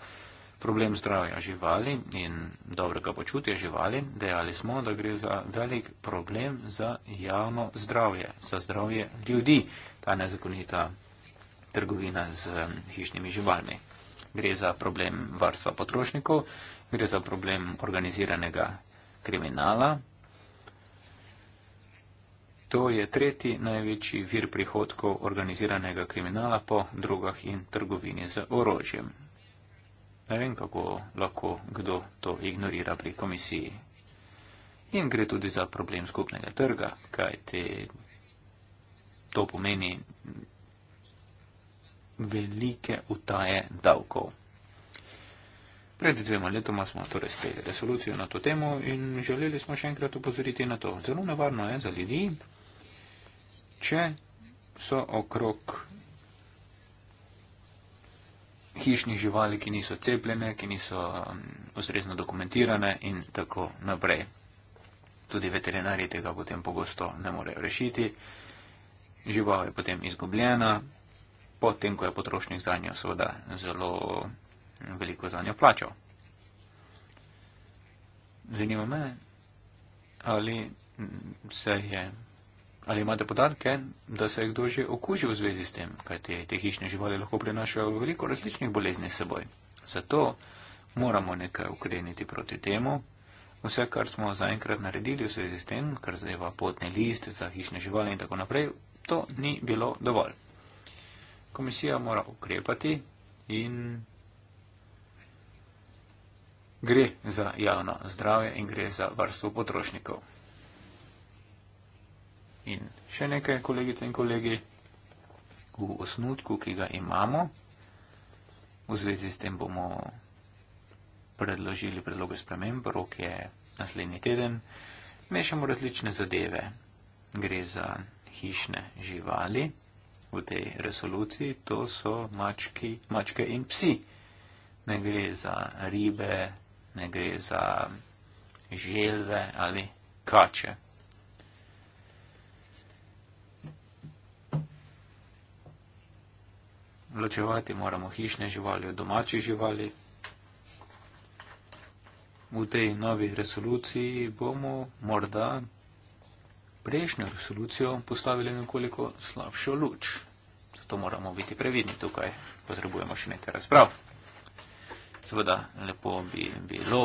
problem zdravja živali in dobrega počutja živali, dejali smo, da gre za velik problem za javno zdravje, za zdravje ljudi, ta nezakonita trgovina z eh, hišnimi živalmi gre za problem varstva potrošnikov, gre za problem organiziranega kriminala. To je tretji največji vir prihodkov organiziranega kriminala po drogah in trgovini z orožjem. Ne vem, kako lahko kdo to ignorira pri komisiji. In gre tudi za problem skupnega trga, kaj te to pomeni velike utaje davkov. Pred dvema letoma smo torej sprejeli resolucijo na to temo in želeli smo še enkrat upozoriti na to. Zelo nevarno je za ljudi, če so okrog hišnih živali, ki niso cepljene, ki niso um, ustrezno dokumentirane in tako naprej. Tudi veterinari tega potem pogosto ne morejo rešiti. Žival je potem izgubljena, potem, ko je potrošnik za njo seveda zelo veliko za njo plačal. Zanima me, ali se je, ali imate podatke, da se je kdo že okužil v zvezi s tem, kaj te, te hišne živali lahko prenašajo veliko različnih bolezni s seboj. Zato moramo nekaj ukreniti proti temu. Vse, kar smo zaenkrat naredili v zvezi s tem, kar zadeva potni list za hišne živali in tako naprej, to ni bilo dovolj komisija mora ukrepati in gre za javno zdravje in gre za varstvo potrošnikov. In še nekaj, kolegice in kolegi, v osnutku, ki ga imamo, v zvezi s tem bomo predložili predloge sprememb, rok je naslednji teden, mešamo različne zadeve. Gre za hišne živali v tej resoluciji, to so mački, mačke in psi. Ne gre za ribe, ne gre za želve ali kače. Ločevati moramo hišne živali od domačih živali. V tej novi resoluciji bomo morda prejšnjo resolucijo postavili nekoliko slabšo luč. Zato moramo biti previdni tukaj. Potrebujemo še nekaj razprav. Seveda, lepo bi bilo,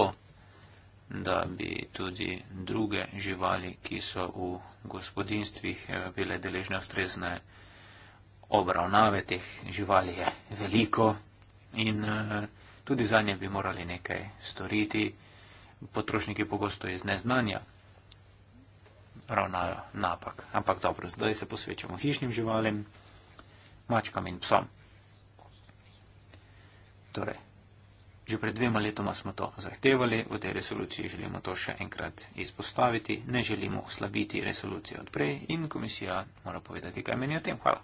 da bi tudi druge živali, ki so v gospodinstvih, eh, bile deležne ustrezne obravnave. Teh živali je veliko in eh, tudi za nje bi morali nekaj storiti. Potrošniki pogosto iz neznanja ravnajo napak. Ampak dobro, zdaj se posvečamo hišnim živalim, mačkam in psom. Torej, že pred dvema letoma smo to zahtevali, v tej resoluciji želimo to še enkrat izpostaviti, ne želimo oslabiti resolucije odprej in komisija mora povedati, kaj meni o tem. Hvala.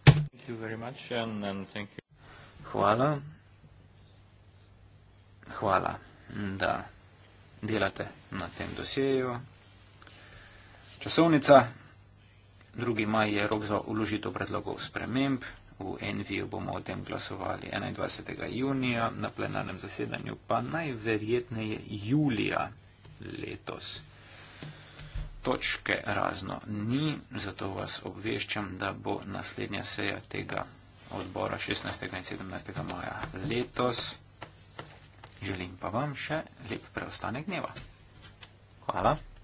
Hvala. Hvala, da delate na tem dosjeju časovnica. 2. maj je rok za uložitev predlogov sprememb. V Enviju bomo o tem glasovali 21. junija, na plenarnem zasedanju pa najverjetneje julija letos. Točke razno ni, zato vas obveščam, da bo naslednja seja tega odbora 16. in 17. maja letos. Želim pa vam še lep preostanek dneva. Hvala. Hvala.